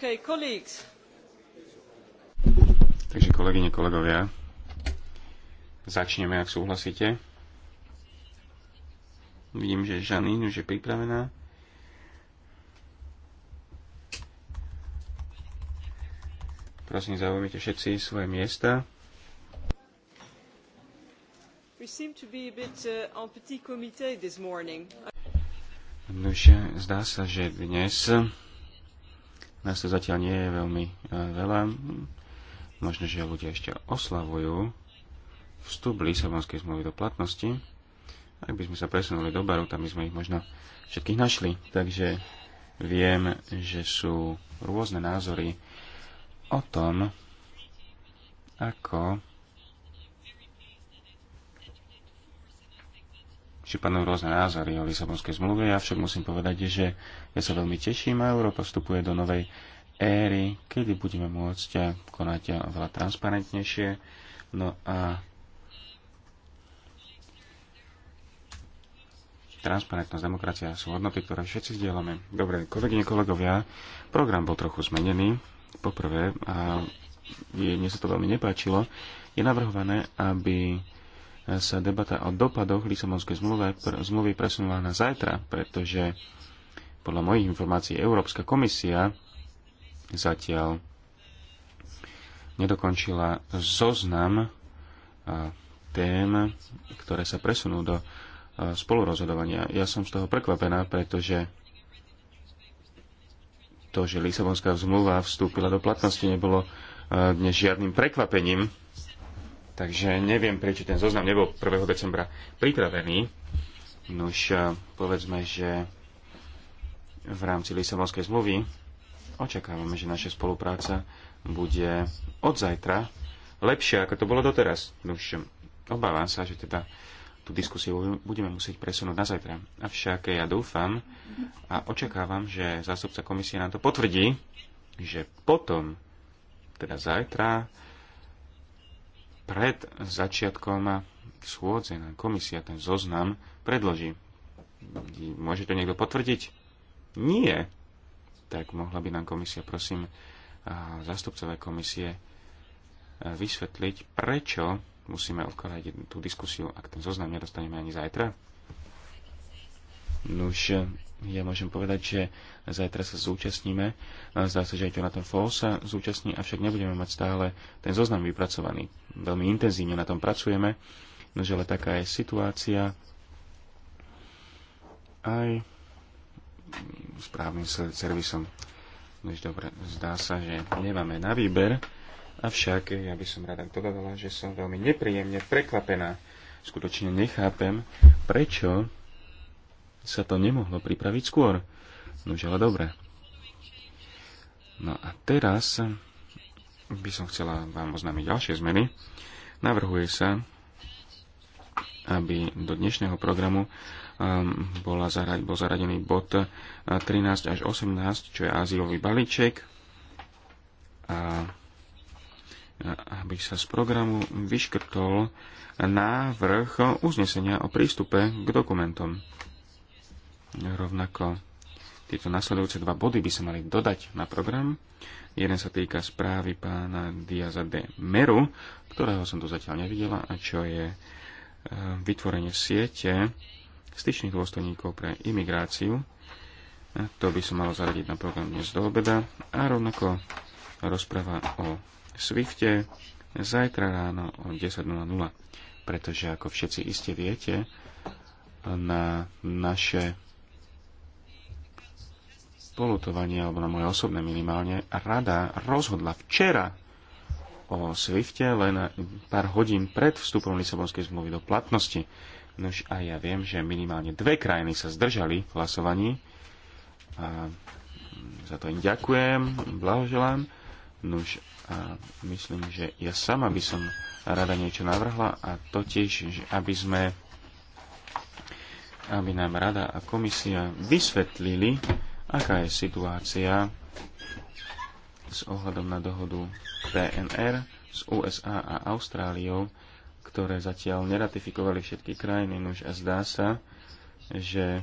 Okay, Takže kolegyne, kolegovia, začneme, ak súhlasíte. Vidím, že Žanín už je pripravená. Prosím, zaujímite všetci svoje miesta. We seem to be a bit uh, petit this morning. Nože, zdá sa, že dnes nás to zatiaľ nie je veľmi e, veľa. Možno, že ľudia ešte oslavujú vstup Lisabonskej zmluvy do platnosti. Ak by sme sa presunuli do baru, tam by sme ich možno všetkých našli. Takže viem, že sú rôzne názory o tom, ako či panujú rôzne názory o Lisabonskej zmluve. Ja však musím povedať, že ja sa veľmi teším a Európa vstupuje do novej éry, kedy budeme môcť konať veľa transparentnejšie. No a transparentnosť, demokracia sú hodnoty, ktoré všetci zdieľame. Dobre, kolegyne, kolegovia, program bol trochu zmenený. Poprvé, a mne sa to veľmi nepáčilo, je navrhované, aby sa debata o dopadoch Lisabonskej zmluvy, pr- zmluvy presunula na zajtra, pretože podľa mojich informácií Európska komisia zatiaľ nedokončila zoznam tém, ktoré sa presunú do spolurozhodovania. Ja som z toho prekvapená, pretože to, že Lisabonská zmluva vstúpila do platnosti, nebolo dnes žiadnym prekvapením. Takže neviem, prečo ten zoznam nebol 1. decembra pripravený. už eh, povedzme, že v rámci Lisabonskej zmluvy očakávame, že naša spolupráca bude od zajtra lepšia, ako to bolo doteraz. Už obávam sa, že teda tú diskusiu budeme musieť presunúť na zajtra. Avšak ja dúfam a očakávam, že zástupca komisie nám to potvrdí, že potom, teda zajtra, pred začiatkom schôdze na komisia ten zoznam predloží. Môže to niekto potvrdiť? Nie. Tak mohla by nám komisia, prosím, zastupcové komisie vysvetliť, prečo musíme odkladať tú diskusiu, ak ten zoznam nedostaneme ani zajtra. Nuž, ja môžem povedať, že zajtra sa zúčastníme. Zdá sa, že aj Jonathan Fall sa zúčastní, avšak nebudeme mať stále ten zoznam vypracovaný. Veľmi intenzívne na tom pracujeme, no ale taká je situácia. Aj s právnym servisom. No dobre, zdá sa, že nemáme na výber, avšak ja by som rada dodala, že som veľmi nepríjemne prekvapená. Skutočne nechápem, prečo sa to nemohlo pripraviť skôr. Nože, ale dobre. No a teraz by som chcela vám oznámiť ďalšie zmeny. Navrhuje sa, aby do dnešného programu um, bola zarad, bol zaradený bod 13 uh, až 18, čo je azylový balíček. A aby sa z programu vyškrtol návrh uznesenia o prístupe k dokumentom. Rovnako tieto nasledujúce dva body by sa mali dodať na program. Jeden sa týka správy pána Diaza de Meru, ktorého som tu zatiaľ nevidela, a čo je e, vytvorenie siete styčných dôstojníkov pre imigráciu. To by sa malo zaradiť na program dnes do obeda. A rovnako rozpráva o Swifte zajtra ráno o 10.00. Pretože, ako všetci iste viete, na naše spolutovanie, alebo na moje osobné minimálne, rada rozhodla včera o Swifte len pár hodín pred vstupom Lisabonskej zmluvy do platnosti. Nož a ja viem, že minimálne dve krajiny sa zdržali v hlasovaní. A za to im ďakujem, blahoželám. Nož a myslím, že ja sama by som rada niečo navrhla a totiž, že aby sme aby nám rada a komisia vysvetlili, aká je situácia s ohľadom na dohodu PNR s USA a Austráliou, ktoré zatiaľ neratifikovali všetky krajiny, nuž a zdá sa, že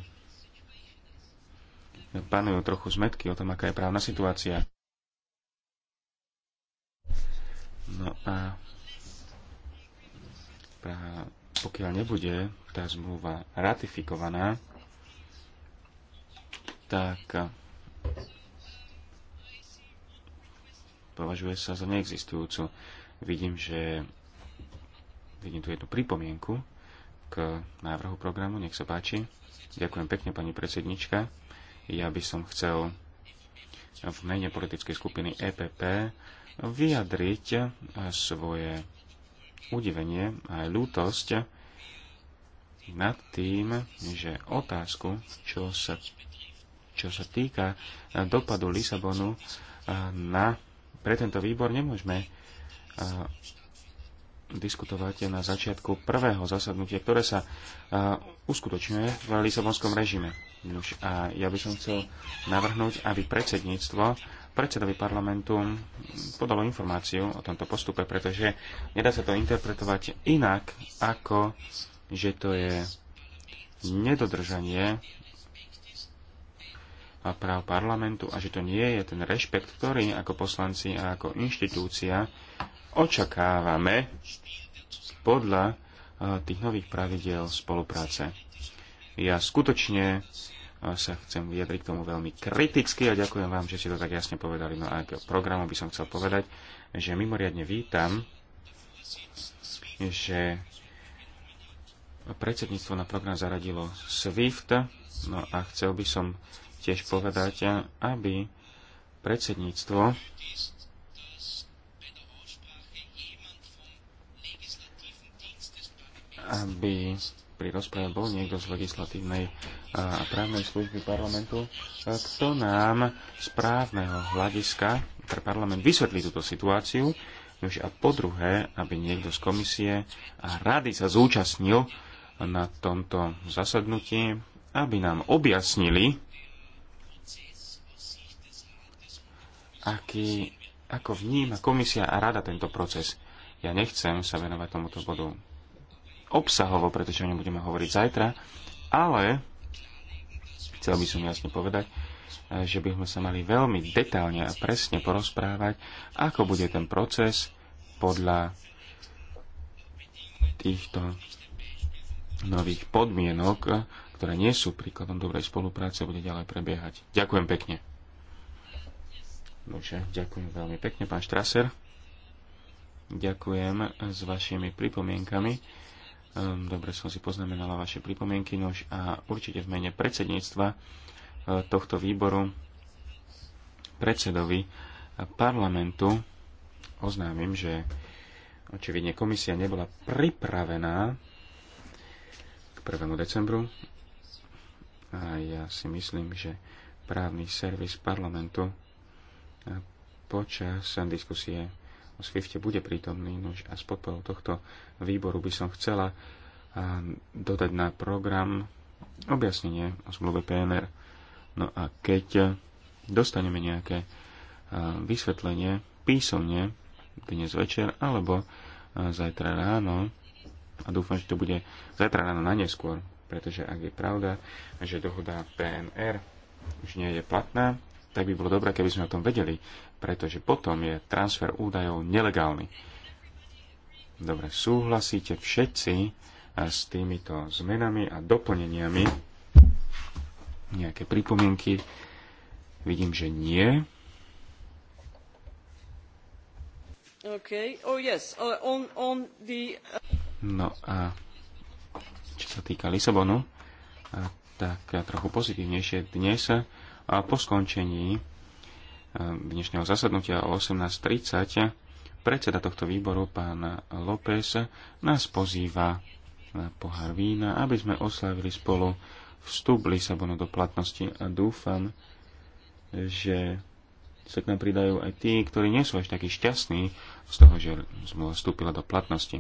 panujú trochu zmetky o tom, aká je právna situácia. No a pokiaľ nebude tá zmluva ratifikovaná, tak považuje sa za neexistujúcu. Vidím, že vidím tu jednu pripomienku k návrhu programu. Nech sa páči. Ďakujem pekne, pani predsednička. Ja by som chcel v mene politickej skupiny EPP vyjadriť svoje udivenie a aj nad tým, že otázku, čo sa čo sa týka eh, dopadu Lisabonu eh, na, pre tento výbor, nemôžeme eh, diskutovať na začiatku prvého zasadnutia, ktoré sa uskutočňuje v Lisabonskom režime. a ja by som chcel navrhnúť, aby predsedníctvo predsedovi parlamentu podalo informáciu o tomto postupe, pretože nedá sa to interpretovať inak, ako že to je nedodržanie práv parlamentu a že to nie je ten rešpekt, ktorý ako poslanci a ako inštitúcia očakávame podľa e, tých nových pravidel spolupráce. Ja skutočne e, sa chcem vyjadriť k tomu veľmi kriticky a ďakujem vám, že ste to tak jasne povedali. No a k programu by som chcel povedať, že mimoriadne vítam, že predsedníctvo na program zaradilo SWIFT, no a chcel by som tiež povedať, aby predsedníctvo aby pri rozprave bol niekto z legislatívnej a právnej služby parlamentu, kto nám z právneho hľadiska pre parlament vysvetlí túto situáciu, už a po druhé, aby niekto z komisie a rady sa zúčastnil na tomto zasadnutí, aby nám objasnili, aký, ako vníma komisia a rada tento proces. Ja nechcem sa venovať tomuto bodu obsahovo, pretože o ňom budeme hovoriť zajtra, ale chcel by som jasne povedať, že by sme sa mali veľmi detálne a presne porozprávať, ako bude ten proces podľa týchto nových podmienok, ktoré nie sú príkladom dobrej spolupráce, bude ďalej prebiehať. Ďakujem pekne. Dobre, ďakujem veľmi pekne, pán Štraser. Ďakujem s vašimi pripomienkami. Ehm, dobre som si poznamenala vaše pripomienky, nož a určite v mene predsedníctva e, tohto výboru predsedovi parlamentu oznámim, že očividne komisia nebola pripravená k 1. decembru a ja si myslím, že právny servis parlamentu počas diskusie o Swifte bude prítomný. Nož a s podporou tohto výboru by som chcela dodať na program objasnenie o zmluve PNR. No a keď dostaneme nejaké vysvetlenie písomne dnes večer alebo zajtra ráno a dúfam, že to bude zajtra ráno na neskôr, pretože ak je pravda, že dohoda PNR už nie je platná, tak by bolo dobré, keby sme o tom vedeli, pretože potom je transfer údajov nelegálny. Dobre, súhlasíte všetci s týmito zmenami a doplneniami? Nejaké pripomienky? Vidím, že nie. Okay. Oh, yes. Uh, on, on the... Uh, no a čo sa týka Lisabonu, tak trochu pozitívnejšie dnes a po skončení eh, dnešného zasadnutia o 18.30 predseda tohto výboru, pán López, nás pozýva na pohár vína, aby sme oslavili spolu vstup Lisabonu do platnosti a dúfam, že sa k nám pridajú aj tí, ktorí nie sú až takí šťastní z toho, že zmluva vstúpila do platnosti.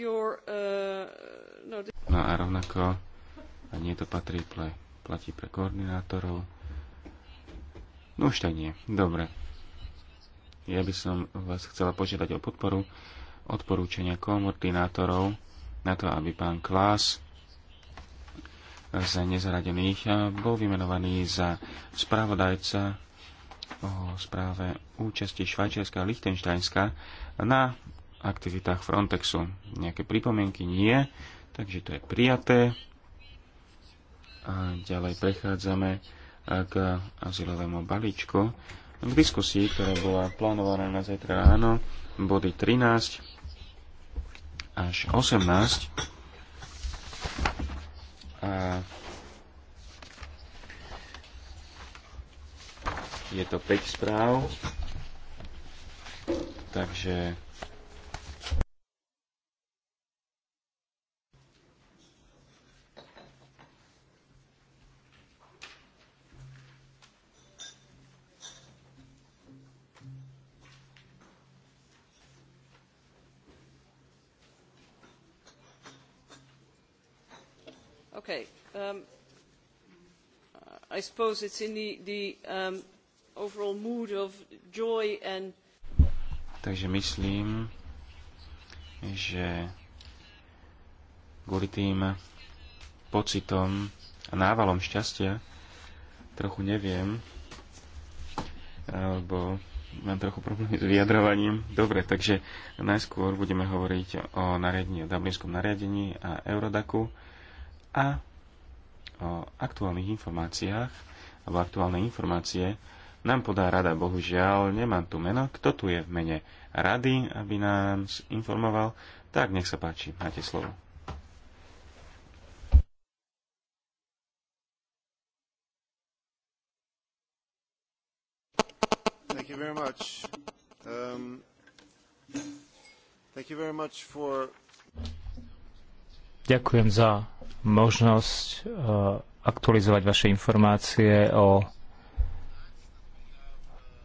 Your, uh, no, no a rovnako a nie to patrí pre, platí pre koordinátorov. No už tak nie. Dobre. Ja by som vás chcela požiadať o podporu odporúčania koordinátorov na to, aby pán Klás za nezaradených bol vymenovaný za spravodajca o správe účasti Švajčiarska a Lichtensteinska na aktivitách Frontexu. Nejaké pripomienky nie, takže to je prijaté. A ďalej prechádzame k azylovému balíčku. K diskusii, ktorá bola plánovaná na zajtra ráno, body 13 až 18. A je to 5 správ, takže Okay. Um, I suppose it's in the, the um, overall mood of joy and... Takže myslím, že kvôli tým pocitom a návalom šťastia trochu neviem, alebo mám trochu problémy s vyjadrovaním. Dobre, takže najskôr budeme hovoriť o nariadení, o Dublinskom nariadení a Eurodaku a o aktuálnych informáciách alebo aktuálne informácie nám podá rada. Bohužiaľ, nemám tu meno. Kto tu je v mene rady, aby nás informoval? Tak, nech sa páči, máte slovo. Thank you very much. Um, thank you very much for... Ďakujem za možnosť e, aktualizovať vaše informácie o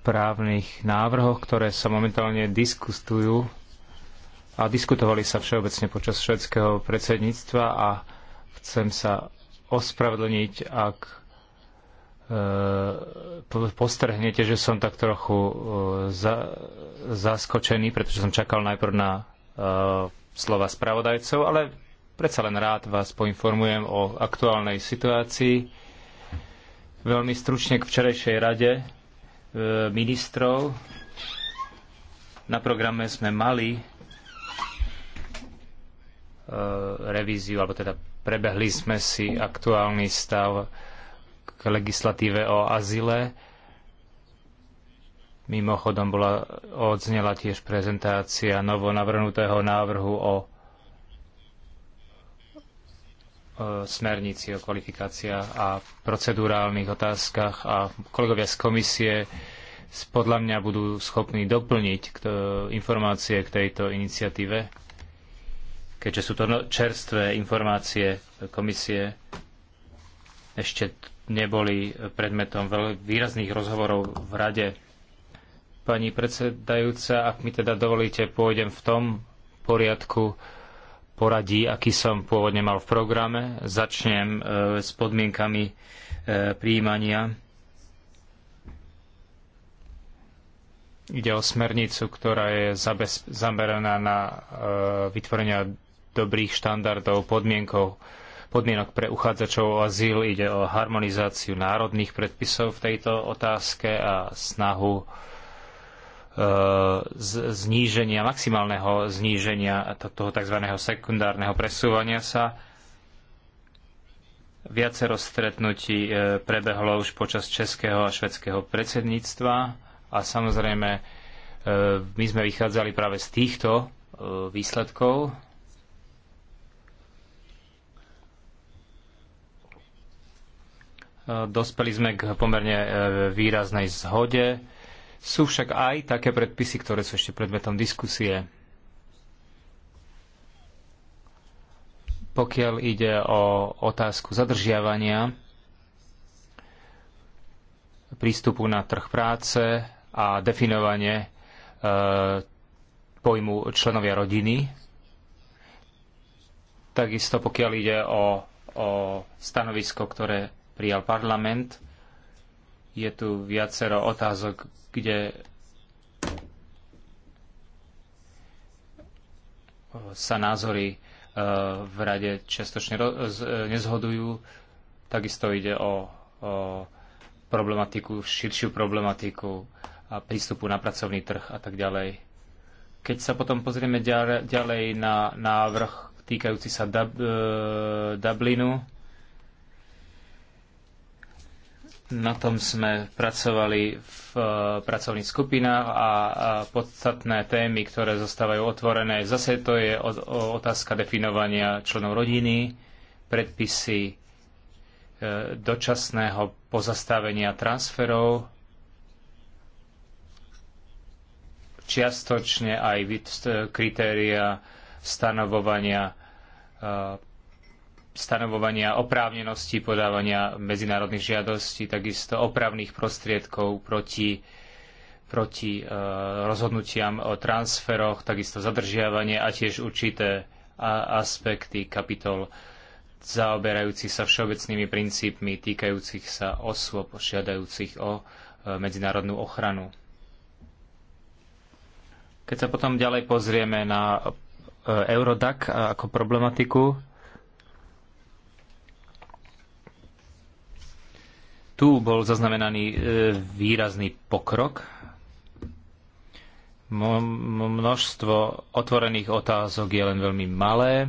právnych návrhoch, ktoré sa momentálne diskutujú a diskutovali sa všeobecne počas švedského predsedníctva a chcem sa ospravedlniť, ak e, postrhnete, že som tak trochu e, za, zaskočený, pretože som čakal najprv na slova spravodajcov, ale Predsa len rád vás poinformujem o aktuálnej situácii. Veľmi stručne k včerajšej rade e, ministrov. Na programe sme mali e, revíziu, alebo teda prebehli sme si aktuálny stav k legislatíve o azile. Mimochodom bola odznela tiež prezentácia novo navrhnutého návrhu o smernici o kvalifikáciách a procedurálnych otázkach a kolegovia z komisie podľa mňa budú schopní doplniť informácie k tejto iniciatíve, keďže sú to no- čerstvé informácie komisie, ešte neboli predmetom výrazných rozhovorov v rade. Pani predsedajúca, ak mi teda dovolíte, pôjdem v tom poriadku, poradí, aký som pôvodne mal v programe. Začnem e, s podmienkami e, príjmania. Ide o smernicu, ktorá je zameraná na e, vytvorenia dobrých štandardov, podmienkov, podmienok pre uchádzačov o azyl. Ide o harmonizáciu národných predpisov v tejto otázke a snahu E, zníženia, maximálneho zníženia toho tzv. sekundárneho presúvania sa. Viacero stretnutí e, prebehlo už počas českého a švedského predsedníctva a samozrejme e, my sme vychádzali práve z týchto výsledkov. Dospeli sme k pomerne výraznej zhode sú však aj také predpisy, ktoré sú ešte predmetom diskusie. Pokiaľ ide o otázku zadržiavania, prístupu na trh práce a definovanie e, pojmu členovia rodiny. Takisto pokiaľ ide o, o stanovisko, ktoré prijal parlament, je tu viacero otázok, kde sa názory e, v rade častočne e, nezhodujú. Takisto ide o, o problematiku, širšiu problematiku a prístupu na pracovný trh a tak ďalej. Keď sa potom pozrieme ďalej na návrh týkajúci sa Dub, e, Dublinu, Na tom sme pracovali v e, pracovných skupinách a, podstatné témy, ktoré zostávajú otvorené, zase to je otázka definovania členov rodiny, predpisy e, dočasného pozastavenia transferov, čiastočne aj e, kritéria stanovovania stanovovania oprávnenosti podávania medzinárodných žiadostí, takisto opravných prostriedkov proti, proti e, rozhodnutiam o transferoch, takisto zadržiavanie a tiež určité aspekty kapitol zaoberajúcich sa všeobecnými princípmi týkajúcich sa osôb žiadajúcich o e, medzinárodnú ochranu. Keď sa potom ďalej pozrieme na e, Eurodac ako problematiku, Tu bol zaznamenaný e, výrazný pokrok. Množstvo otvorených otázok je len veľmi malé.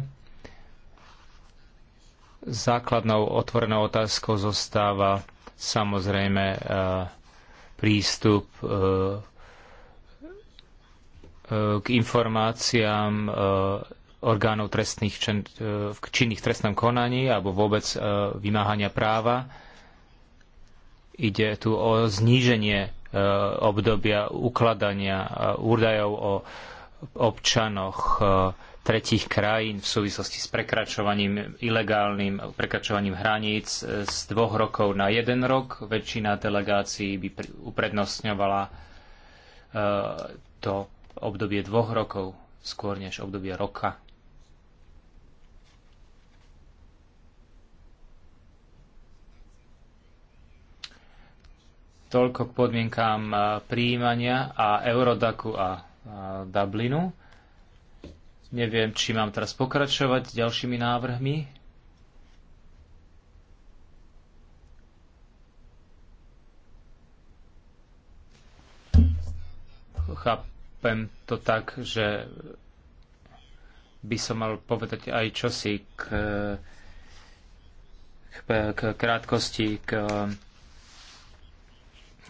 Základnou otvorenou otázkou zostáva samozrejme e, prístup e, k informáciám orgánov trestných čin, v činných trestnom konaní alebo vôbec vymáhania práva Ide tu o zníženie e, obdobia ukladania e, údajov o občanoch e, tretích krajín v súvislosti s prekračovaním ilegálnym prekračovaním hraníc z dvoch rokov na jeden rok. Väčšina delegácií by uprednostňovala to obdobie dvoch rokov skôr než obdobie roka. Toľko k podmienkám eh, príjmania a Eurodaku a eh, Dublinu. Neviem, či mám teraz pokračovať s ďalšími návrhmi. Chápem to tak, že by som mal povedať aj čosi k, eh, k, k krátkosti, k,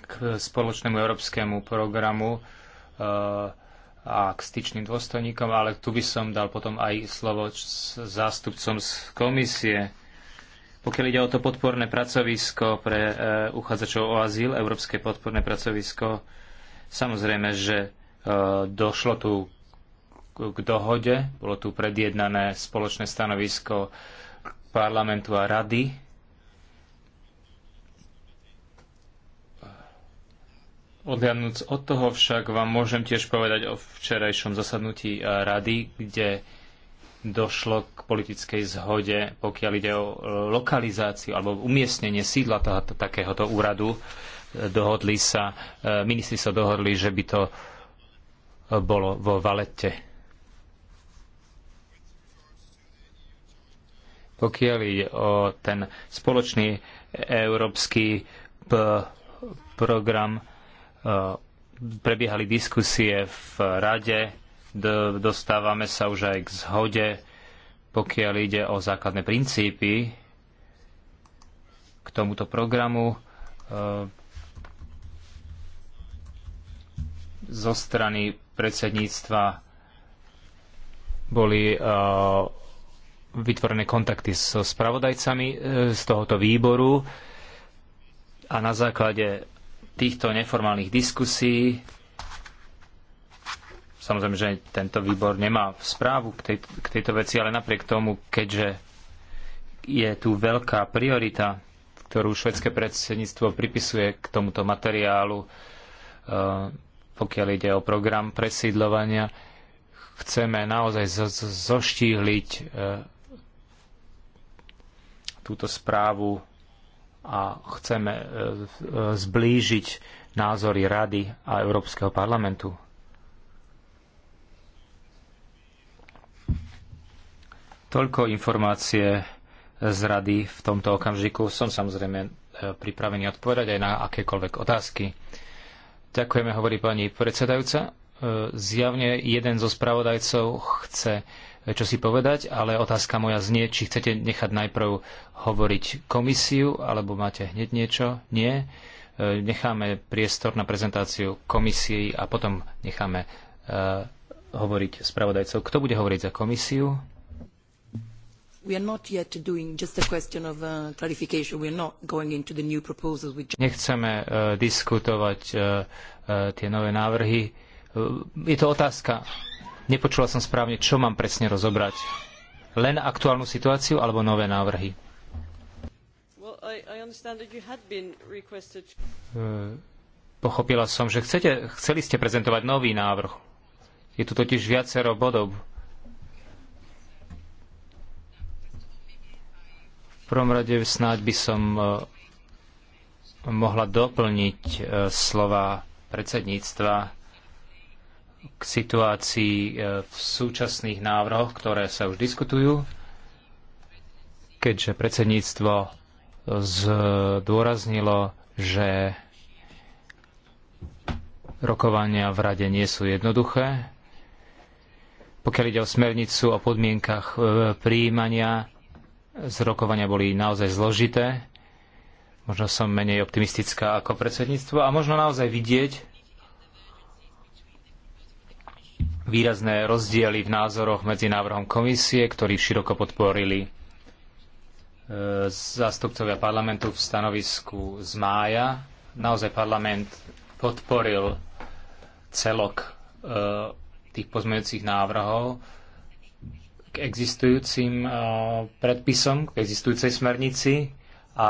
k spoločnému európskemu programu eh, a k styčným dôstojníkom, ale tu by som dal potom aj slovo zástupcom z komisie. Pokiaľ ide o to podporné pracovisko pre eh, uchádzačov o azyl, Európske podporné pracovisko, samozrejme, že eh, došlo tu k dohode, bolo tu predjednané spoločné stanovisko parlamentu a rady Odhľadnúc od toho však vám môžem tiež povedať o včerajšom zasadnutí eh, rady, kde došlo k politickej zhode, pokiaľ ide o eh, lokalizáciu alebo umiestnenie sídla tohoto, takéhoto úradu. Eh, dohodli sa, ministri sa dohodli, že by to bolo vo valete. Pokiaľ ide o ten spoločný európsky program, prebiehali diskusie v rade, dostávame sa už aj k zhode, pokiaľ ide o základné princípy k tomuto programu. E, zo strany predsedníctva boli e, vytvorené kontakty so spravodajcami e, z tohoto výboru a na základe týchto neformálnych diskusí. Samozrejme, že tento výbor nemá správu k, tej, k tejto veci, ale napriek tomu, keďže je tu veľká priorita, ktorú švedské predsedníctvo pripisuje k tomuto materiálu, e, pokiaľ ide o program presídľovania, chceme naozaj zoštíhliť e, túto správu a chceme e, e, zblížiť názory Rady a Európskeho parlamentu. Toľko informácie z Rady v tomto okamžiku. Som samozrejme e, pripravený odpovedať aj na akékoľvek otázky. Ďakujeme, hovorí pani predsedajúca. Zjavne jeden zo spravodajcov chce čo si povedať, ale otázka moja znie, či chcete nechať najprv hovoriť komisiu, alebo máte hneď niečo? Nie. E, necháme priestor na prezentáciu komisii a potom necháme uh, hovoriť spravodajcov. Kto bude hovoriť za komisiu? Uh, Nechceme uh, diskutovať uh, tie nové návrhy. je to otázka Nepočula som správne, čo mám presne rozobrať. Len aktuálnu situáciu alebo nové návrhy? E, pochopila som, že chcete, chceli ste prezentovať nový návrh. Je tu totiž viacero bodov. V prvom rade snáď by som e, mohla doplniť e, slova predsedníctva k situácii e, v súčasných návrhoch, ktoré sa už diskutujú, keďže predsedníctvo zdôraznilo, že rokovania v rade nie sú jednoduché. Pokiaľ ide o smernicu o podmienkach e, z zrokovania boli naozaj zložité. Možno som menej optimistická ako predsedníctvo a možno naozaj vidieť, výrazné rozdiely v názoroch medzi návrhom komisie, ktorý široko podporili e, zástupcovia parlamentu v stanovisku z mája. Naozaj parlament podporil celok e, tých pozmeňujúcich návrhov k existujúcim e, predpisom, k existujúcej smernici a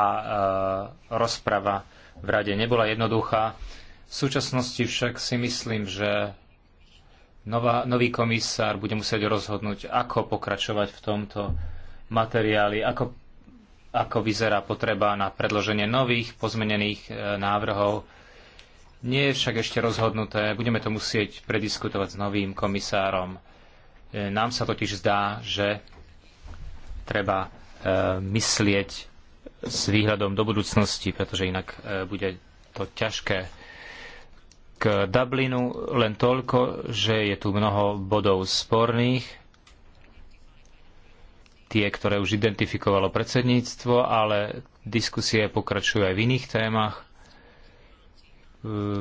rozprava v rade nebola jednoduchá. V súčasnosti však si myslím, že Nová, nový komisár bude musieť rozhodnúť, ako pokračovať v tomto materiáli, ako, ako vyzerá potreba na predloženie nových pozmenených e, návrhov. Nie je však ešte rozhodnuté, budeme to musieť prediskutovať s novým komisárom. E, nám sa totiž zdá, že treba e, myslieť s výhľadom do budúcnosti, pretože inak bude to ťažké. K Dublinu len toľko, že je tu mnoho bodov sporných, tie, ktoré už identifikovalo predsedníctvo, ale diskusie pokračujú aj v iných témach. E,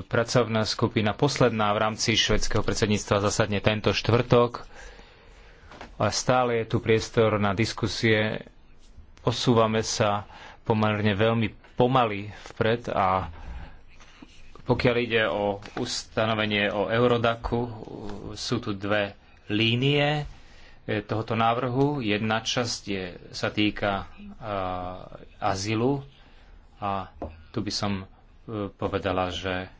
pracovná skupina posledná v rámci švedského predsedníctva zasadne tento štvrtok a stále je tu priestor na diskusie. Posúvame sa pomerne veľmi pomaly vpred a pokiaľ ide o ustanovenie o Eurodaku, sú tu dve línie e, tohoto návrhu. Jedna časť je, sa týka uh, azylu a tu by som uh, povedala, že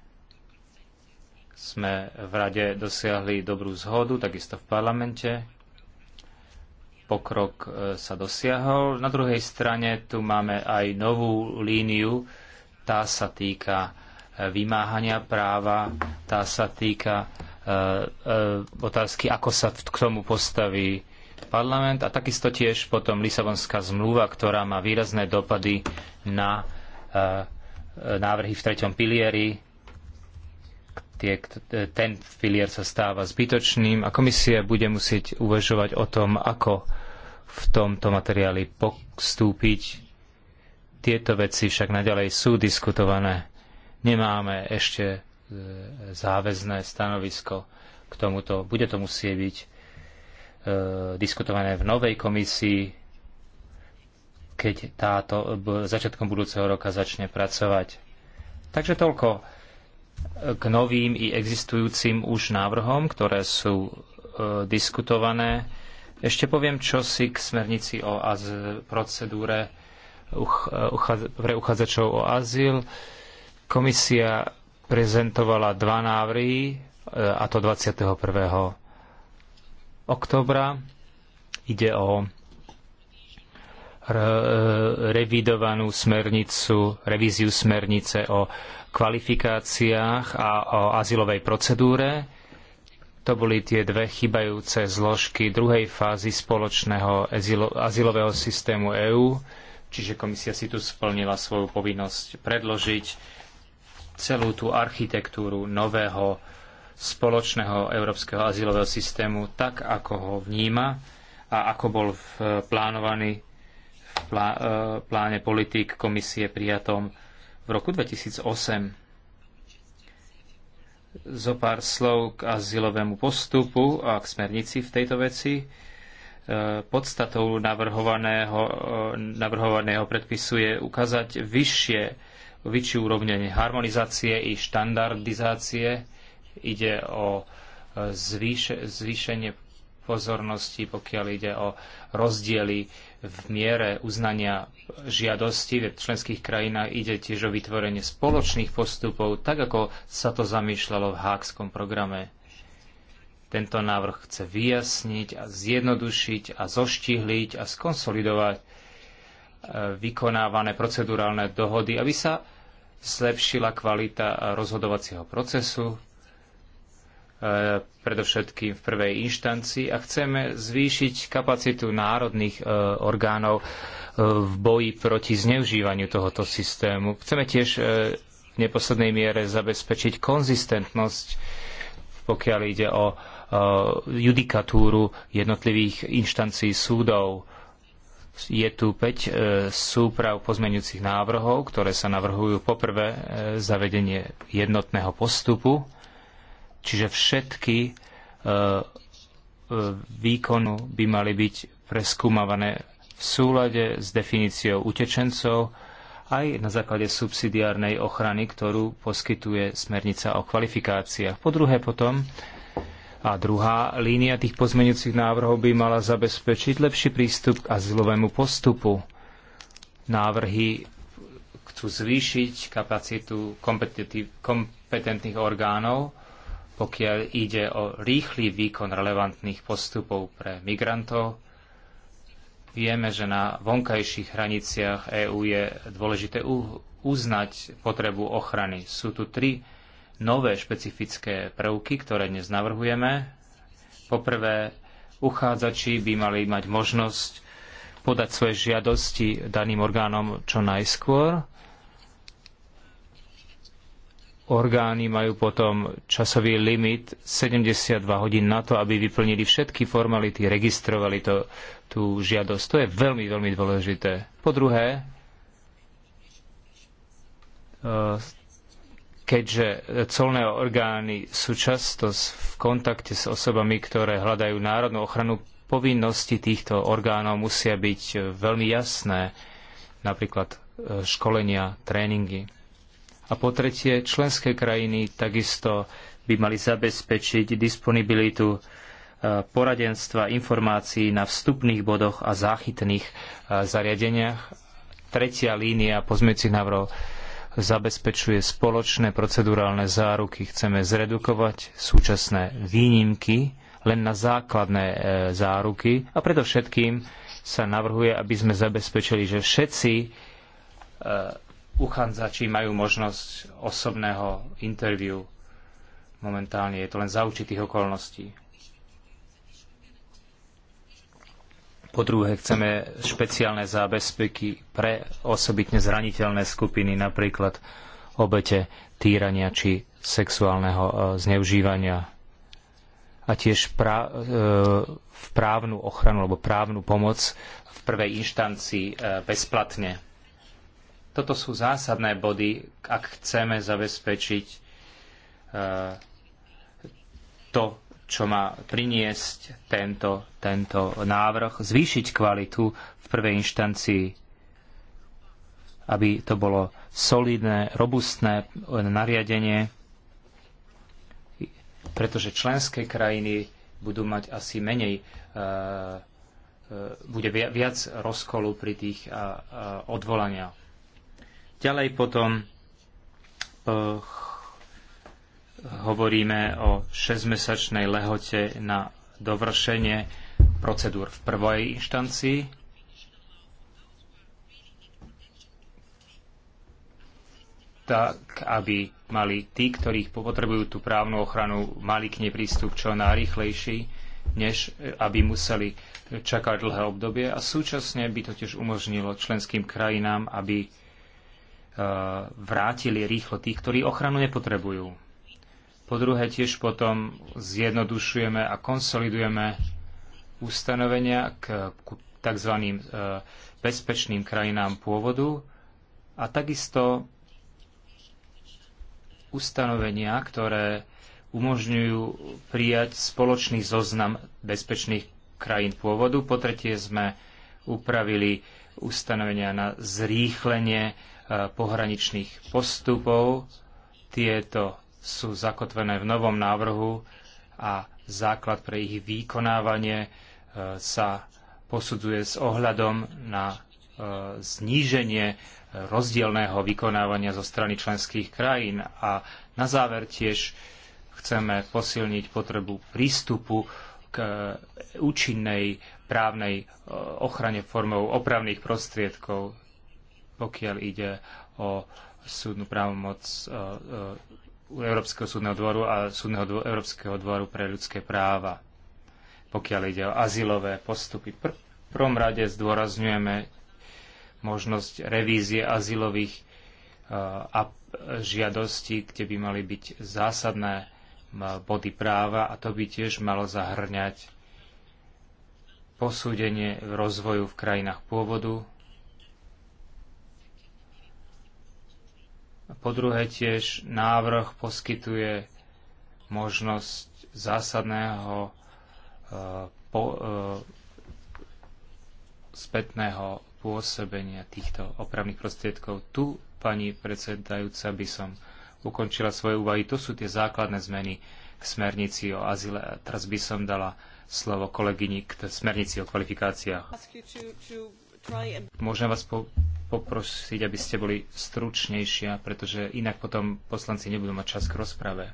sme v rade dosiahli dobrú zhodu, takisto v parlamente. Pokrok uh, sa dosiahol. Na druhej strane tu máme aj novú líniu, tá sa týka vymáhania práva, tá sa týka e, e, otázky, ako sa k tomu postaví parlament a takisto tiež potom Lisabonská zmluva, ktorá má výrazné dopady na e, návrhy v treťom pilieri. ten pilier sa stáva zbytočným a komisia bude musieť uvažovať o tom, ako v tomto materiáli postúpiť. Tieto veci však naďalej sú diskutované Nemáme ešte e, záväzné stanovisko k tomuto. Bude to musieť byť e, diskutované v novej komisii, keď táto začiatkom budúceho roka začne pracovať. Takže toľko e, k novým i existujúcim už návrhom, ktoré sú e, diskutované. Ešte poviem čo si k smernici o az- procedúre uch- uch- pre uchádzačov o azyl. E, Komisia prezentovala dva návrhy, e, a to 21. oktobra. Ide o e, revidovanú smernicu, revíziu smernice o kvalifikáciách a o azylovej procedúre. To boli tie dve chybajúce zložky druhej fázy spoločného azylového systému EÚ, čiže komisia si tu splnila svoju povinnosť predložiť celú tú architektúru nového spoločného európskeho azylového systému tak, ako ho vníma a ako bol v plánovaný v plá, e, pláne politík komisie prijatom v roku 2008 zo pár slov k azylovému postupu a k smernici v tejto veci. E, podstatou navrhovaného, e, navrhovaného predpisu je ukázať vyššie väčšie úrovne harmonizácie i štandardizácie. Ide o e, zvýšenie pozornosti, pokiaľ ide o rozdiely v miere uznania žiadosti v členských krajinách. Ide tiež o vytvorenie spoločných postupov, tak ako sa to zamýšľalo v hákskom programe. Tento návrh chce vyjasniť a zjednodušiť a zoštihliť a skonsolidovať e, vykonávané procedurálne dohody, aby sa zlepšila kvalita rozhodovacieho procesu, e, predovšetkým v prvej inštancii a chceme zvýšiť kapacitu národných e, orgánov e, v boji proti zneužívaniu tohoto systému. Chceme tiež v neposlednej miere zabezpečiť konzistentnosť, pokiaľ ide o judikatúru jednotlivých inštancií súdov je tu 5 e, súprav pozmeňujúcich návrhov, ktoré sa navrhujú poprvé e, zavedenie jednotného postupu, čiže všetky e, výkonu by mali byť preskúmavané v súlade s definíciou utečencov aj na základe subsidiárnej ochrany, ktorú poskytuje smernica o kvalifikáciách. Po druhé potom a druhá línia tých pozmeňujúcich návrhov by mala zabezpečiť lepší prístup k azylovému postupu. Návrhy chcú zvýšiť kapacitu kompetentných orgánov, pokiaľ ide o rýchly výkon relevantných postupov pre migrantov. Vieme, že na vonkajších hraniciach EÚ je dôležité uznať potrebu ochrany. Sú tu tri nové špecifické prvky, ktoré dnes navrhujeme. Poprvé, uchádzači by mali mať možnosť podať svoje žiadosti daným orgánom čo najskôr. Orgány majú potom časový limit 72 hodín na to, aby vyplnili všetky formality, registrovali to, tú žiadosť. To je veľmi, veľmi dôležité. Po druhé, keďže colné orgány sú často v kontakte s osobami, ktoré hľadajú národnú ochranu, povinnosti týchto orgánov musia byť e, veľmi jasné, napríklad e, školenia, tréningy. A po tretie, členské krajiny takisto by mali zabezpečiť disponibilitu e, poradenstva informácií na vstupných bodoch a záchytných zariadeniach. Tretia línia pozmecich návrhov zabezpečuje spoločné procedurálne záruky. Chceme zredukovať súčasné výnimky len na základné e, záruky a predovšetkým sa navrhuje, aby sme zabezpečili, že všetci e, uchádzači majú možnosť osobného interviu. Momentálne je to len za určitých okolností. Po druhé, chceme špeciálne zábezpeky pre osobitne zraniteľné skupiny, napríklad obete týrania či sexuálneho e, zneužívania. A tiež pra, e, v právnu ochranu alebo právnu pomoc v prvej inštancii e, bezplatne. Toto sú zásadné body, ak chceme zabezpečiť to čo má priniesť tento, tento návrh, zvýšiť kvalitu v prvej inštancii, aby to bolo solidné, robustné nariadenie, pretože členské krajiny budú mať asi menej, e, e, bude viac rozkolu pri tých odvolania. Ďalej potom e, hovoríme o 6-mesačnej lehote na dovršenie procedúr v prvej inštancii. tak, aby mali tí, ktorí potrebujú tú právnu ochranu, mali k nej prístup čo najrychlejší, než e, aby museli čakať dlhé obdobie. A súčasne by to tiež umožnilo členským krajinám, aby e, vrátili rýchlo tých, ktorí ochranu nepotrebujú. Po druhé tiež potom zjednodušujeme a konsolidujeme ustanovenia k, k tzv. E, bezpečným krajinám pôvodu a takisto ustanovenia, ktoré umožňujú prijať spoločný zoznam bezpečných krajín pôvodu. Po tretie sme upravili ustanovenia na zrýchlenie e, pohraničných postupov. Tieto sú zakotvené v novom návrhu a základ pre ich vykonávanie e, sa posudzuje s ohľadom na e, zníženie e, rozdielného vykonávania zo strany členských krajín. A na záver tiež chceme posilniť potrebu prístupu k účinnej právnej ochrane formou opravných prostriedkov, pokiaľ ide o súdnu právomoc Európskeho súdneho dvoru a súdneho dvo- Európskeho dvoru pre ľudské práva, pokiaľ ide o azylové postupy. Pr- v prvom rade zdôrazňujeme možnosť revízie azylových e, a žiadostí, kde by mali byť zásadné e, body práva a to by tiež malo zahrňať posúdenie rozvoju v krajinách pôvodu, Po druhé tiež návrh poskytuje možnosť zásadného e, po, e, spätného pôsobenia týchto opravných prostriedkov. Tu, pani predsedajúca, by som ukončila svoje úvahy. To sú tie základné zmeny k smernici o azile. A teraz by som dala slovo kolegyni k smernici o kvalifikáciách. Môžem vás po- poprosiť, aby ste boli stručnejšia, pretože inak potom poslanci nebudú mať čas k rozprave.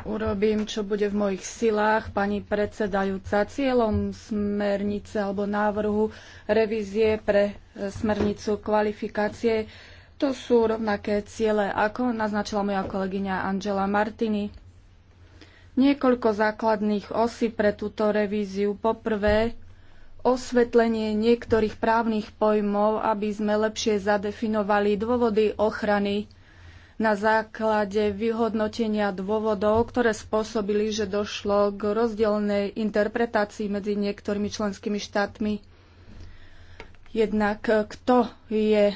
Urobím, čo bude v mojich silách, pani predsedajúca. Cieľom smernice alebo návrhu revízie pre e, smernicu kvalifikácie to sú rovnaké ciele, ako naznačila moja kolegyňa Angela Martini. Niekoľko základných osí pre túto revíziu. Poprvé, osvetlenie niektorých právnych pojmov, aby sme lepšie zadefinovali dôvody ochrany na základe vyhodnotenia dôvodov, ktoré spôsobili, že došlo k rozdielnej interpretácii medzi niektorými členskými štátmi. Jednak kto je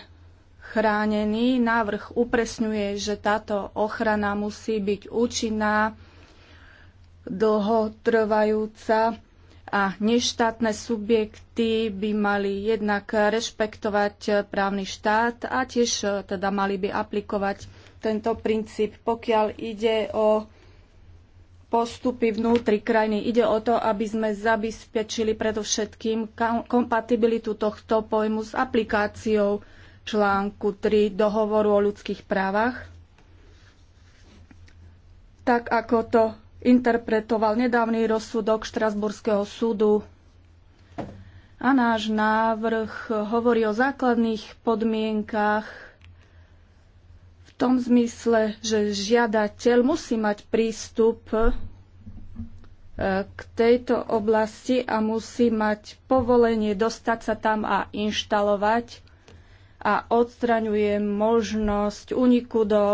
chránený, návrh upresňuje, že táto ochrana musí byť účinná, dlhotrvajúca a neštátne subjekty by mali jednak rešpektovať právny štát a tiež e, teda mali by aplikovať tento princíp. Pokiaľ ide o postupy vnútri krajiny, ide o to, aby sme zabezpečili predovšetkým kompatibilitu tohto pojmu s aplikáciou článku 3 dohovoru o ľudských právach tak ako to interpretoval nedávny rozsudok Štrasburského súdu. A náš návrh hovorí o základných podmienkach v tom zmysle, že žiadateľ musí mať prístup e, k tejto oblasti a musí mať povolenie dostať sa tam a inštalovať a odstraňuje možnosť uniku do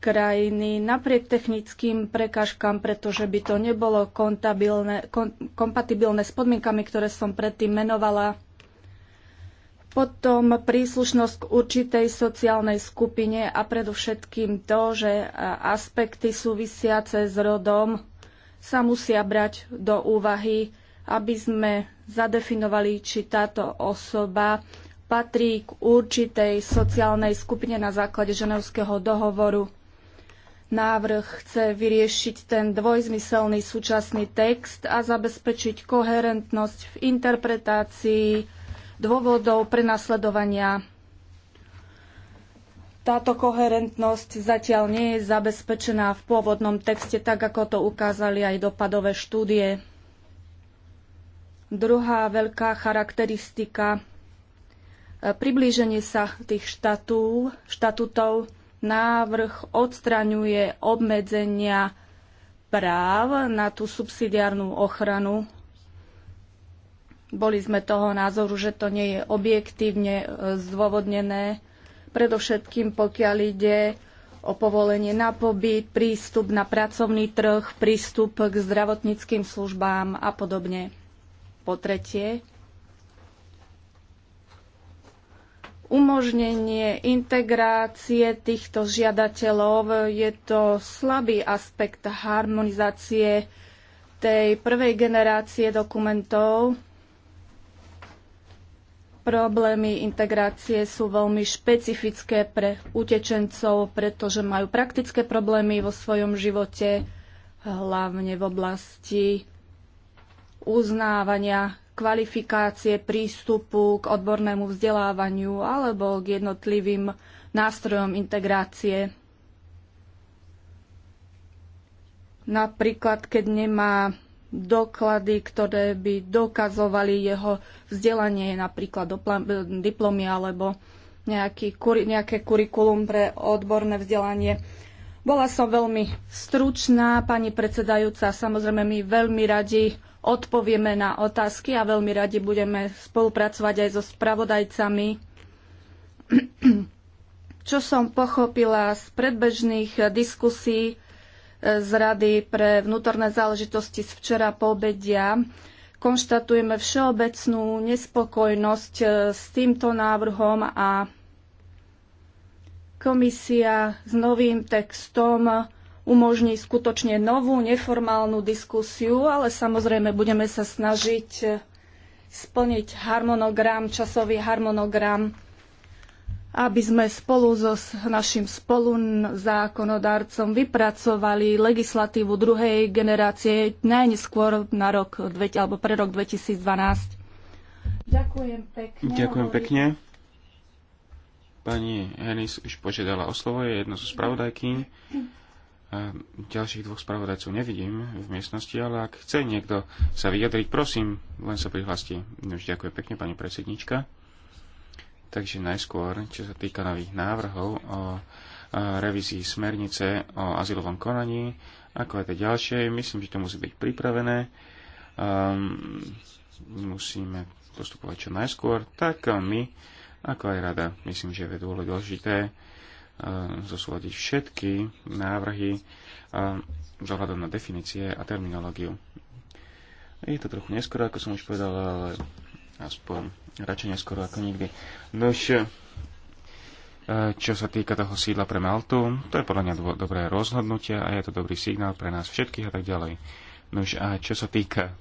krajiny napriek technickým prekážkam, pretože by to nebolo kon, kompatibilné s podmienkami, ktoré som predtým menovala. Potom príslušnosť k určitej sociálnej skupine a predovšetkým to, že aspekty súvisiace s rodom sa musia brať do úvahy, aby sme zadefinovali, či táto osoba patrí k určitej sociálnej skupine na základe Ženevského dohovoru. Návrh chce vyriešiť ten dvojzmyselný súčasný text a zabezpečiť koherentnosť v interpretácii dôvodov prenasledovania. Táto koherentnosť zatiaľ nie je zabezpečená v pôvodnom texte, tak ako to ukázali aj dopadové štúdie. Druhá veľká charakteristika priblíženie sa tých štatú, štatutov Návrh odstraňuje obmedzenia práv na tú subsidiárnu ochranu. Boli sme toho názoru, že to nie je objektívne e, zdôvodnené, predovšetkým pokiaľ ide o povolenie na pobyt, prístup na pracovný trh, prístup k zdravotníckým službám a podobne. Po tretie, umožnenie integrácie týchto žiadateľov. Je to slabý aspekt harmonizácie tej prvej generácie dokumentov. Problémy integrácie sú veľmi špecifické pre utečencov, pretože majú praktické problémy vo svojom živote, hlavne v oblasti uznávania kvalifikácie prístupu k odbornému vzdelávaniu alebo k jednotlivým nástrojom integrácie. Napríklad, keď nemá doklady, ktoré by dokazovali jeho vzdelanie, napríklad diplomy alebo nejaký, nejaké kurikulum pre odborné vzdelanie. Bola som veľmi stručná, pani predsedajúca, samozrejme my veľmi radi odpovieme na otázky a veľmi radi budeme spolupracovať aj so spravodajcami. Čo som pochopila z predbežných diskusí e, z Rady pre vnútorné záležitosti z včera pobedia, konštatujeme všeobecnú nespokojnosť e, s týmto návrhom a komisia s novým textom umožní skutočne novú neformálnu diskusiu, ale samozrejme budeme sa snažiť eh, splniť harmonogram, časový harmonogram, aby sme spolu so našim spoluzákonodárcom vypracovali legislatívu druhej generácie najneskôr na rok, alebo pre rok 2012. Ďakujem pekne. Ďakujem pekne. Pani Henis už požiadala o slovo, je jedna zo spravodajkyň ďalších dvoch spravodajcov nevidím v miestnosti, ale ak chce niekto sa vyjadriť, prosím, len sa prihlásti. Už ďakujem pekne, pani predsednička. Takže najskôr, čo sa týka nových návrhov o revízii smernice o azylovom konaní, ako aj tie ďalšie, myslím, že to musí byť pripravené. Um, musíme postupovať čo najskôr, tak my, ako aj rada, myslím, že je dôležité E, zosúľadiť všetky návrhy e, s na definície a terminológiu. Je to trochu neskoro, ako som už povedal, ale aspoň radšej neskoro ako nikdy. Nož, e, čo sa týka toho sídla pre Maltu, to je podľa mňa dobré rozhodnutie a je to dobrý signál pre nás všetkých a tak ďalej. Nož a čo sa týka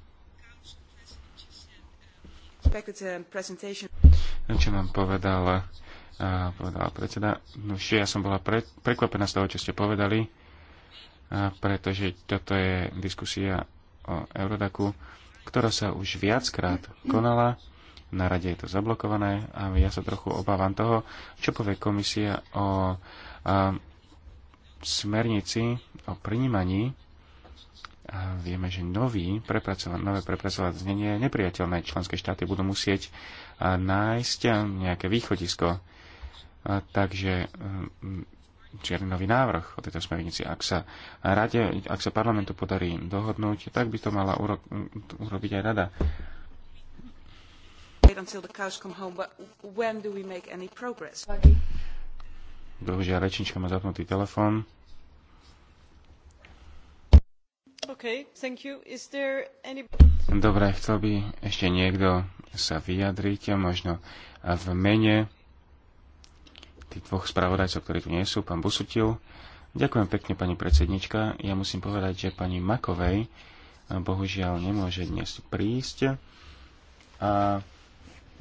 um, čo nám povedal povedala predseda. No, ja som bola pre, prekvapená z toho, čo ste povedali, a pretože toto je diskusia o Eurodaku, ktorá sa už viackrát konala. Na rade je to zablokované a ja sa trochu obávam toho, čo povie komisia o a, smernici o prinímaní A vieme, že nový, prepracované, nové prepracovať znenie je nepriateľné. Členské štáty budú musieť nájsť nejaké východisko takže mm, čierny nový návrh o tejto smernici. Ak sa, rade, ak sa parlamentu podarí dohodnúť, tak by to mala uro- mm, urobiť aj rada. Bohužiaľ, rečnička má zapnutý telefón. Okay, any... Dobre, chcel by ešte niekto sa vyjadriť, možno v mene tých dvoch spravodajcov, ktorí tu nie sú, pán Busutil. Ďakujem pekne, pani predsednička. Ja musím povedať, že pani Makovej eh, bohužiaľ nemôže dnes prísť a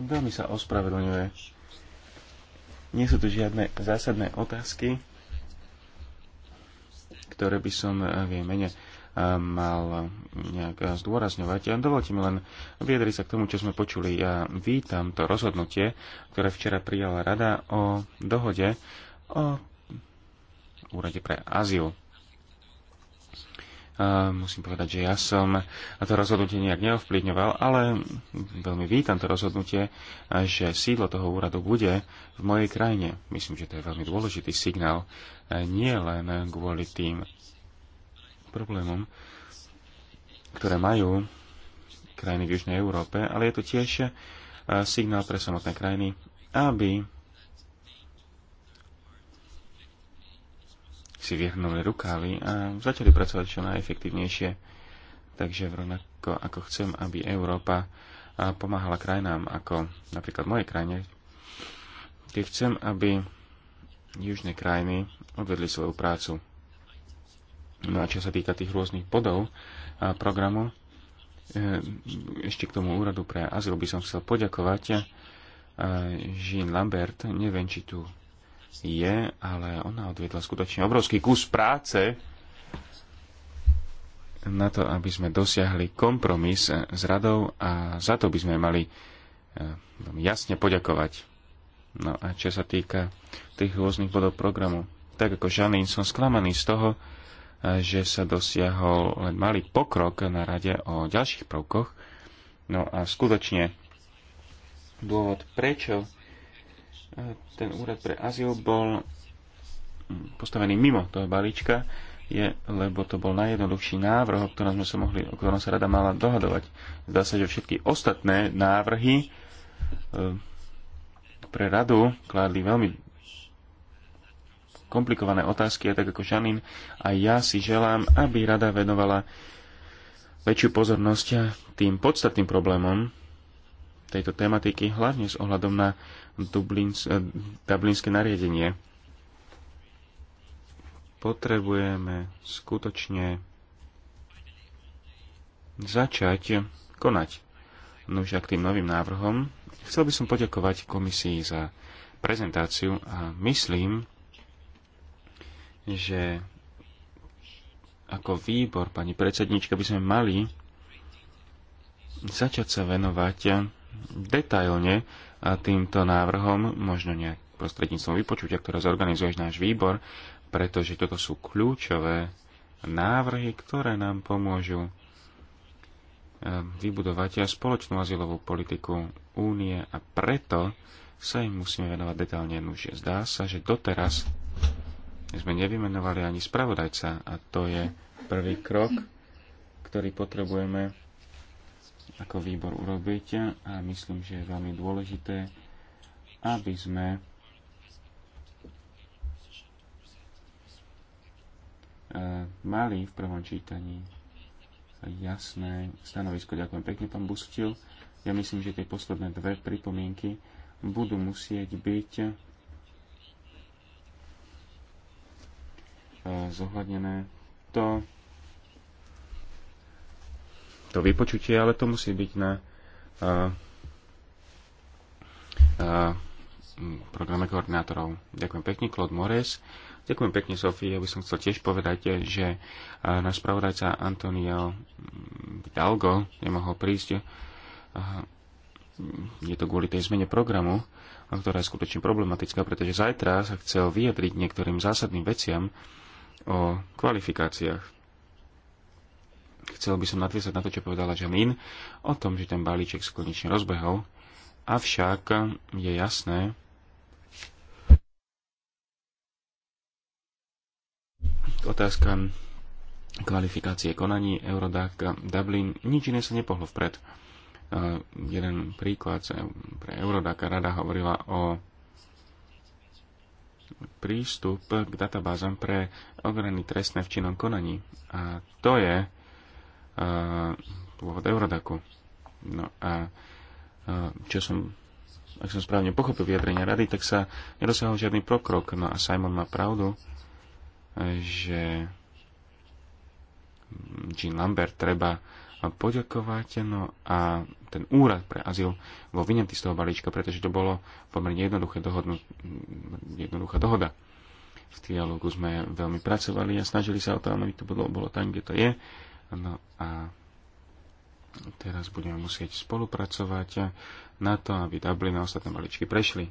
veľmi sa ospravedlňuje. Nie sú tu žiadne zásadné otázky, ktoré by som eh, v jej mene mal nejak zdôrazňovať. Dovolte mi len vyjadriť sa k tomu, čo sme počuli. Ja vítam to rozhodnutie, ktoré včera prijala Rada o dohode o úrade pre azyl. Musím povedať, že ja som to rozhodnutie nejak neovplyvňoval, ale veľmi vítam to rozhodnutie, že sídlo toho úradu bude v mojej krajine. Myslím, že to je veľmi dôležitý signál, nie len kvôli tým problémom, ktoré majú krajiny v Južnej Európe, ale je to tiež eh, signál pre samotné krajiny, aby si vyhrnuli rukávy a začali pracovať čo najefektívnejšie. Takže rovnako ako chcem, aby Európa eh, pomáhala krajinám ako napríklad mojej krajine, keď chcem, aby južné krajiny odvedli svoju prácu. No a čo sa týka tých rôznych bodov programu, e, ešte k tomu úradu pre azyl by som chcel poďakovať. E, Jean Lambert, neviem, či tu je, ale ona odvedla skutočne obrovský kus práce na to, aby sme dosiahli kompromis s radou a za to by sme mali e, jasne poďakovať. No a čo sa týka tých rôznych bodov programu, tak ako Žanín som sklamaný z toho, že sa dosiahol len malý pokrok na rade o ďalších prvkoch. No a skutočne dôvod, prečo e, ten úrad pre azyl bol mm, postavený mimo toho balíčka, je, lebo to bol najjednoduchší návrh, o ktorom, sme sa mohli, o ktorom sa rada mala dohadovať. Zdá sa, že všetky ostatné návrhy e, pre radu kládli veľmi komplikované otázky a tak ako Žanin a ja si želám, aby rada venovala väčšiu pozornosť tým podstatným problémom tejto tematiky, hlavne s ohľadom na Dublins, eh, Dublinské nariadenie. Potrebujeme skutočne začať konať. Nož ak tým novým návrhom chcel by som poďakovať komisii za prezentáciu a myslím, že ako výbor, pani predsednička, by sme mali začať sa venovať detailne týmto návrhom, možno nejak prostredníctvom vypočutia, ktoré zorganizuješ náš výbor, pretože toto sú kľúčové návrhy, ktoré nám pomôžu eh, vybudovať spoločnú azylovú politiku únie a preto sa im musíme venovať detálne. Už zdá sa, že doteraz sme nevymenovali ani spravodajca a to je prvý krok, ktorý potrebujeme ako výbor urobiť a myslím, že je veľmi dôležité, aby sme e, mali v prvom čítaní jasné stanovisko. Ďakujem pekne, pán Bustil. Ja myslím, že tie posledné dve pripomienky budú musieť byť E, zohľadnené to, to vypočutie, ale to musí byť na a, e, a, e, programe koordinátorov. Ďakujem pekne, Claude Mores. Ďakujem pekne, Sofie. Ja by som chcel tiež povedať, že náš spravodajca Antonio Dalgo nemohol prísť. Je to kvôli tej zmene programu, ktorá je skutočne problematická, pretože zajtra sa chcel vyjadriť niektorým zásadným veciam, o kvalifikáciách. Chcel by som nadviesať na to, čo povedala Žalín, o tom, že ten balíček skonečne konečne rozbehol, avšak je jasné, otázka kvalifikácie konaní Eurodac Dublin, nič iné sa nepohlo vpred. Uh, jeden príklad pre Eurodaka rada hovorila o prístup k databázam pre ograný trestné v činnom konaní. A to je dôvod e, uh, Eurodaku. No a uh, čo som, ak som správne pochopil vyjadrenia rady, tak sa nedosahol žiadny pokrok. No a Simon má pravdu, e, že Jean Lambert treba poďakovať. No a ten úrad pre azyl bol vyňatý z toho balíčka, pretože to bolo pomerne jednoduché dohodnú, jednoduchá dohoda. V dialogu sme veľmi pracovali a snažili sa o to, aby to bolo, bolo tam, kde to je. No a teraz budeme musieť spolupracovať na to, aby Dublin a ostatné maličky prešli.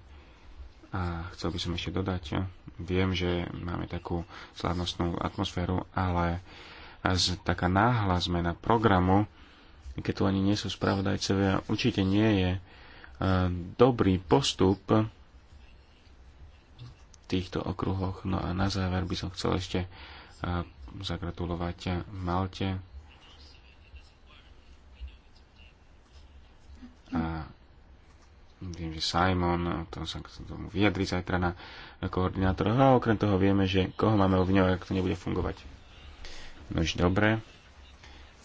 A chcel by som ešte dodať, viem, že máme takú slávnostnú atmosféru, ale uh, a taká náhla zmena programu, keď tu ani nie sú spravodajcovia, určite nie je e, dobrý postup v týchto okruhoch. No a na záver by som chcel ešte e, zagratulovať Malte a viem, že Simon, o tom sa k tomu vyjadri zajtra na koordinátora. No a okrem toho vieme, že koho máme obviňovať, ak to nebude fungovať. Nož dobre.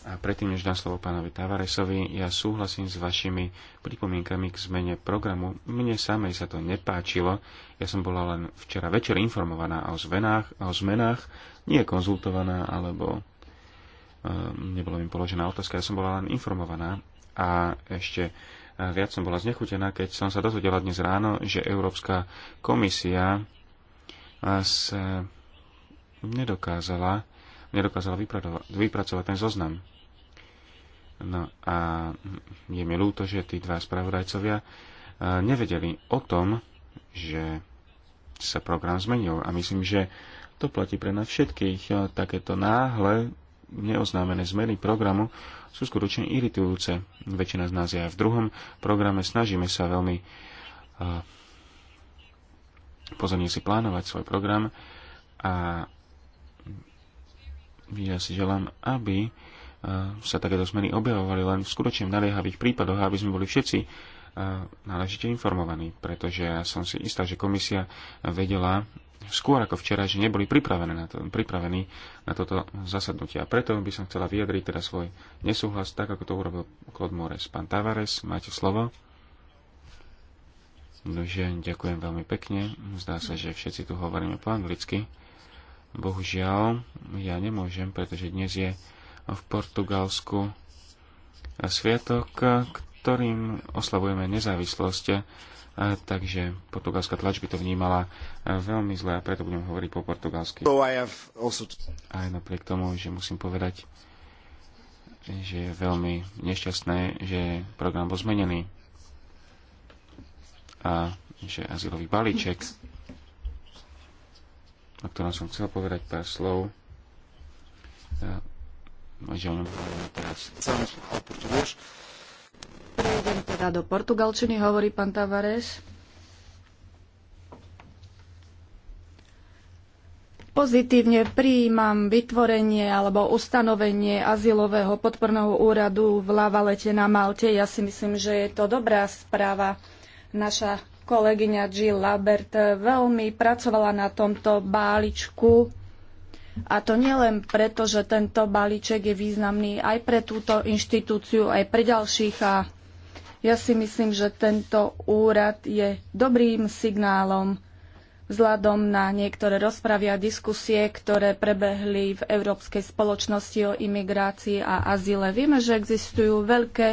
A predtým, než dám slovo pánovi Tavaresovi, ja súhlasím s vašimi pripomienkami k zmene programu. Mne samej sa to nepáčilo. Ja som bola len včera večer informovaná o zmenách, o zmenách nie konzultovaná, alebo um, nebola mi položená otázka. Ja som bola len informovaná a ešte e, viac som bola znechutená, keď som sa dozvedela dnes ráno, že Európska komisia e, sa nedokázala nedokázala vypracovať ten zoznam. No a je mi ľúto, že tí dva spravodajcovia e, nevedeli o tom, že sa program zmenil. A myslím, že to platí pre nás všetkých. E, takéto náhle neoznámené zmeny programu sú skutočne iritujúce. Väčšina z nás je aj v druhom programe. Snažíme sa veľmi e, pozorne si plánovať svoj program a ja si želám, aby e, sa takéto zmeny objavovali len v skutočne naliehavých prípadoch, aby sme boli všetci e, náležite informovaní, pretože ja som si istá, že komisia vedela skôr ako včera, že neboli pripravení na to, pripravení na toto zasadnutie. A preto by som chcela vyjadriť teda svoj nesúhlas, tak ako to urobil Claude Mores. Pán Tavares, máte slovo. Nože, ďakujem veľmi pekne. Zdá sa, že všetci tu hovoríme po anglicky. Bohužiaľ, ja nemôžem, pretože dnes je v Portugalsku sviatok, ktorým oslavujeme nezávislosť, takže portugalská tlač by to vnímala veľmi zle a preto budem hovoriť po portugalsky. Aj napriek tomu, že musím povedať, že je veľmi nešťastné, že program bol zmenený a že azylový balíček o ktorom som chcel povedať pár slov. Že o ňom hovoríme teraz. Prejdem teda do portugalčiny, hovorí pán Tavares. Pozitívne prijímam vytvorenie alebo ustanovenie azylového podporného úradu v Lavalete na Malte. Ja si myslím, že je to dobrá správa. Naša kolegyňa Jill Labert veľmi pracovala na tomto báličku, A to nielen preto, že tento balíček je významný aj pre túto inštitúciu, aj pre ďalších. A ja si myslím, že tento úrad je dobrým signálom vzhľadom na niektoré rozpravy a diskusie, ktoré prebehli v Európskej spoločnosti o imigrácii a azile. Vieme, že existujú veľké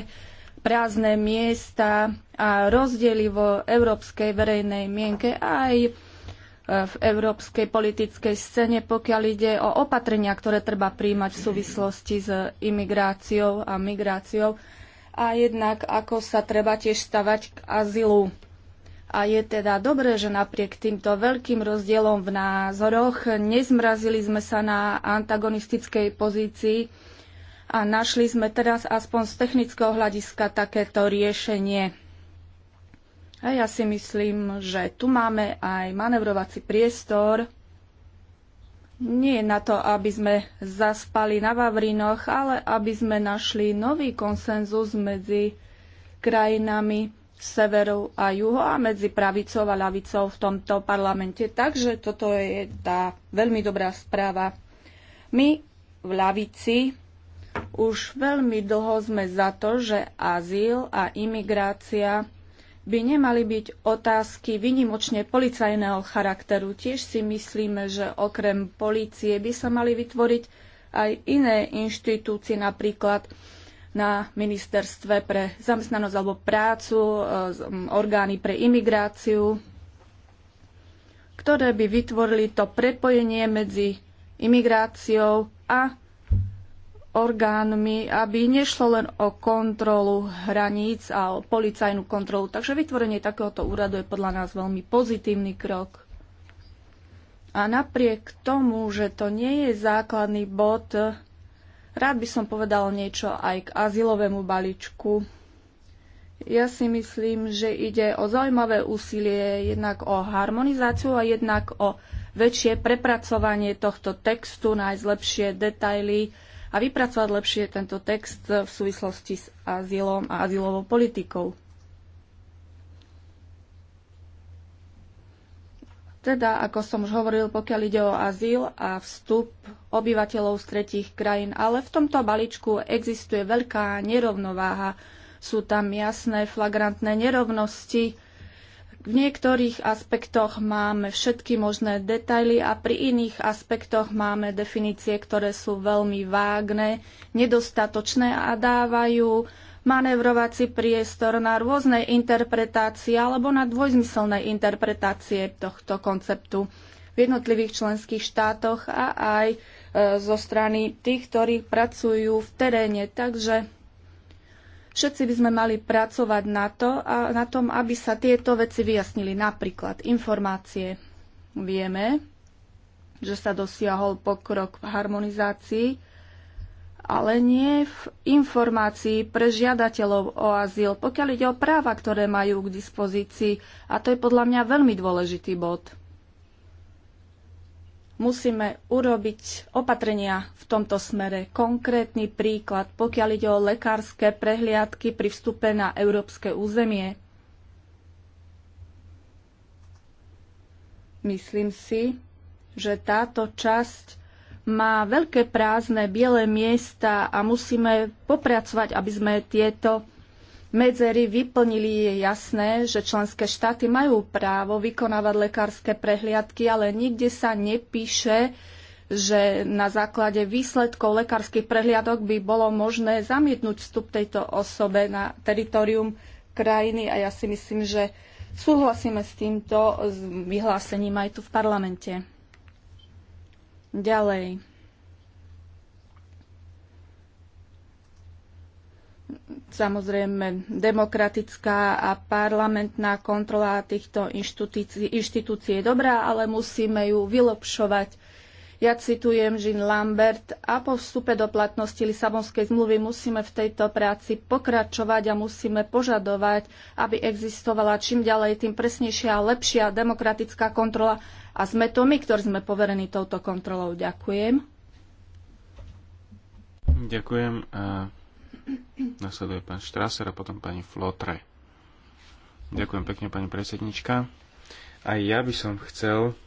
prázdne miesta a rozdiely vo európskej verejnej mienke aj e, v európskej politickej scéne, pokiaľ ide o opatrenia, ktoré treba príjmať v súvislosti s imigráciou a migráciou a jednak ako sa treba tiež stavať k azylu. A je teda dobré, že napriek týmto veľkým rozdielom v názoroch nezmrazili sme sa na antagonistickej pozícii, a našli sme teraz aspoň z technického hľadiska takéto riešenie. A ja si myslím, že tu máme aj manevrovací priestor. Nie na to, aby sme zaspali na Vavrinoch, ale aby sme našli nový konsenzus medzi krajinami severu a juho a medzi pravicou a ľavicou v tomto parlamente. Takže toto je tá veľmi dobrá správa. My v ľavici už veľmi dlho sme za to, že azyl a imigrácia by nemali byť otázky vynimočne policajného charakteru. Tiež si myslíme, že okrem polície by sa mali vytvoriť aj iné inštitúcie, napríklad na ministerstve pre zamestnanosť alebo prácu, e, orgány pre imigráciu, ktoré by vytvorili to prepojenie medzi imigráciou a orgánmi, aby nešlo len o kontrolu hraníc a o policajnú kontrolu. Takže vytvorenie takéhoto úradu je podľa nás veľmi pozitívny krok. A napriek tomu, že to nie je základný bod, rád by som povedal niečo aj k azylovému baličku. Ja si myslím, že ide o zaujímavé úsilie jednak o harmonizáciu a jednak o väčšie prepracovanie tohto textu, nájsť lepšie detaily, a vypracovať lepšie tento text v súvislosti s azylom a azylovou politikou. Teda, ako som už hovoril, pokiaľ ide o azyl a vstup obyvateľov z tretích krajín, ale v tomto balíčku existuje veľká nerovnováha. Sú tam jasné flagrantné nerovnosti, v niektorých aspektoch máme všetky možné detaily a pri iných aspektoch máme definície, ktoré sú veľmi vágne, nedostatočné a dávajú manevrovací priestor na rôzne interpretácie alebo na dvojzmyselné interpretácie tohto konceptu v jednotlivých členských štátoch a aj e, zo strany tých, ktorí pracujú v teréne. Takže Všetci by sme mali pracovať na, to, a na tom, aby sa tieto veci vyjasnili. Napríklad informácie. Vieme, že sa dosiahol pokrok v harmonizácii, ale nie v informácii pre žiadateľov o azyl, pokiaľ ide o práva, ktoré majú k dispozícii. A to je podľa mňa veľmi dôležitý bod musíme urobiť opatrenia v tomto smere. Konkrétny príklad, pokiaľ ide o lekárske prehliadky pri vstupe na európske územie. Myslím si, že táto časť má veľké prázdne biele miesta a musíme popracovať, aby sme tieto medzery vyplnili, je jasné, že členské štáty majú právo vykonávať lekárske prehliadky, ale nikde sa nepíše, že na základe výsledkov lekárskych prehliadok by bolo možné zamietnúť vstup tejto osobe na teritorium krajiny a ja si myslím, že súhlasíme s týmto vyhlásením aj tu v parlamente. Ďalej. Samozrejme, demokratická a parlamentná kontrola týchto inštitúcií, inštitúcií je dobrá, ale musíme ju vylepšovať. Ja citujem Jean Lambert a po vstupe do platnosti Lisabonskej zmluvy musíme v tejto práci pokračovať a musíme požadovať, aby existovala čím ďalej tým presnejšia a lepšia demokratická kontrola. A sme to my, ktorí sme poverení touto kontrolou. Ďakujem. Ďakujem. Nasleduje pán Štraser a potom pani Flotre. Ďakujem pekne, pani predsednička. Aj ja by som chcel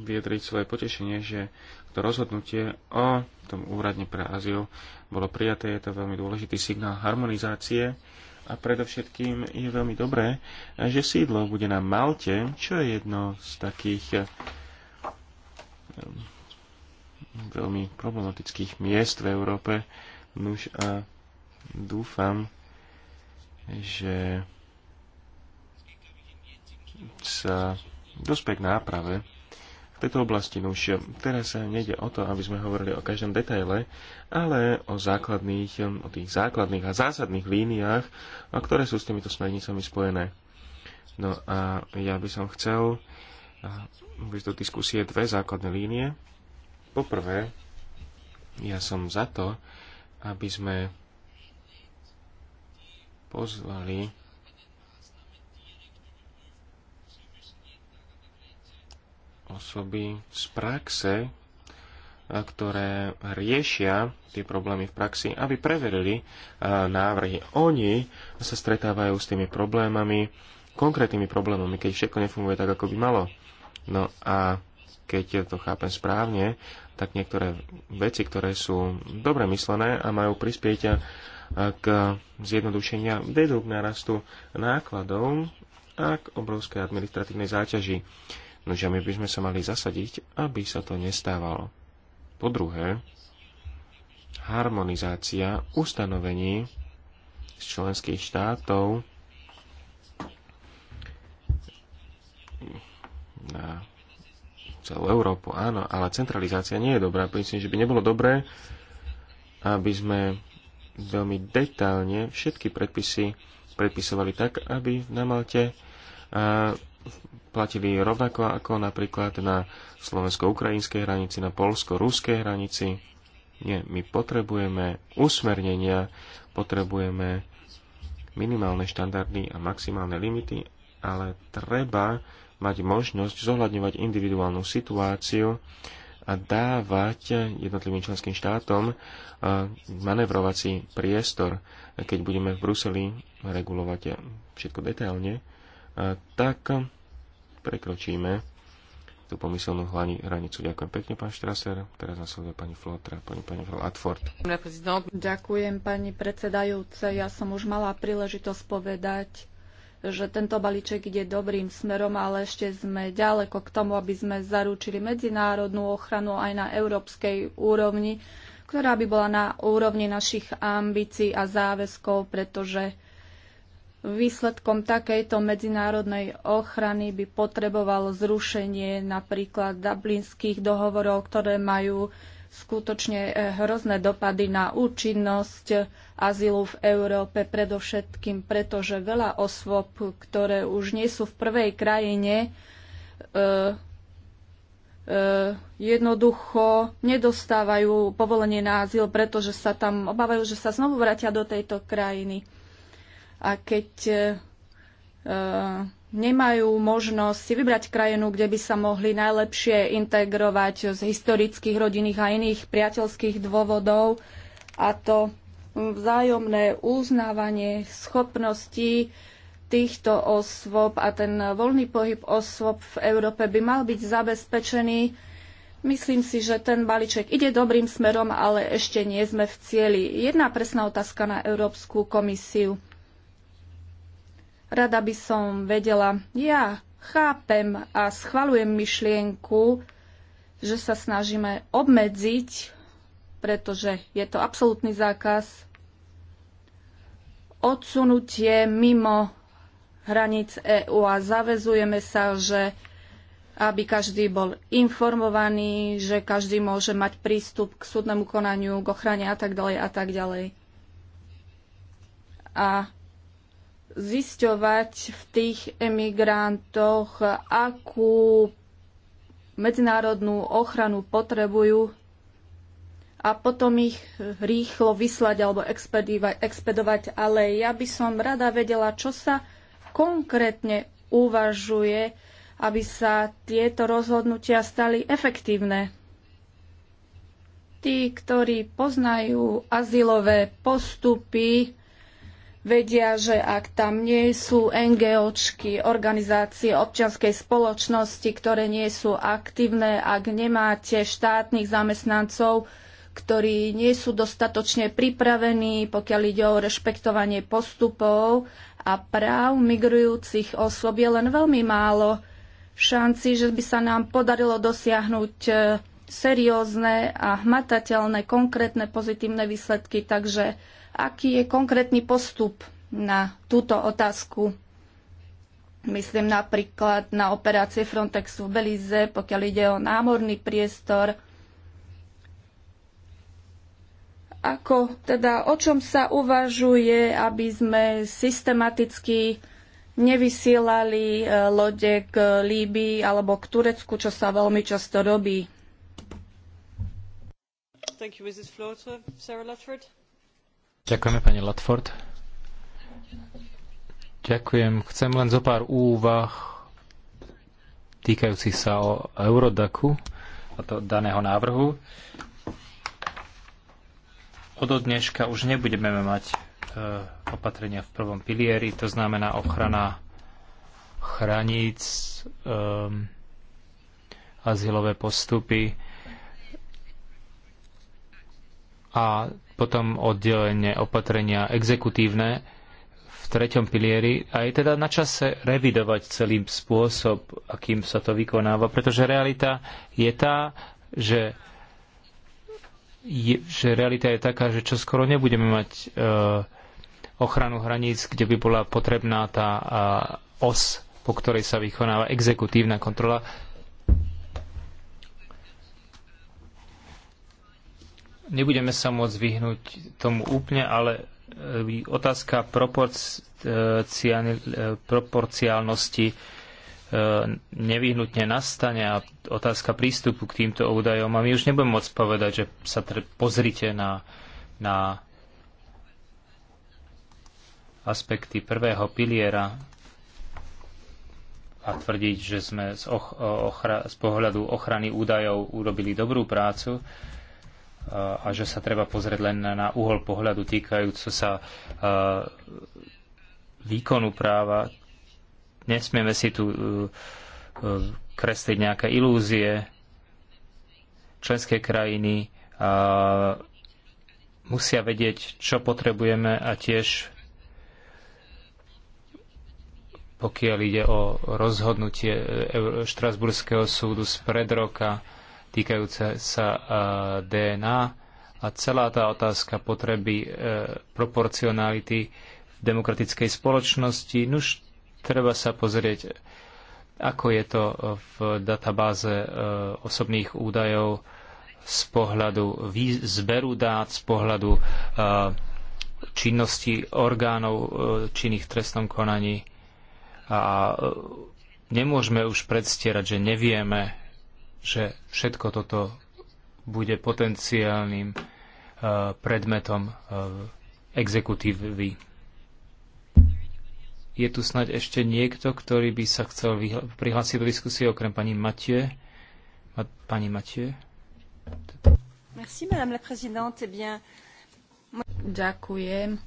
vyjadriť svoje potešenie, že to rozhodnutie o tom úradne pre azyl bolo prijaté. Je to veľmi dôležitý signál harmonizácie a predovšetkým je veľmi dobré, že sídlo bude na Malte, čo je jedno z takých veľmi problematických miest v Európe. Nuž a dúfam, že sa dospek náprave v tejto oblasti. Nuž teraz sa nejde o to, aby sme hovorili o každom detaile, ale o základných, o tých základných a zásadných líniách, ktoré sú s týmito smernicami spojené. No a ja by som chcel vyjsť do diskusie dve základné línie. Poprvé, ja som za to, aby sme pozvali osoby z praxe, ktoré riešia tie problémy v praxi, aby preverili návrhy. Oni sa stretávajú s tými problémami, konkrétnymi problémami, keď všetko nefunguje tak, ako by malo. No a keď to chápem správne, tak niektoré veci, ktoré sú dobre myslené a majú prispieť eh, k zjednodušenia vedú k narastu nákladov a k obrovskej administratívnej záťaži. Nože my by sme sa mali zasadiť, aby sa to nestávalo. Po druhé, harmonizácia ustanovení z členských štátov na celú Európu, áno, ale centralizácia nie je dobrá. Myslím, že by nebolo dobré, aby sme veľmi detailne všetky predpisy predpisovali tak, aby na Malte platili rovnako ako napríklad na slovensko-ukrajinskej hranici, na polsko-ruskej hranici. Nie, my potrebujeme usmernenia, potrebujeme minimálne štandardy a maximálne limity, ale treba mať možnosť zohľadňovať individuálnu situáciu a dávať jednotlivým členským štátom e, manevrovací priestor. Keď budeme v Bruseli regulovať všetko detailne, e, tak prekročíme tú pomyselnú hranicu. Ďakujem pekne, pán Štraser. Teraz nasleduje pani Flotra, pani pani Atford. Ďakujem, pani predsedajúce. Ja som už mala príležitosť povedať, že tento balíček ide dobrým smerom, ale ešte sme ďaleko k tomu, aby sme zaručili medzinárodnú ochranu aj na európskej úrovni, ktorá by bola na úrovni našich ambícií a záväzkov, pretože výsledkom takejto medzinárodnej ochrany by potrebovalo zrušenie napríklad dublinských dohovorov, ktoré majú skutočne eh, hrozné dopady na účinnosť azylu v Európe, predovšetkým preto, že veľa osôb, ktoré už nie sú v prvej krajine, e, e, jednoducho nedostávajú povolenie na azyl, pretože sa tam obávajú, že sa znovu vrátia do tejto krajiny. A keď e, e, nemajú možnosť si vybrať krajinu, kde by sa mohli najlepšie integrovať z historických, rodinných a iných priateľských dôvodov, a to vzájomné uznávanie schopností týchto osôb a ten voľný pohyb osôb v Európe by mal byť zabezpečený. Myslím si, že ten balíček ide dobrým smerom, ale ešte nie sme v cieli. Jedna presná otázka na Európsku komisiu. Rada by som vedela, ja chápem a schvalujem myšlienku, že sa snažíme obmedziť pretože je to absolútny zákaz odsunutie mimo hraníc EÚ a zavezujeme sa, že aby každý bol informovaný, že každý môže mať prístup k súdnemu konaniu, k ochrane a tak ďalej a tak ďalej. A zisťovať v tých emigrantoch, akú medzinárodnú ochranu potrebujú, a potom ich rýchlo vyslať alebo expedovať. Ale ja by som rada vedela, čo sa konkrétne uvažuje, aby sa tieto rozhodnutia stali efektívne. Tí, ktorí poznajú azylové postupy, vedia, že ak tam nie sú NGOčky, organizácie občianskej spoločnosti, ktoré nie sú aktívne, ak nemáte štátnych zamestnancov, ktorí nie sú dostatočne pripravení, pokiaľ ide o rešpektovanie postupov a práv migrujúcich osôb je len veľmi málo šanci, že by sa nám podarilo dosiahnuť e, seriózne a hmatateľné, konkrétne pozitívne výsledky. Takže aký je konkrétny postup na túto otázku? Myslím napríklad na operácie Frontexu v Belize, pokiaľ ide o námorný priestor, Ako teda, o čom sa uvažuje, aby sme systematicky nevysielali e, lode k Líbii alebo k Turecku, čo sa veľmi často robí? You, Ďakujeme, pani Latford. Ďakujem. Chcem len zo pár úvah týkajúcich sa o Eurodaku a to daného návrhu. Od dneška už nebudeme mať e, opatrenia v prvom pilieri, to znamená ochrana hraníc, um, azylové postupy a potom oddelenie opatrenia exekutívne v treťom pilieri a je teda na čase revidovať celý spôsob, akým sa to vykonáva, pretože realita je tá, že je, že realita je taká, že čo skoro nebudeme mať e, ochranu hraníc, kde by bola potrebná tá eh, os, po ktorej sa vykonáva exekutívna kontrola. Nebudeme sa môcť vyhnúť tomu úplne, ale e, otázka proporciálnosti E, nevyhnutne nastane a otázka prístupu k týmto údajom. A my už nebudeme môcť povedať, že sa pozrite na, na aspekty prvého piliera a tvrdiť, že sme z, och, e, ochra, z pohľadu ochrany údajov urobili dobrú prácu e, a, že sa treba pozrieť len na, uhol pohľadu týkajúco sa výkonu práva Nesmieme si tu e, e, kresliť nejaké ilúzie. Členské krajiny musia vedieť, čo potrebujeme a tiež pokiaľ ide o rozhodnutie e, Štrasburského súdu z pred roka týkajúce sa DNA a celá tá otázka potreby proporcionality v demokratickej spoločnosti. Nuž Treba sa pozrieť, ako je to v databáze e, osobných údajov z pohľadu zberu dát, z pohľadu e, činnosti orgánov e, činných v trestnom konaní. A nemôžeme už predstierať, že nevieme, že všetko toto bude potenciálnym predmetom exekutívy. Je tu snáď ešte niekto, ktorý by sa chcel prihlásiť do diskusie okrem pani Matie? Ma- pani Matie? Merci, madame la présidente. Eh bien... Ďakujem.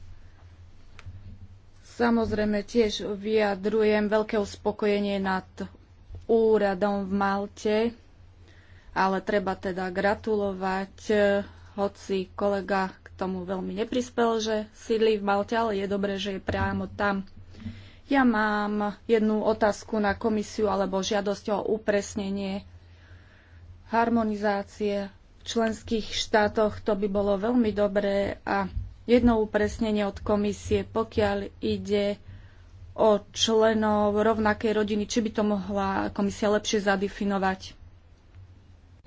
Samozrejme tiež vyjadrujem veľké uspokojenie nad úradom v Malte, ale treba teda gratulovať, eh, hoci kolega k tomu veľmi neprispel, že sídli v Malte, ale je dobré, že je priamo tam. Ja mám jednu otázku na komisiu alebo žiadosť o upresnenie harmonizácie v členských štátoch. To by bolo veľmi dobré a jedno upresnenie od komisie, pokiaľ ide o členov rovnakej rodiny, či by to mohla komisia lepšie zadefinovať.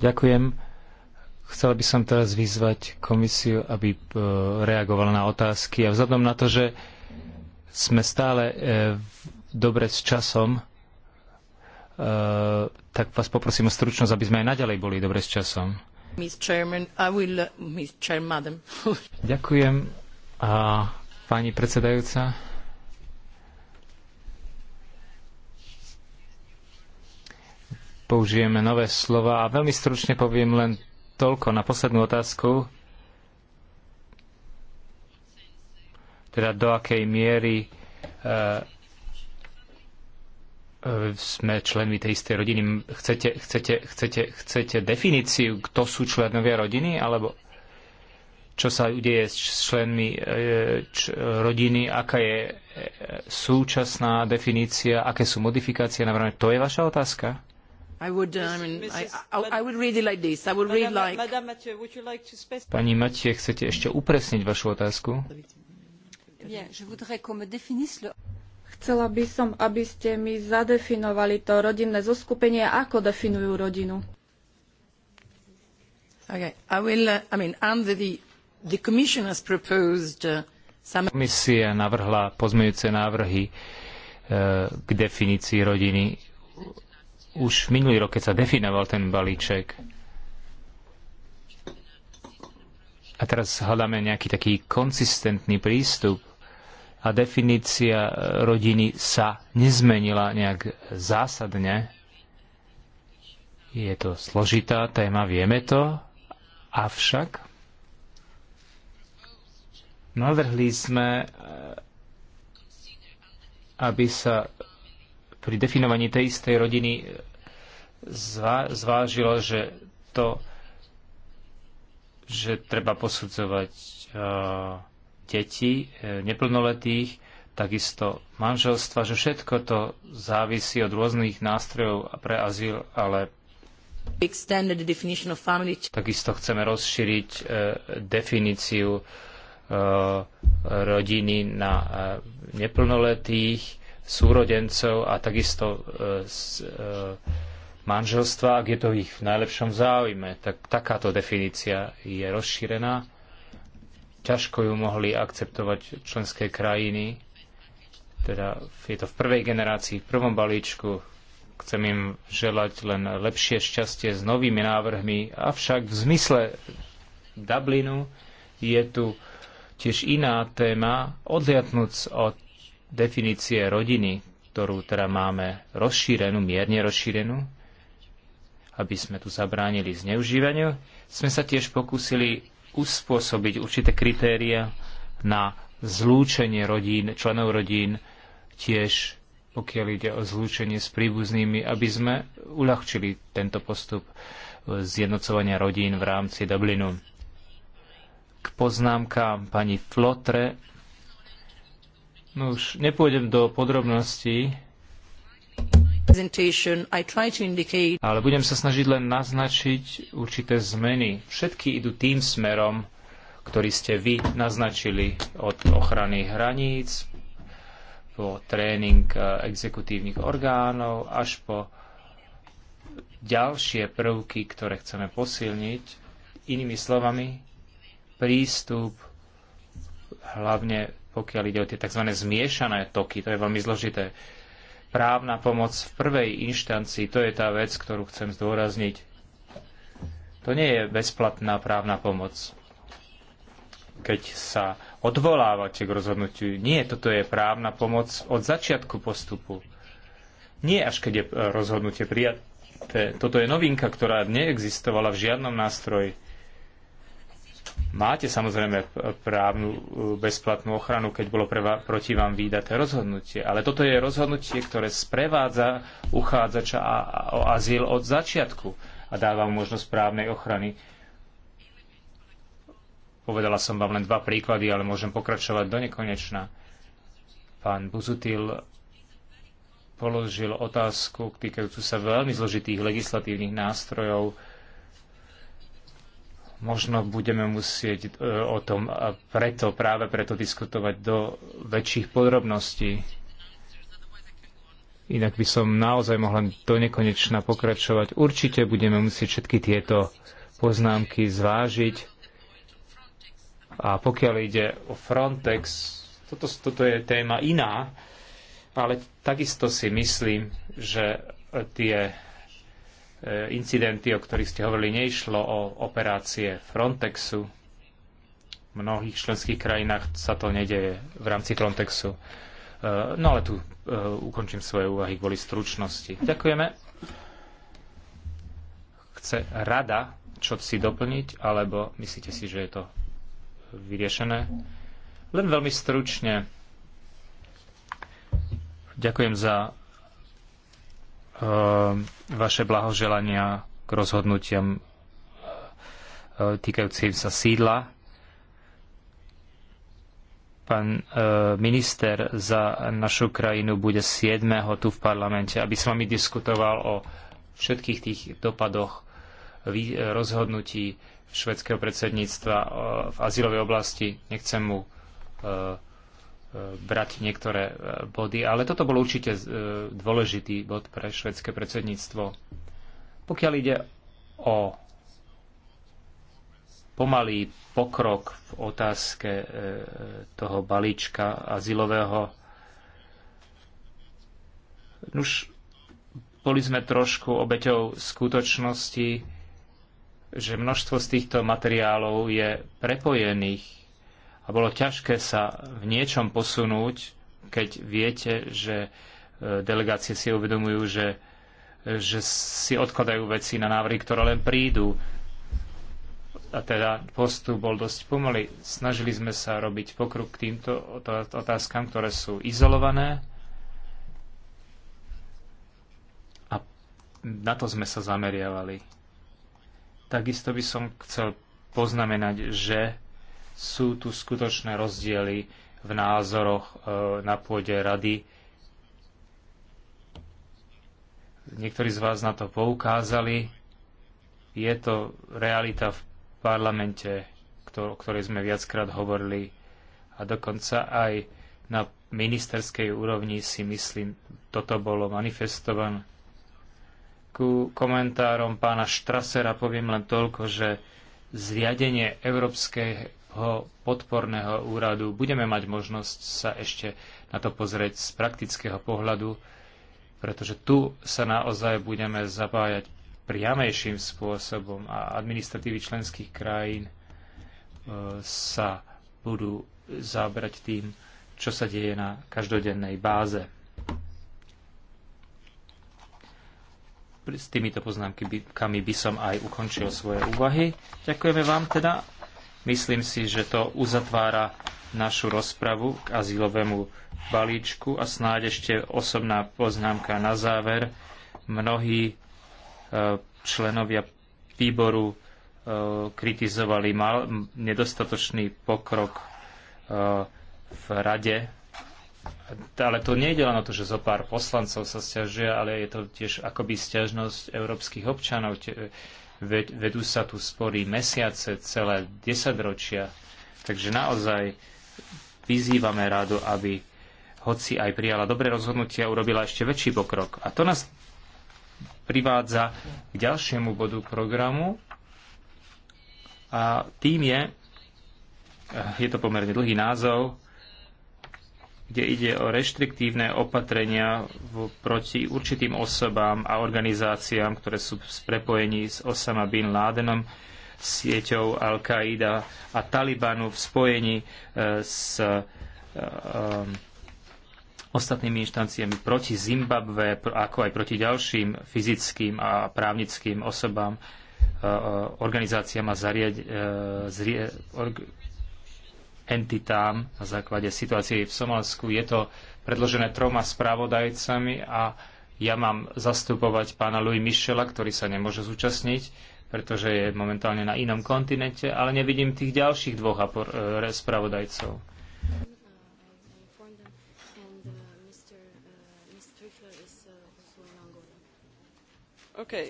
Ďakujem. Chcel by som teraz vyzvať komisiu, aby e, reagovala na otázky. A vzhľadom na to, že sme stále e, dobre s časom, e, tak vás poprosím o stručnosť, aby sme aj naďalej boli dobre s časom. Chairman, will, uh, Chair, Ďakujem. A pani predsedajúca. Použijeme nové slova a veľmi stručne poviem len toľko na poslednú otázku. teda do akej miery eh, sme členmi tej istej rodiny. Chcete, chcete, chcete, chcete definíciu, kto sú členovia rodiny, alebo čo sa udeje s členmi eh, č, rodiny, aká je eh, súčasná definícia, aké sú modifikácie navrhnuté. To je vaša otázka? Pani Matie, chcete ešte upresniť vašu otázku? Chcela by som, aby ste mi zadefinovali to rodinné zoskupenie, ako definujú rodinu. Okay. I will, uh, I mean, under the, the commission has proposed uh, some... Komisia navrhla pozmeňujúce návrhy uh, k definícii rodiny. Už minulý rok, keď sa definoval ten balíček, a teraz hľadáme nejaký taký konsistentný prístup a definícia e, rodiny sa nezmenila nejak zásadne. Je to složitá téma, vieme to, avšak navrhli sme, e, aby sa pri definovaní tej istej rodiny e, zvážilo, že to, že treba posudzovať uh, detí, e, neplnoletých, takisto manželstva, že všetko to závisí od rôznych nástrojov pre azyl, ale takisto chceme rozšíriť e, definíciu e, rodiny na e, neplnoletých, súrodencov a takisto e, e, manželstva, ak je to ich v najlepšom záujme. Tak takáto definícia je rozšírená ťažko ju mohli akceptovať členské krajiny. Teda je to v prvej generácii, v prvom balíčku. Chcem im želať len lepšie šťastie s novými návrhmi, avšak v zmysle Dublinu je tu tiež iná téma, odliadnúc od definície rodiny, ktorú teda máme rozšírenú, mierne rozšírenú, aby sme tu zabránili zneužívaniu, sme sa tiež pokúsili uspôsobiť určité kritéria na zlúčenie rodín, členov rodín, tiež pokiaľ ide o zlúčenie s príbuznými, aby sme uľahčili tento postup e, zjednocovania rodín v rámci Dublinu. K poznámkám pani Flotre. No už nepôjdem do podrobností. Ale budem sa snažiť len naznačiť určité zmeny. Všetky idú tým smerom, ktorý ste vy naznačili od ochrany hraníc, po tréning eh, exekutívnych orgánov, až po ďalšie prvky, ktoré chceme posilniť. Inými slovami, prístup hlavne pokiaľ ide o tie tzv. zmiešané toky, to je veľmi zložité právna pomoc v prvej inštancii, to je tá vec, ktorú chcem zdôrazniť. To nie je bezplatná právna pomoc. Keď sa odvolávate k rozhodnutiu, nie, toto je právna pomoc od začiatku postupu. Nie až keď je rozhodnutie prijaté. Toto je novinka, ktorá neexistovala v žiadnom nástroji. Máte samozrejme právnu e, bezplatnú ochranu, keď bolo proti vám výdaté rozhodnutie, ale toto je rozhodnutie, ktoré sprevádza uchádzača a, a, o azyl od začiatku a dáva mu možnosť právnej ochrany. Povedala som vám len dva príklady, ale môžem pokračovať do nekonečna. Pán Buzutil položil otázku týkajúcu sa veľmi zložitých legislatívnych nástrojov, možno budeme musieť e, o tom a preto, práve preto diskutovať do väčších podrobností. Inak by som naozaj mohla do nekonečna pokračovať. Určite budeme musieť všetky tieto poznámky zvážiť. A pokiaľ ide o Frontex, toto, toto je téma iná, ale takisto si myslím, že tie E, incidenty, o ktorých ste hovorili, nešlo o operácie Frontexu. V mnohých členských krajinách sa to nedeje v rámci Frontexu. E, no ale tu e, ukončím svoje úvahy kvôli stručnosti. Ďakujeme. Chce rada čo si doplniť, alebo myslíte si, že je to vyriešené? Len veľmi stručne. Ďakujem za Ehm, vaše blahoželania k rozhodnutiam e, týkajúcim sa sídla. Pán e, minister za našu krajinu bude 7. tu v parlamente, aby s vami diskutoval o všetkých tých dopadoch e, rozhodnutí švedského predsedníctva v azylovej oblasti. Nechcem mu brať niektoré e, body, ale toto bol určite e, dôležitý bod pre švedské predsedníctvo. Pokiaľ ide o pomalý pokrok v otázke e, toho balíčka azylového, už boli sme trošku obeťou skutočnosti, že množstvo z týchto materiálov je prepojených a bolo ťažké sa v niečom posunúť, keď viete, že e, delegácie si uvedomujú, že, že si odkladajú veci na návrhy, ktoré len prídu. A teda postup bol dosť pomaly. Snažili sme sa robiť pokrok k týmto otázkam, ktoré sú izolované. A na to sme sa zameriavali. Takisto by som chcel poznamenať, že sú tu skutočné rozdiely v názoroch e, na pôde rady. Niektorí z vás na to poukázali. Je to realita v parlamente, o ktorej sme viackrát hovorili a dokonca aj na ministerskej úrovni si myslím, toto bolo manifestované. Ku komentárom pána Štrasera poviem len toľko, že zriadenie Európskej podporného úradu. Budeme mať možnosť sa ešte na to pozrieť z praktického pohľadu, pretože tu sa naozaj budeme zapájať priamejším spôsobom a administratívy členských krajín e, sa budú zábrať tým, čo sa deje na každodennej báze. S týmito poznámkami by som aj ukončil svoje úvahy. Ďakujeme vám teda Myslím si, že to uzatvára našu rozpravu k azylovému balíčku a snáď ešte osobná poznámka na záver. Mnohí e, členovia výboru e, kritizovali nedostatočný pokrok e, v rade. Ale to nie je len o to, že zo pár poslancov sa stiažuje, ale je to tiež akoby stiažnosť európskych občanov vedú sa tu spory mesiace, celé desaťročia. Takže naozaj vyzývame rádu, aby hoci aj prijala dobré rozhodnutia, urobila ešte väčší pokrok. A to nás privádza k ďalšiemu bodu programu a tým je, eh, je to pomerne dlhý názov, kde ide o reštriktívne opatrenia v, proti určitým osobám a organizáciám, ktoré sú v prepojení s Osama Bin Ládenom, sieťou Al-Qaida a Talibanu v spojení e, s e, e ostatnými inštanciami proti Zimbabve, ako aj proti ďalším fyzickým a právnickým osobám, e, e organizáciám a zariad, e, zrie, org, entitám na základe situácie v Somálsku. Je to predložené troma spravodajcami a ja mám zastupovať pána Louis Michela, ktorý sa nemôže zúčastniť, pretože je momentálne na inom kontinente, ale nevidím tých ďalších dvoch e, spravodajcov. Okay.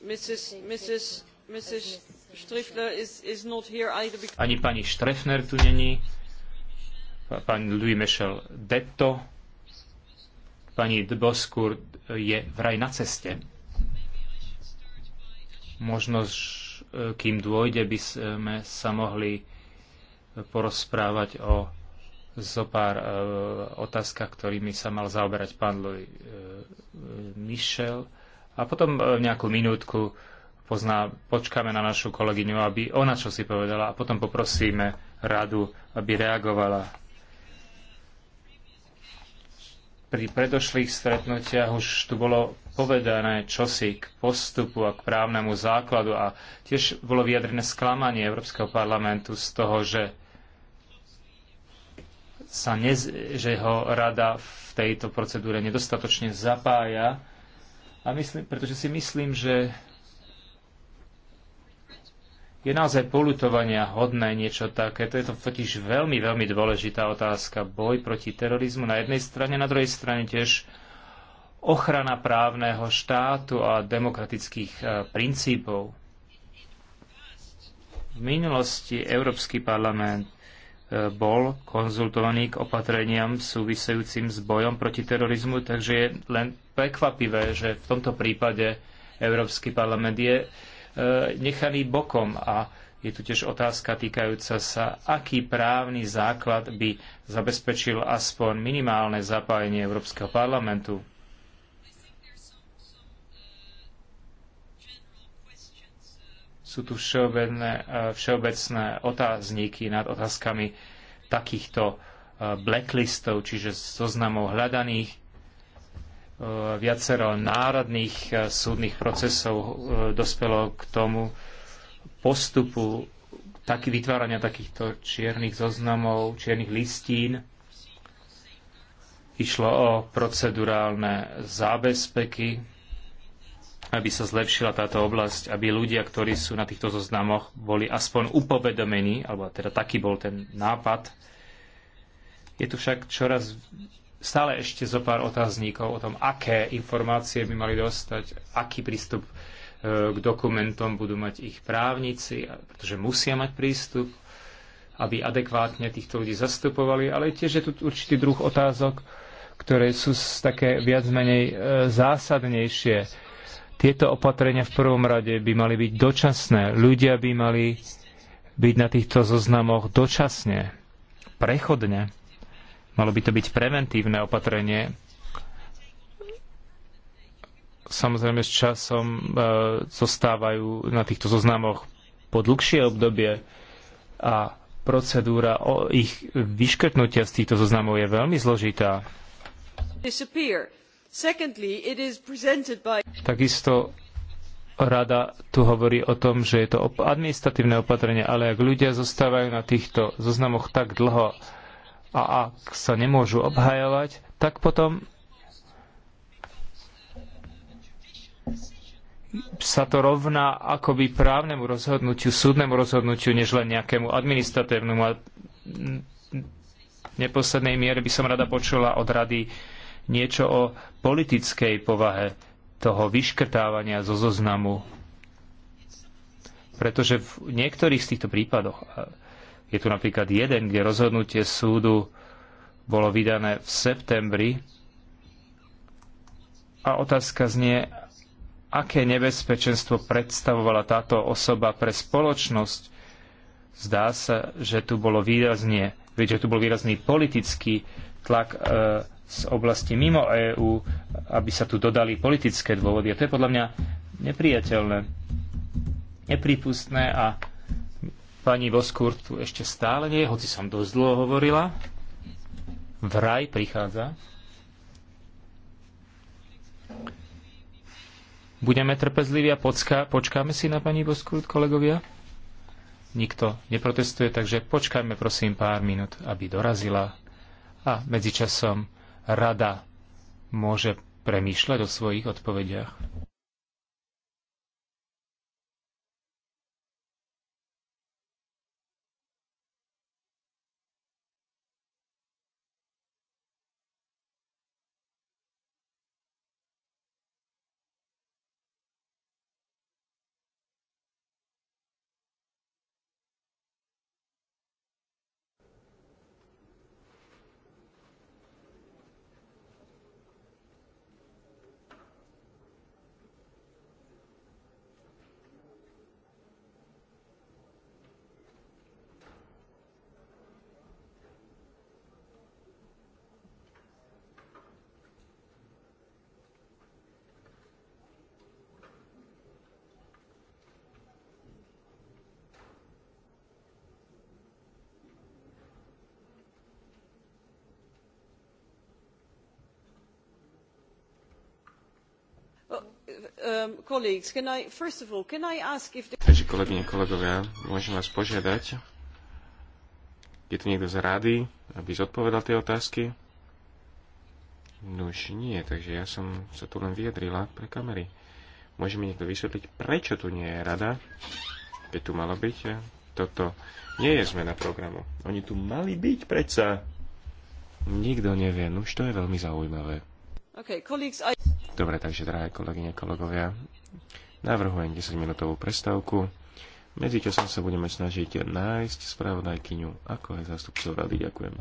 Mrs. Mrs. Mrs. Ani pani Štrefner tu není. Pán Louis Michel Detto. Pani de je vraj na ceste. Možno, e, kým dôjde, by sme sa mohli porozprávať o zo pár e, otázkach, ktorými sa mal zaoberať pán Louis e, Michel. A potom e, nejakú minútku pozná, počkáme na našu kolegyňu, aby ona čo si povedala a potom poprosíme radu, aby reagovala. Pri predošlých stretnutiach už tu bolo povedané čosi k postupu a k právnemu základu a tiež bolo vyjadrené sklamanie Európskeho parlamentu z toho, že, sa nez, že ho rada v tejto procedúre nedostatočne zapája. A myslím, pretože si myslím, že je naozaj polutovania hodné niečo také. To je to totiž veľmi, veľmi dôležitá otázka. Boj proti terorizmu na jednej strane, na druhej strane tiež ochrana právneho štátu a demokratických e, princípov. V minulosti Európsky parlament e, bol konzultovaný k opatreniam súvisejúcim s bojom proti terorizmu, takže je len prekvapivé, že v tomto prípade Európsky parlament je E, nechali bokom. A je tu tiež otázka týkajúca sa, aký právny základ by zabezpečil aspoň minimálne zapájenie Európskeho parlamentu. Sú tu všeobecné, e, všeobecné otázniky nad otázkami takýchto e, blacklistov, čiže zoznamov hľadaných Eh, viacero národných eh, súdnych procesov eh, dospelo k tomu postupu taký, vytvárania takýchto čiernych zoznamov, čiernych listín. Išlo o procedurálne zábezpeky, aby sa zlepšila táto oblasť, aby ľudia, ktorí sú na týchto zoznamoch, boli aspoň upovedomení, alebo teda taký bol ten nápad. Je tu však čoraz stále ešte zo pár otázníkov o tom, aké informácie by mali dostať, aký prístup e, k dokumentom budú mať ich právnici, pretože musia mať prístup, aby adekvátne týchto ľudí zastupovali, ale tiež je tu určitý druh otázok, ktoré sú také viac menej e, zásadnejšie. Tieto opatrenia v prvom rade by mali byť dočasné. Ľudia by mali byť na týchto zoznamoch dočasne, prechodne Malo by to byť preventívne opatrenie. Samozrejme, s časom e, zostávajú na týchto zoznamoch po dlhšie obdobie a procedúra o ich vyškrtnutia z týchto zoznamov je veľmi zložitá. Takisto rada tu hovorí o tom, že je to administratívne opatrenie, ale ak ľudia zostávajú na týchto zoznamoch tak dlho, a ak sa nemôžu obhajovať, tak potom sa to rovná akoby právnemu rozhodnutiu, súdnemu rozhodnutiu, než len nejakému administratívnemu. A v neposlednej miere by som rada počula od rady niečo o politickej povahe toho vyškrtávania zo zoznamu. Pretože v niektorých z týchto prípadoch je tu napríklad jeden, kde rozhodnutie súdu bolo vydané v septembri a otázka znie, aké nebezpečenstvo predstavovala táto osoba pre spoločnosť. Zdá sa, že tu, bolo výrazne, že tu bol výrazný politický tlak e, z oblasti mimo EÚ, aby sa tu dodali politické dôvody. A to je podľa mňa nepriateľné, nepripustné a Pani Boskurt tu ešte stále nie, hoci som dosť dlho hovorila. Vraj prichádza. Budeme trpezliví a počká, počkáme si na pani Voskúr, kolegovia? Nikto neprotestuje, takže počkajme prosím pár minút, aby dorazila. A medzičasom rada môže premýšľať o svojich odpovediach. Um, takže kolegyne, kolegovia, môžem vás požiadať, je tu niekto z rady, aby zodpovedal tie otázky? No už nie, takže ja som sa tu len vyjadrila pre kamery. Môže mi niekto vysvetliť, prečo tu nie je rada? Keď tu malo byť, toto nie je zmena programu. Oni tu mali byť, predsa. Nikto nevie, už to je veľmi zaujímavé. Dobre, takže drahé kolegyne, kolegovia, navrhujem 10-minútovú prestávku. Medzi časom sa budeme snažiť nájsť spravodajkyňu ako aj zástupcov rady. Ďakujem.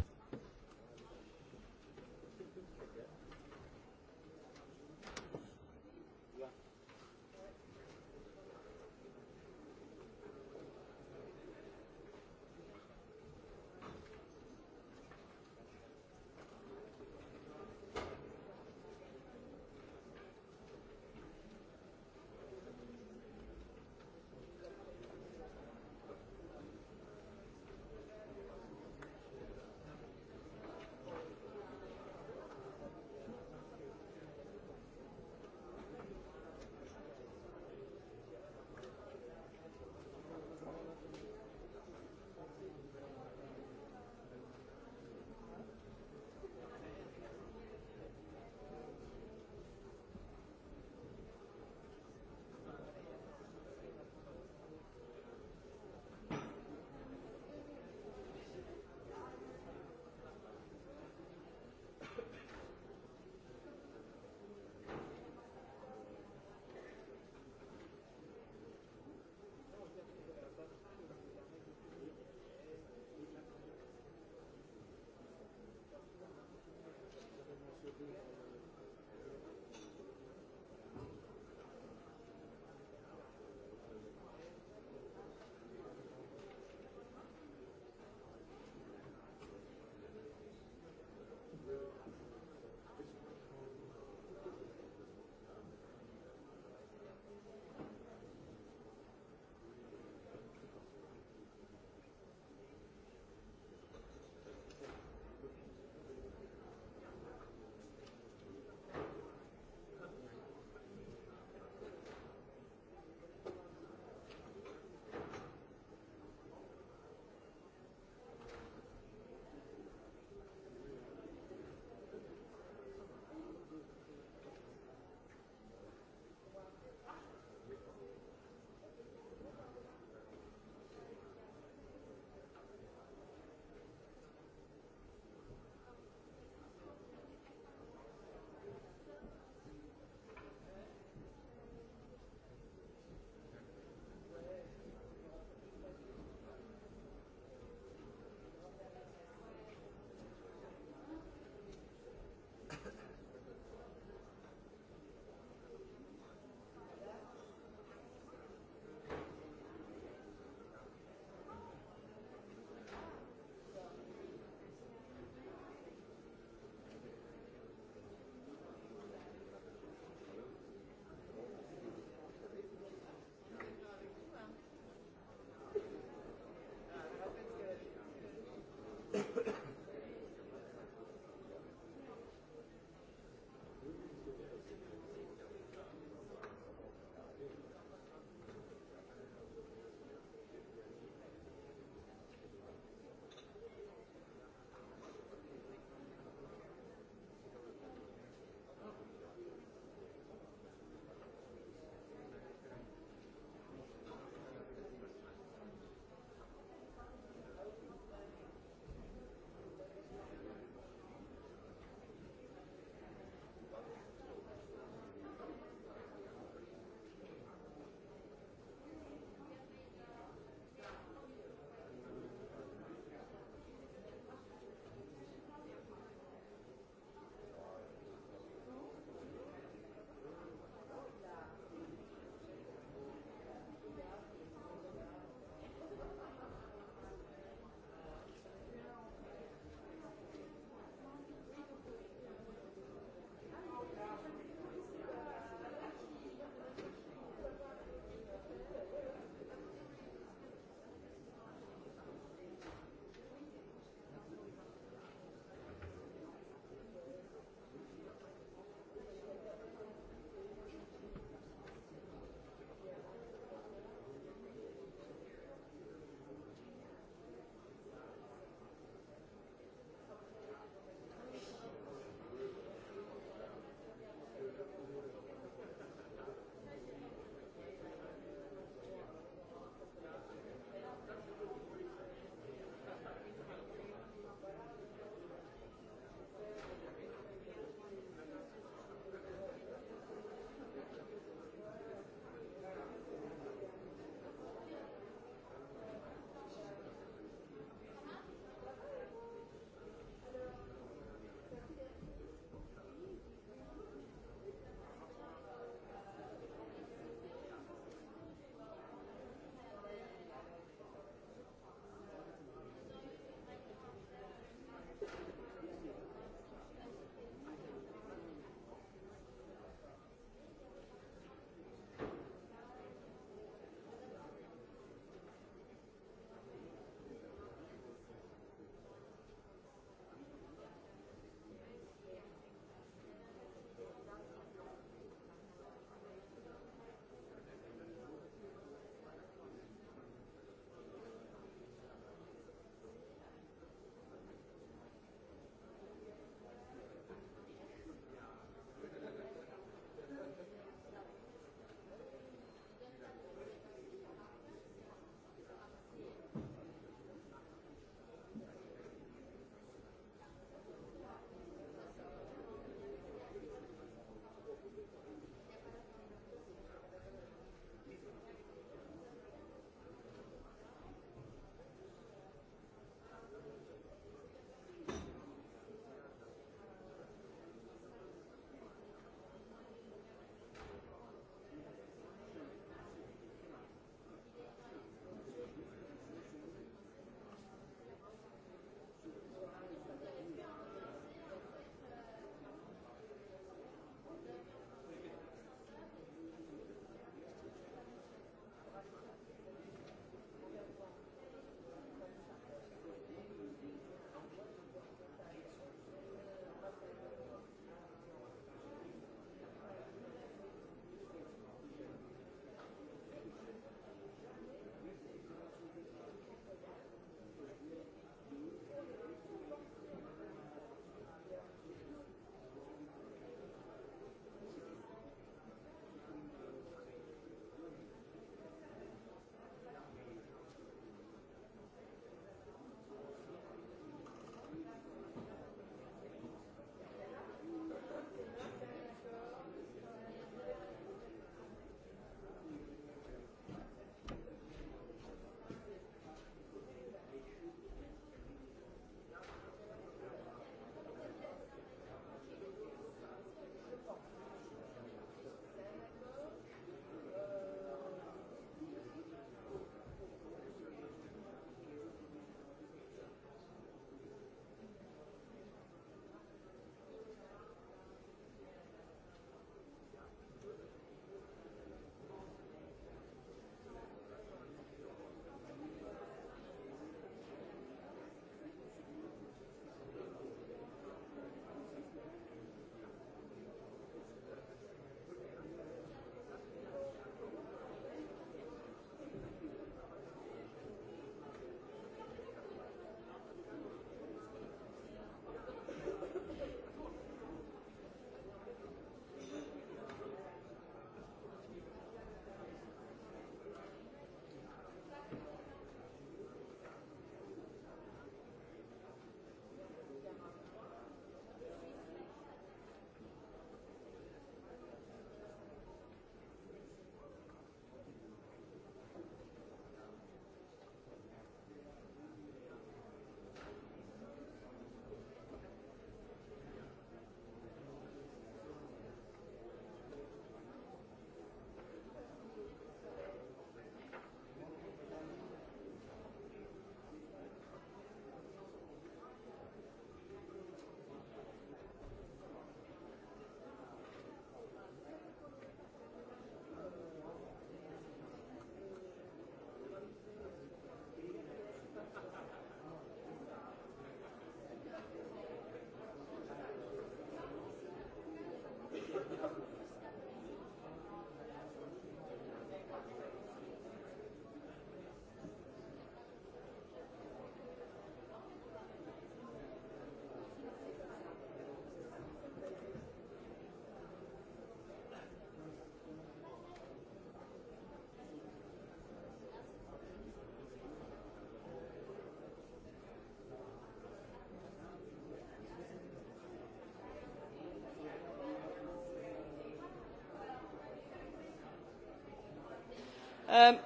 Um,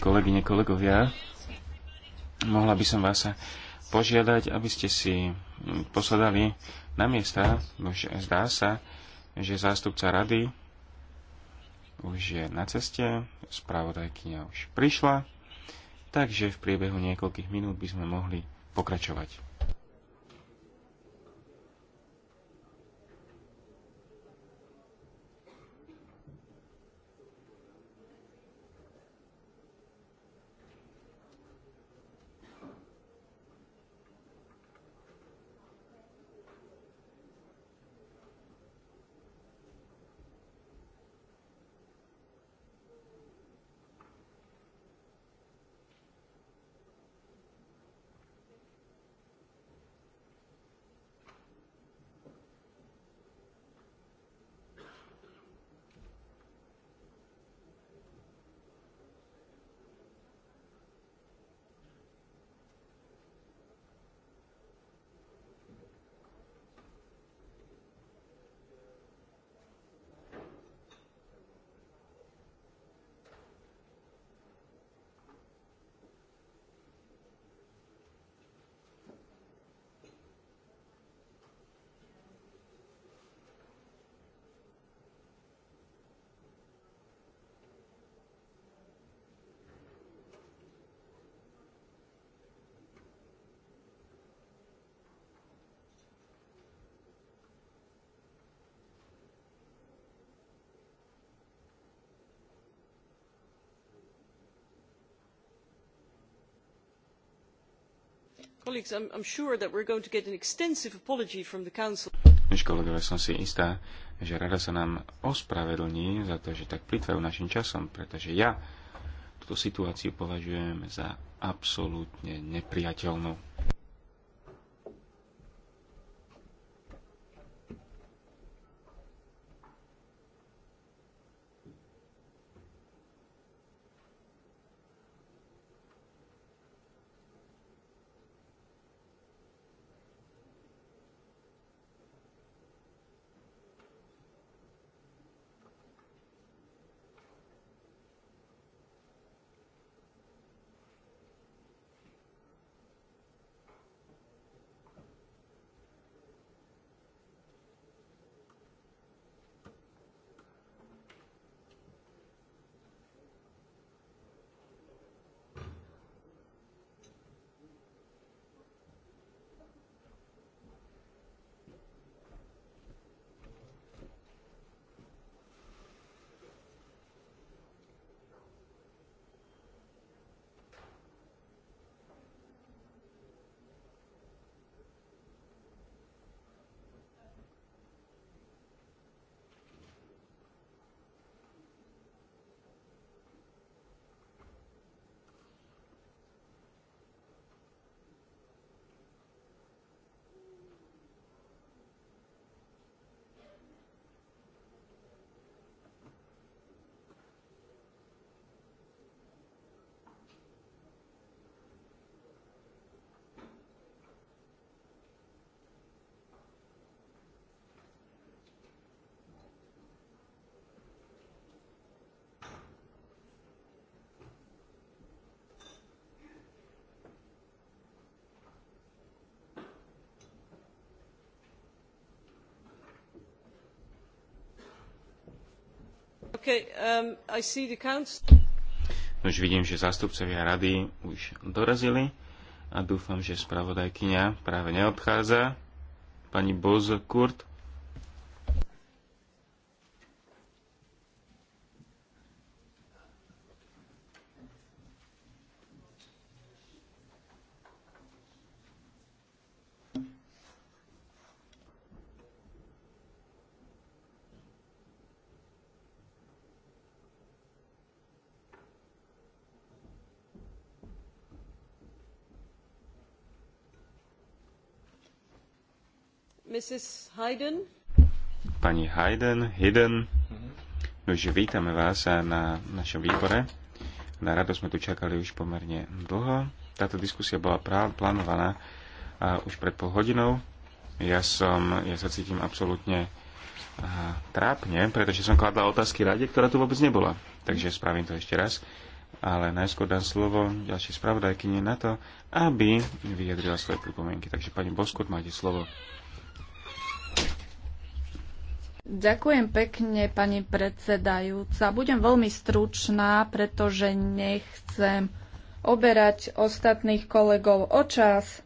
kolegyne, kolegovia, mohla by som vás požiadať, aby ste si posadali na miesta. Nož zdá sa, že zástupca rady už je na ceste, spravodajkynia už prišla, takže v priebehu niekoľkých minút by sme mohli pokračovať. colleagues, sure that going to get an extensive apology from the council. som si istá, že rada sa nám ospravedlní za to, že tak plitvajú našim časom, pretože ja túto situáciu považujem za absolútne nepriateľnú. Um, už vidím, že zástupcovia rady už dorazili a dúfam, že spravodajkyňa práve neodchádza. Pani Boz Kurt. Mrs. Hayden. Pani Hayden, Hidden. Nože vítame vás na našom výbore. Na rado sme tu čakali už pomerne dlho. Táto diskusia bola plánovaná už pred pol hodinou. Ja, som, ja sa cítim absolútne a, trápne, pretože som kladla otázky rade, ktorá tu vôbec nebola. Takže spravím to ešte raz. Ale najskôr dám slovo ďalšej spravodajkyne na to, aby vyjadrila svoje pripomienky. Takže pani Boskut, máte slovo. Ďakujem pekne, pani predsedajúca. Budem veľmi stručná, pretože nechcem oberať ostatných kolegov o čas.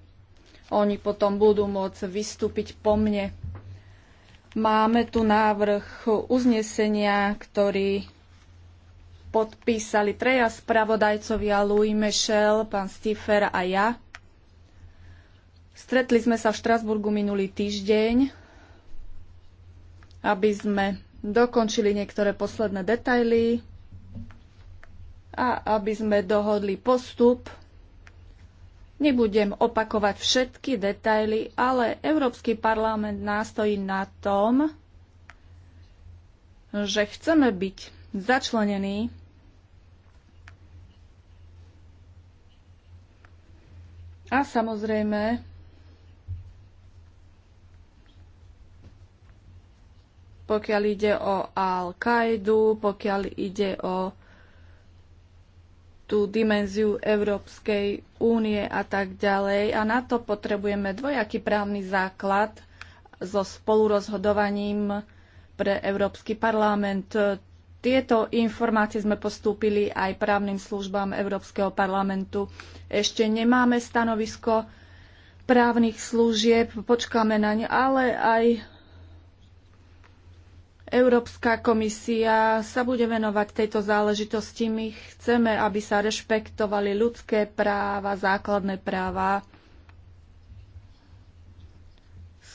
Oni potom budú môcť vystúpiť po mne. Máme tu návrh uznesenia, ktorý podpísali treja spravodajcovia Louis Michel, pán Stifer a ja. Stretli sme sa v Štrasburgu minulý týždeň aby sme dokončili niektoré posledné detaily a aby sme dohodli postup. Nebudem opakovať všetky detaily, ale Európsky parlament nástojí na tom, že chceme byť začlenení a samozrejme pokiaľ ide o Al-Kaidu, pokiaľ ide o tú dimenziu Európskej únie a tak ďalej. A na to potrebujeme dvojaký právny základ so spolurozhodovaním pre Európsky parlament. Tieto informácie sme postúpili aj právnym službám Európskeho parlamentu. Ešte nemáme stanovisko právnych služieb, počkáme na ne, ale aj Európska komisia sa bude venovať tejto záležitosti. My chceme, aby sa rešpektovali ľudské práva, základné práva,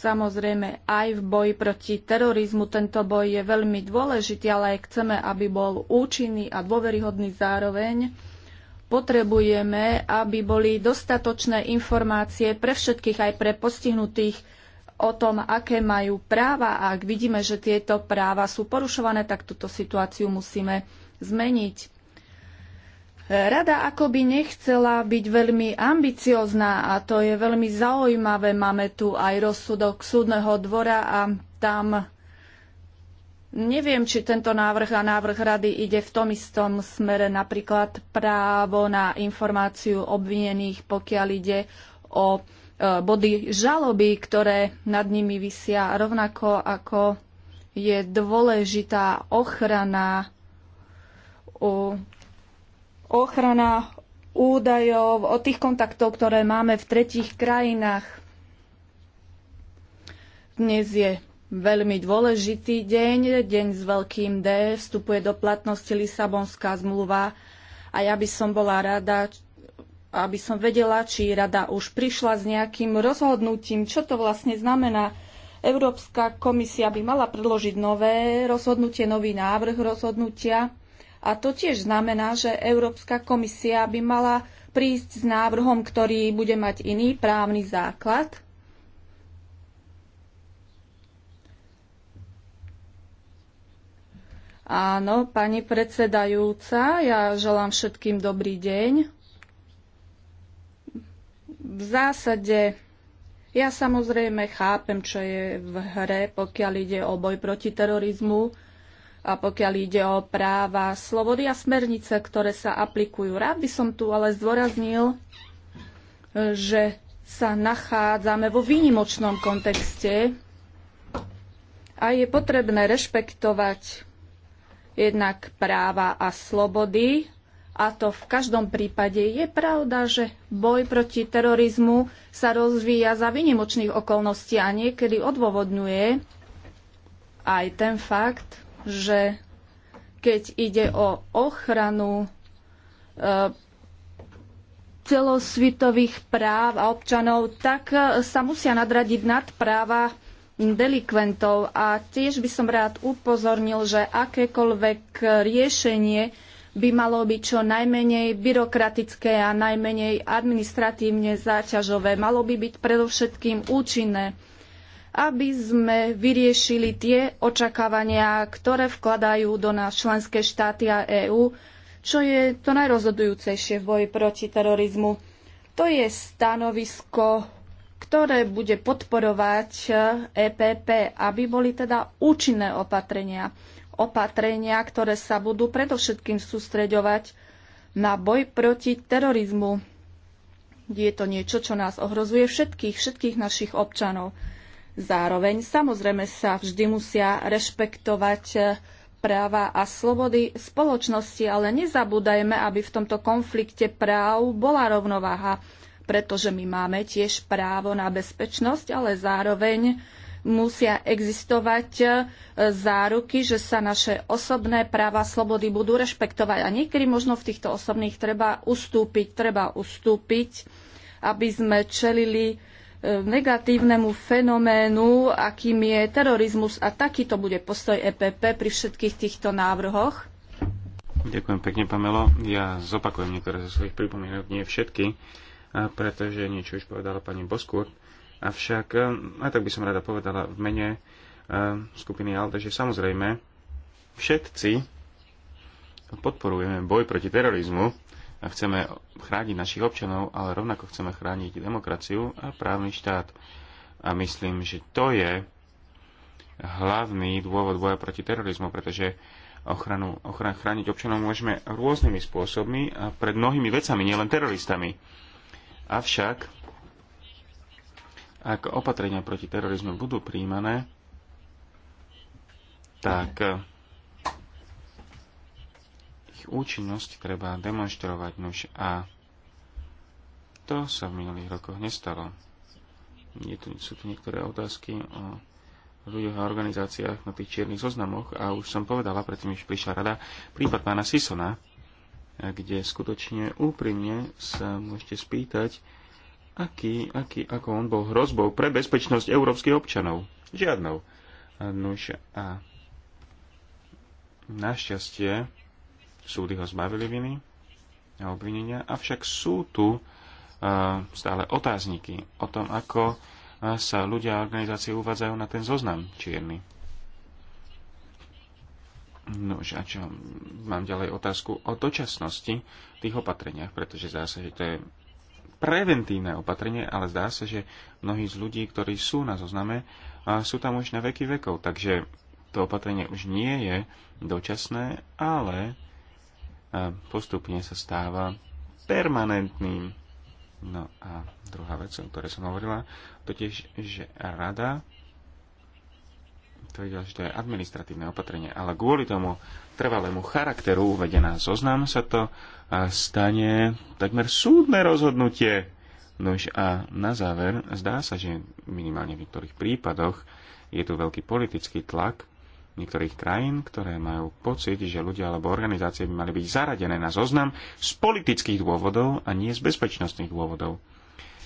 Samozrejme, aj v boji proti terorizmu tento boj je veľmi dôležitý, ale aj chceme, aby bol účinný a dôveryhodný zároveň. Potrebujeme, aby boli dostatočné informácie pre všetkých, aj pre postihnutých o tom, aké majú práva a ak vidíme, že tieto práva sú porušované, tak túto situáciu musíme zmeniť. Rada akoby nechcela byť veľmi ambiciozná a to je veľmi zaujímavé. Máme tu aj rozsudok súdneho dvora a tam neviem, či tento návrh a návrh rady ide v tom istom smere, napríklad právo na informáciu obvinených, pokiaľ ide o E, body žaloby, ktoré nad nimi vysia, rovnako ako je dôležitá ochrana ochrana údajov o tých kontaktov, ktoré máme v tretích krajinách. Dnes je veľmi dôležitý deň, deň s veľkým D, vstupuje do platnosti Lisabonská zmluva a ja by som bola rada, aby som vedela, či rada už prišla s nejakým rozhodnutím, čo to vlastne znamená. Európska komisia by mala predložiť nové rozhodnutie, nový návrh rozhodnutia. A to tiež znamená, že Európska komisia by mala prísť s návrhom, ktorý bude mať iný právny základ. Áno, pani predsedajúca, ja želám všetkým dobrý deň v zásade ja samozrejme chápem, čo je v hre, pokiaľ ide o boj proti terorizmu a pokiaľ ide o práva, slobody a smernice, ktoré sa aplikujú. Rád by som tu ale zdôraznil, že sa nachádzame vo výnimočnom kontexte a je potrebné rešpektovať jednak práva a slobody a to v každom prípade je pravda, že boj proti terorizmu sa rozvíja za vynimočných okolností a niekedy odôvodňuje aj ten fakt, že keď ide o ochranu e, celosvitových práv a občanov, tak e, sa musia nadradiť nad práva delikventov. A tiež by som rád upozornil, že akékoľvek riešenie, by malo byť čo najmenej byrokratické a najmenej administratívne záťažové. Malo by byť predovšetkým účinné, aby sme vyriešili tie očakávania, ktoré vkladajú do nás členské štáty a EÚ, čo je to najrozhodujúcejšie v boji proti terorizmu. To je stanovisko ktoré bude podporovať EPP, aby boli teda účinné opatrenia opatrenia, ktoré sa budú predovšetkým sústreďovať na boj proti terorizmu. Je to niečo, čo nás ohrozuje všetkých, všetkých našich občanov. Zároveň samozrejme sa vždy musia rešpektovať eh, práva a slobody spoločnosti, ale nezabúdajme, aby v tomto konflikte práv bola rovnováha, pretože my máme tiež právo na bezpečnosť, ale zároveň musia existovať e, záruky, že sa naše osobné práva, slobody budú rešpektovať. A niekedy možno v týchto osobných treba ustúpiť, treba ustúpiť, aby sme čelili e, negatívnemu fenoménu, akým je terorizmus. A takýto bude postoj EPP pri všetkých týchto návrhoch. Ďakujem pekne, Pamelo. Ja zopakujem niektoré zo svojich pripomienok, nie všetky, pretože niečo už povedala pani Boskurt Avšak, e, aj tak by som rada povedala v mene e, skupiny ALDE, že samozrejme všetci podporujeme boj proti terorizmu a chceme chrániť našich občanov, ale rovnako chceme chrániť demokraciu a právny štát. A myslím, že to je hlavný dôvod boja proti terorizmu, pretože ochranu, ochran, chrániť občanov môžeme rôznymi spôsobmi a pred mnohými vecami, nielen teroristami. Avšak ak opatrenia proti terorizmu budú príjmané, tak ich účinnosť treba demonstrovať nuž a to sa v minulých rokoch nestalo. Je tu, sú tu niektoré otázky o ľuďoch a organizáciách na tých čiernych zoznamoch a už som povedala, predtým už prišla rada, prípad pána Sisona, kde skutočne úprimne sa môžete spýtať, aký, aký, ako on bol hrozbou pre bezpečnosť európskych občanov. Žiadnou. Nuž a našťastie súdy ho zbavili viny a obvinenia, avšak sú tu stále otázniky o tom, ako sa ľudia a organizácie uvádzajú na ten zoznam čierny. No a čo, mám ďalej otázku o dočasnosti tých opatreniach, pretože zase, že to je preventívne opatrenie, ale zdá sa, že mnohí z ľudí, ktorí sú na zozname, sú tam už na veky vekov, takže to opatrenie už nie je dočasné, ale postupne sa stáva permanentným. No a druhá vec, o ktorej som hovorila, totiž, že rada tvrdila, že to je administratívne opatrenie, ale kvôli tomu trvalému charakteru uvedená zoznam sa to a stane takmer súdne rozhodnutie. Nož a na záver, zdá sa, že minimálne v niektorých prípadoch je tu veľký politický tlak niektorých krajín, ktoré majú pocit, že ľudia alebo organizácie by mali byť zaradené na zoznam z politických dôvodov a nie z bezpečnostných dôvodov.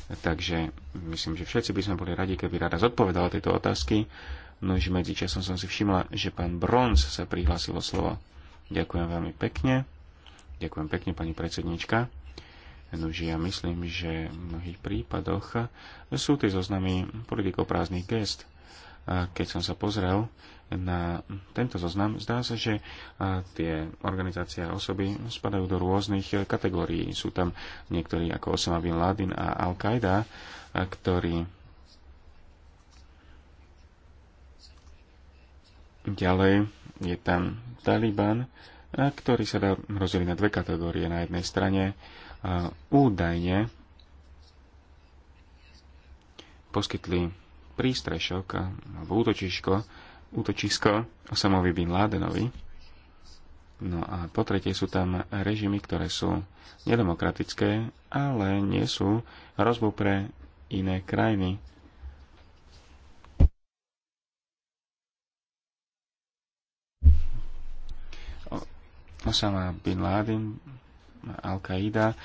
Takže myslím, že všetci by sme boli radi, keby rada zodpovedala tieto otázky Nož časom som si všimla, že pán Bronz sa prihlásil o slovo. Ďakujem veľmi pekne. Ďakujem pekne, pani predsednička. Nože ja myslím, že v mnohých prípadoch sú tie zoznamy politikov prázdnych gest. Keď som sa pozrel na tento zoznam, zdá sa, že tie organizácie a osoby spadajú do rôznych kategórií. Sú tam niektorí ako Osama Bin Laden a al qaeda ktorí Ďalej je tam Taliban, ktorý sa dá rozdeliť na dve kategórie. Na jednej strane údajne poskytli prístrešok alebo útočisko, útočisko Osamovi Bin Ladenovi. No a po tretie sú tam režimy, ktoré sú nedemokratické, ale nie sú hrozbou pre iné krajiny. Osama Bin Laden, Al-Qaida.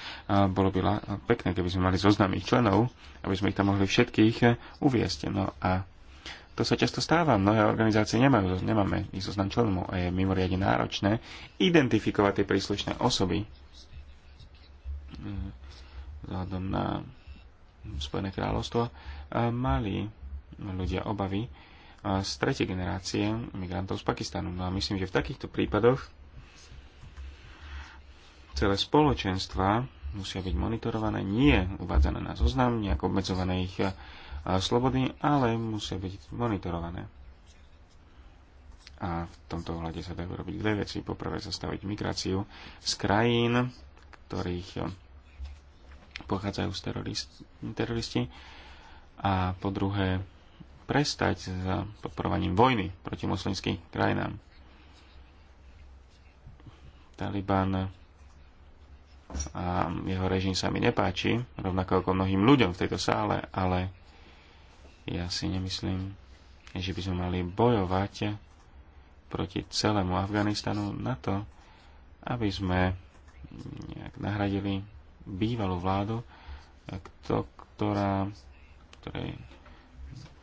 Bolo by pekné, keby sme mali zoznam ich členov, aby sme ich tam mohli všetkých e, uviesť. No a to sa často stáva. Mnohé organizácie nemajú, nemáme ich zoznam členov a je mimoriadne náročné identifikovať tie príslušné osoby mm, vzhľadom na Spojené kráľovstvo e, mali ľudia obavy e, z tretej generácie migrantov z Pakistanu. No a myslím, že v takýchto prípadoch celé spoločenstva musia byť monitorované, nie uvádzané na zoznam, nejak obmedzované ich eh, slobody, ale musia byť monitorované. A v tomto ohľade sa dajú robiť dve veci. Poprvé zastaviť migráciu z krajín, ktorých eh, pochádzajú z terorist, teroristi. A po druhé, prestať s podporovaním vojny proti moslimským krajinám. Taliban a jeho režim sa mi nepáči, rovnako ako mnohým ľuďom v tejto sále, ale ja si nemyslím, že by sme mali bojovať proti celému Afganistanu na to, aby sme nejak nahradili bývalú vládu, to, ktorá, ktorej,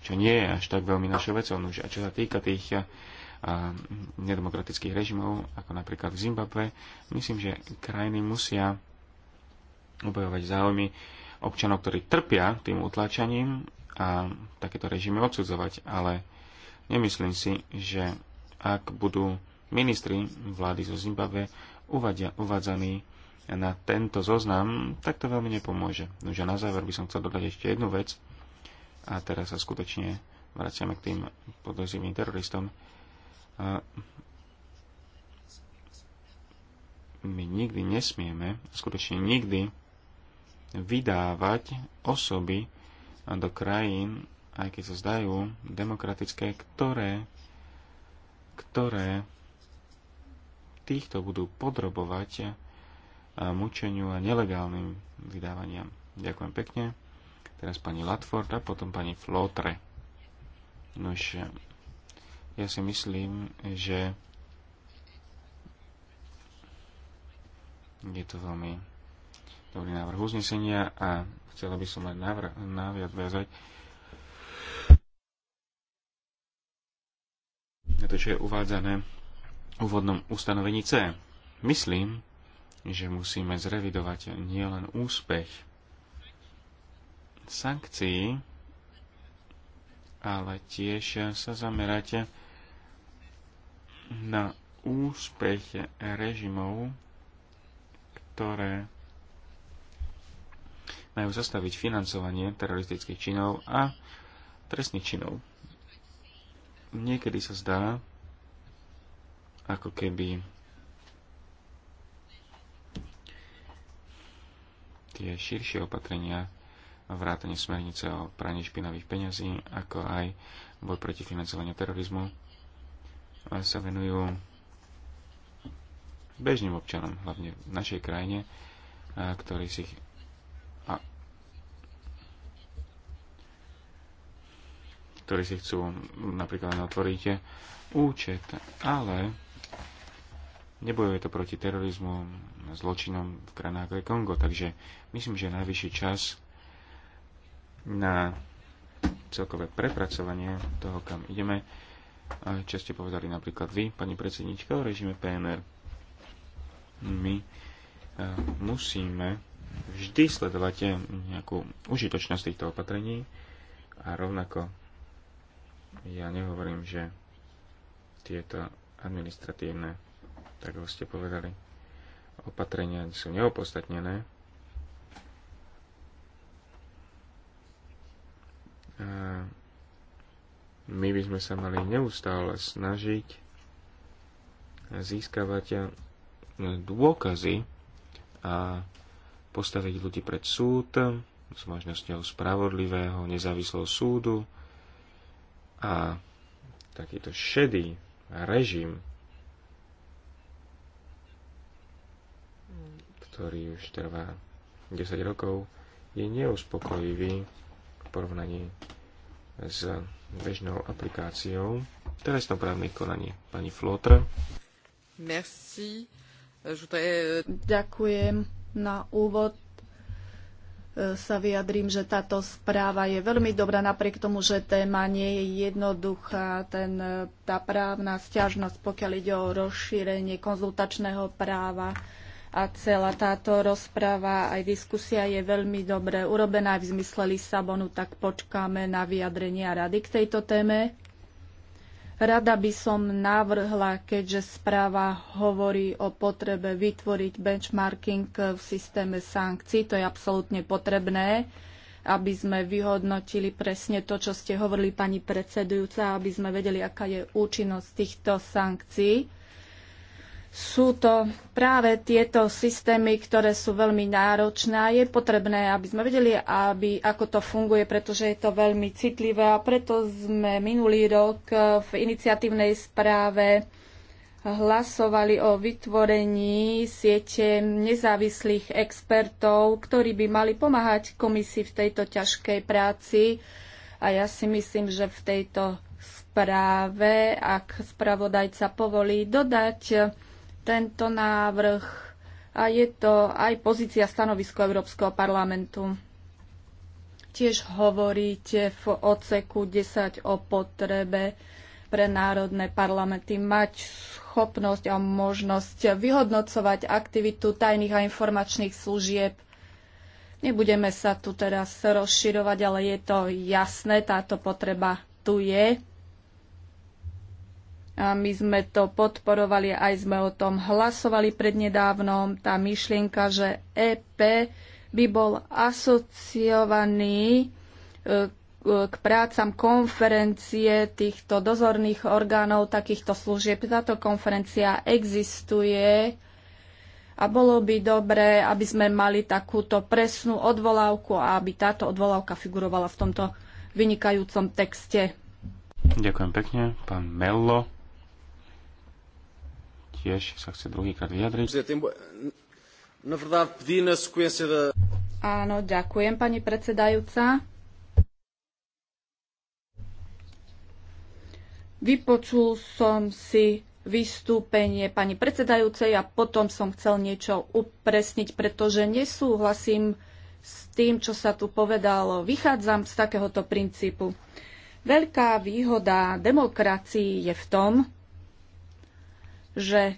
čo nie je až tak veľmi našou vecou. A čo sa týka tých a nedemokratických režimov, ako napríklad v Zimbabve, myslím, že krajiny musia obojovať záujmy občanov, ktorí trpia tým utlačaním a takéto režimy odsudzovať, ale nemyslím si, že ak budú ministri vlády zo Zimbabve uvádzaní na tento zoznam, tak to veľmi nepomôže. No a na záver by som chcel dodať ešte jednu vec a teraz sa skutočne vraciame k tým podozrivým teroristom. A my nikdy nesmieme, skutočne nikdy, vydávať osoby do krajín, aj keď sa zdajú demokratické, ktoré, ktoré týchto budú podrobovať a mučeniu a nelegálnym vydávaniam. Ďakujem pekne. Teraz pani Latford a potom pani Flotre. Nož, ja si myslím, že je to veľmi dobrý návrh uznesenia a chcela by som len naviac viazať na to, čo je uvádzané v úvodnom ustanovení C. Myslím, že musíme zrevidovať nielen úspech sankcií, ale tiež sa zamerať na úspech režimov, ktoré majú zastaviť financovanie teroristických činov a trestných činov. Niekedy sa zdá, ako keby tie širšie opatrenia vrátanie smernice o praní špinavých peňazí, ako aj boj proti financovaniu terorizmu, sa venujú bežným občanom, hlavne v našej krajine, ktorí si ktorí si chcú napríklad otvoriť účet, ale nebojuje to proti terorizmu, zločinom v krajinách ako Kongo, takže myslím, že je najvyšší čas na celkové prepracovanie toho, kam ideme čo ste povedali napríklad vy, pani predsednička, o režime PNR. My e, musíme vždy sledovať e, nejakú užitočnosť týchto opatrení a rovnako ja nehovorím, že tieto administratívne, tak ako ste povedali, opatrenia sú neopostatnené. A e, my by sme sa mali neustále snažiť získavať eh, dôkazy a postaviť ľudí pred súd eh, s možnosťou spravodlivého, nezávislého súdu a takýto šedý režim, ktorý už trvá 10 rokov, je neuspokojivý v porovnaní s bežnou aplikáciou právne konanie. Pani Flotr. Merci. Euh, Ďakujem na úvod e, sa vyjadrím, že táto správa je veľmi dobrá, napriek tomu, že téma nie je jednoduchá. Ten, e, tá právna stiažnosť, pokiaľ ide o rozšírenie konzultačného práva, a celá táto rozpráva aj diskusia je veľmi dobre urobená v zmysle Lisabonu, tak počkáme na vyjadrenia rady k tejto téme. Rada by som navrhla, keďže správa hovorí o potrebe vytvoriť benchmarking v systéme sankcií, to je absolútne potrebné, aby sme vyhodnotili presne to, čo ste hovorili, pani predsedujúca, aby sme vedeli, aká je účinnosť týchto sankcií sú to práve tieto systémy, ktoré sú veľmi náročné a je potrebné, aby sme vedeli, aby, ako to funguje, pretože je to veľmi citlivé a preto sme minulý rok v iniciatívnej správe hlasovali o vytvorení siete nezávislých expertov, ktorí by mali pomáhať komisii v tejto ťažkej práci. A ja si myslím, že v tejto správe, ak spravodajca povolí, dodať tento návrh a je to aj pozícia stanovisko Európskeho parlamentu. Tiež hovoríte v oceku 10 o potrebe pre národné parlamenty mať schopnosť a možnosť vyhodnocovať aktivitu tajných a informačných služieb. Nebudeme sa tu teraz rozširovať, ale je to jasné, táto potreba tu je a my sme to podporovali, aj sme o tom hlasovali prednedávnom. Tá myšlienka, že EP by bol asociovaný e, k prácam konferencie týchto dozorných orgánov takýchto služieb. Táto konferencia existuje a bolo by dobré, aby sme mali takúto presnú odvolávku a aby táto odvolávka figurovala v tomto vynikajúcom texte. Ďakujem pekne, pán Mello tiež sa chce druhýkrát vyjadriť. Áno, ďakujem, pani predsedajúca. Vypočul som si vystúpenie pani predsedajúcej a potom som chcel niečo upresniť, pretože nesúhlasím s tým, čo sa tu povedalo. Vychádzam z takéhoto princípu. Veľká výhoda demokracii je v tom, že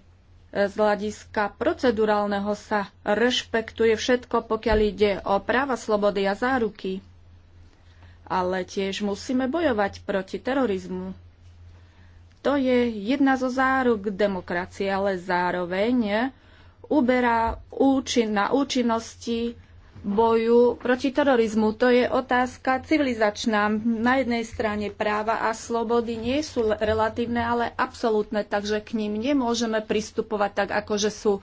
e, z hľadiska procedurálneho sa rešpektuje všetko, pokiaľ ide o práva, slobody a záruky. Ale tiež musíme bojovať proti terorizmu. To je jedna zo záruk demokracie, ale zároveň uberá účin, na účinnosti boju proti terorizmu. To je otázka civilizačná. Na jednej strane práva a slobody nie sú relatívne, ale absolútne, takže k ním nemôžeme pristupovať tak, ako že sú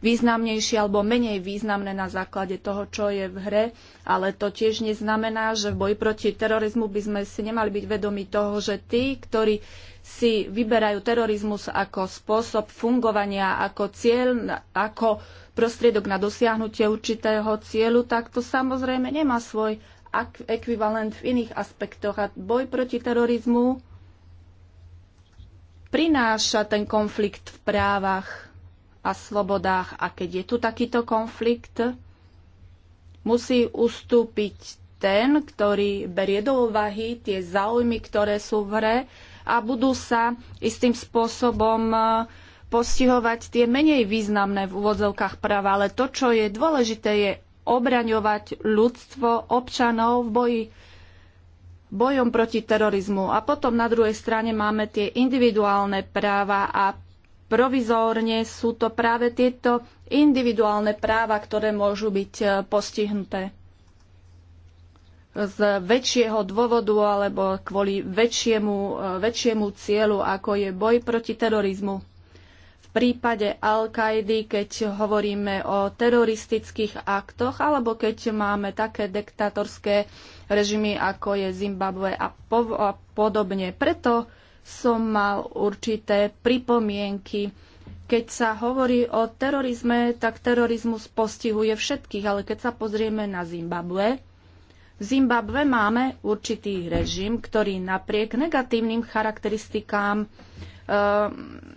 významnejšie alebo menej významné na základe toho, čo je v hre. Ale to tiež neznamená, že v boji proti terorizmu by sme si nemali byť vedomi toho, že tí, ktorí si vyberajú terorizmus ako spôsob fungovania, ako cieľ, ako prostriedok na dosiahnutie určitého cieľu, tak to samozrejme nemá svoj ekvivalent v iných aspektoch. A boj proti terorizmu prináša ten konflikt v právach a slobodách. A keď je tu takýto konflikt, musí ustúpiť ten, ktorý berie do úvahy tie záujmy, ktoré sú v hre a budú sa istým spôsobom e, postihovať tie menej významné v úvodzovkách práva. Ale to, čo je dôležité, je obraňovať ľudstvo občanov v boji bojom proti terorizmu. A potom na druhej strane máme tie individuálne práva a provizórne sú to práve tieto individuálne práva, ktoré môžu byť e, postihnuté z väčšieho dôvodu alebo kvôli väčšiemu, e, väčšiemu cieľu, ako je boj proti terorizmu. V prípade Al-Kaidy, keď hovoríme o teroristických aktoch, alebo keď máme také diktatorské režimy, ako je Zimbabwe a, po- a podobne. Preto som mal určité pripomienky. Keď sa hovorí o terorizme, tak terorizmus postihuje všetkých, ale keď sa pozrieme na Zimbabwe, v Zimbabve máme určitý režim, ktorý napriek negatívnym charakteristikám e,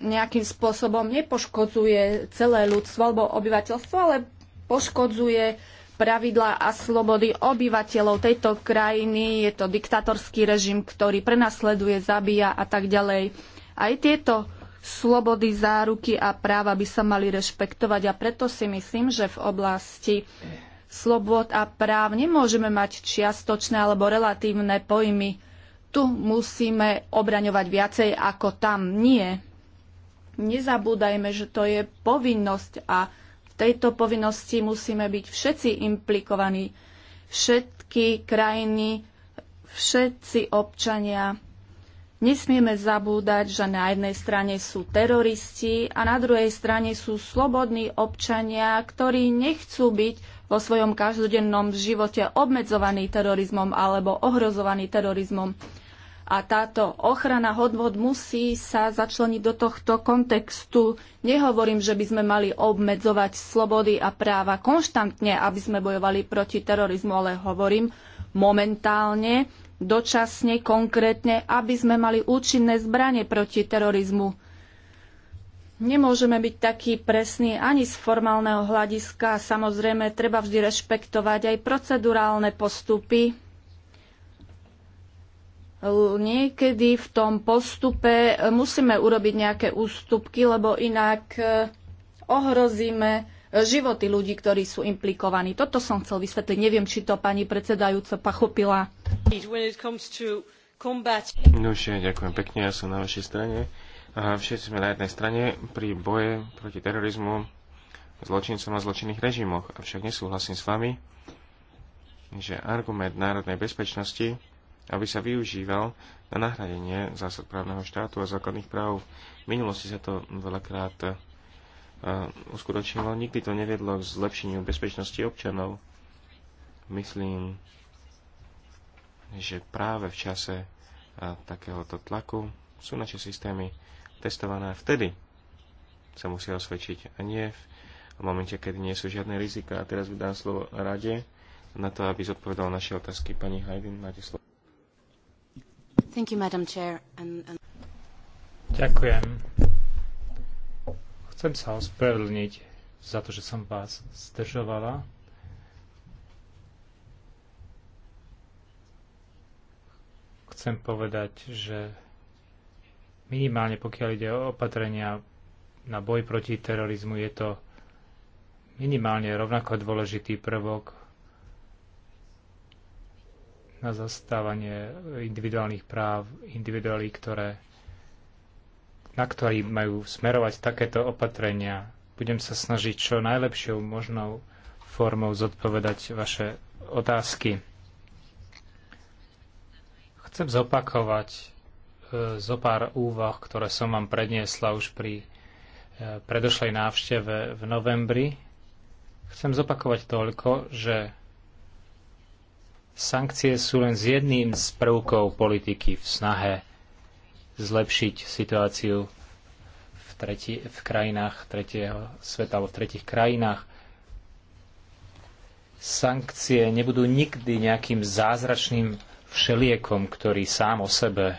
nejakým spôsobom nepoškodzuje celé ľudstvo alebo obyvateľstvo, ale poškodzuje pravidlá a slobody obyvateľov tejto krajiny. Je to diktatorský režim, ktorý prenasleduje, zabíja a tak ďalej. Aj tieto slobody, záruky a práva by sa mali rešpektovať a preto si myslím, že v oblasti slobod a práv nemôžeme mať čiastočné alebo relatívne pojmy. Tu musíme obraňovať viacej ako tam. Nie. Nezabúdajme, že to je povinnosť a v tejto povinnosti musíme byť všetci implikovaní. Všetky krajiny, všetci občania. Nesmieme zabúdať, že na jednej strane sú teroristi a na druhej strane sú slobodní občania, ktorí nechcú byť vo svojom každodennom živote obmedzovaný terorizmom alebo ohrozovaný terorizmom. A táto ochrana hodnot musí sa začleniť do tohto kontextu. Nehovorím, že by sme mali obmedzovať slobody a práva konštantne, aby sme bojovali proti terorizmu, ale hovorím momentálne, dočasne, konkrétne, aby sme mali účinné zbranie proti terorizmu. Nemôžeme byť takí presní ani z formálneho hľadiska. Samozrejme, treba vždy rešpektovať aj procedurálne postupy. Niekedy v tom postupe e, musíme urobiť nejaké ústupky, lebo inak e, ohrozíme e, životy ľudí, ktorí sú implikovaní. Toto som chcel vysvetliť. Neviem, či to pani predsedajúca pochopila. Nože, ďakujem pekne, ja som na vašej strane všetci sme na jednej strane pri boje proti terorizmu, zločincom a zločinných režimoch. Avšak nesúhlasím s vami, že argument národnej bezpečnosti, aby sa využíval na nahradenie zásad právneho štátu a základných práv. V minulosti sa to veľakrát e, uskutočnilo. Nikdy to neviedlo k zlepšeniu bezpečnosti občanov. Myslím, že práve v čase e, takéhoto tlaku sú naše systémy testované vtedy sa musia osvedčiť a nie v momente, keď nie sú žiadne rizika. A teraz vydám slovo rade na to, aby zodpovedala naše otázky. Pani Hajdin, máte slovo. Thank you, Madam Chair. And, and... Ďakujem. Chcem sa ospravedlniť za to, že som vás zdržovala. Chcem povedať, že Minimálne pokiaľ ide o opatrenia na boj proti terorizmu, je to minimálne rovnako dôležitý prvok na zastávanie individuálnych práv individuálí, ktoré, na ktorý majú smerovať takéto opatrenia. Budem sa snažiť čo najlepšou možnou formou zodpovedať vaše otázky. Chcem zopakovať E, zo pár úvah, ktoré som vám predniesla už pri e, predošlej návšteve v novembri. Chcem zopakovať toľko, že sankcie sú len z jedným z prvkov politiky v snahe zlepšiť situáciu v, tretí, v krajinách tretieho sveta alebo v tretich krajinách. Sankcie nebudú nikdy nejakým zázračným všeliekom, ktorý sám o sebe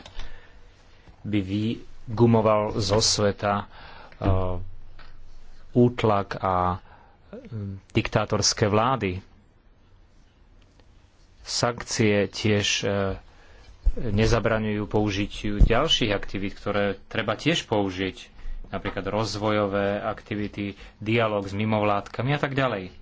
by vygumoval zo sveta eh, útlak a hm, diktátorské vlády. Sankcie tiež eh, nezabraňujú použitiu ďalších aktivít, ktoré treba tiež použiť, napríklad rozvojové aktivity, dialog s mimovládkami a tak ďalej.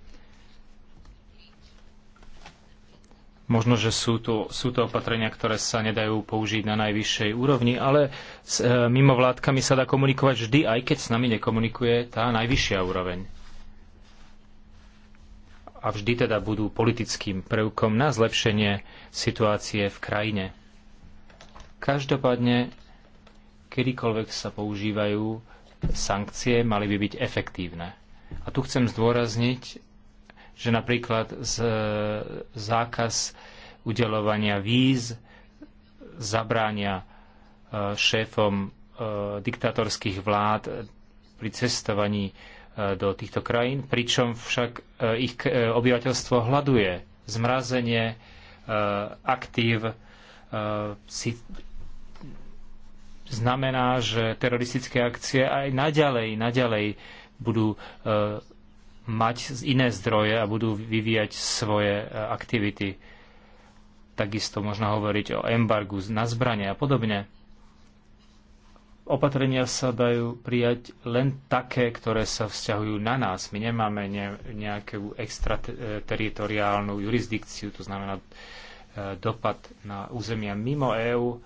Možno, že sú to, sú to opatrenia, ktoré sa nedajú použiť na najvyššej úrovni, ale s e, mimovládkami sa dá komunikovať vždy, aj keď s nami nekomunikuje tá najvyššia úroveň. A vždy teda budú politickým prvkom na zlepšenie situácie v krajine. Každopádne, kedykoľvek sa používajú sankcie, mali by byť efektívne. A tu chcem zdôrazniť že napríklad z, e, zákaz udelovania víz zabránia e, šéfom e, diktatorských vlád pri cestovaní do týchto krajín, pričom však ich obyvateľstvo hľaduje. Zmrazenie aktív si znamená, že teroristické akcie aj naďalej, naďalej budú mať iné zdroje a budú vyvíjať svoje e, aktivity. Takisto možno hovoriť o embargu na zbranie a podobne. Opatrenia sa dajú prijať len také, ktoré sa vzťahujú na nás. My nemáme ne, nejakú extrateritoriálnu jurisdikciu, to znamená e, dopad na územia mimo EÚ.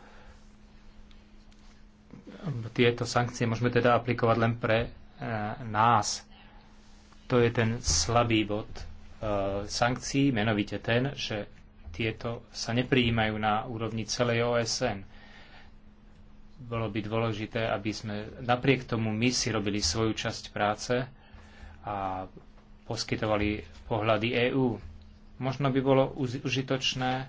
Tieto sankcie môžeme teda aplikovať len pre e, nás to je ten slabý bod e, sankcií, menovite ten, že tieto sa neprijímajú na úrovni celej OSN. Bolo by dôležité, aby sme napriek tomu my si robili svoju časť práce a poskytovali pohľady EÚ. Možno by bolo užitočné e,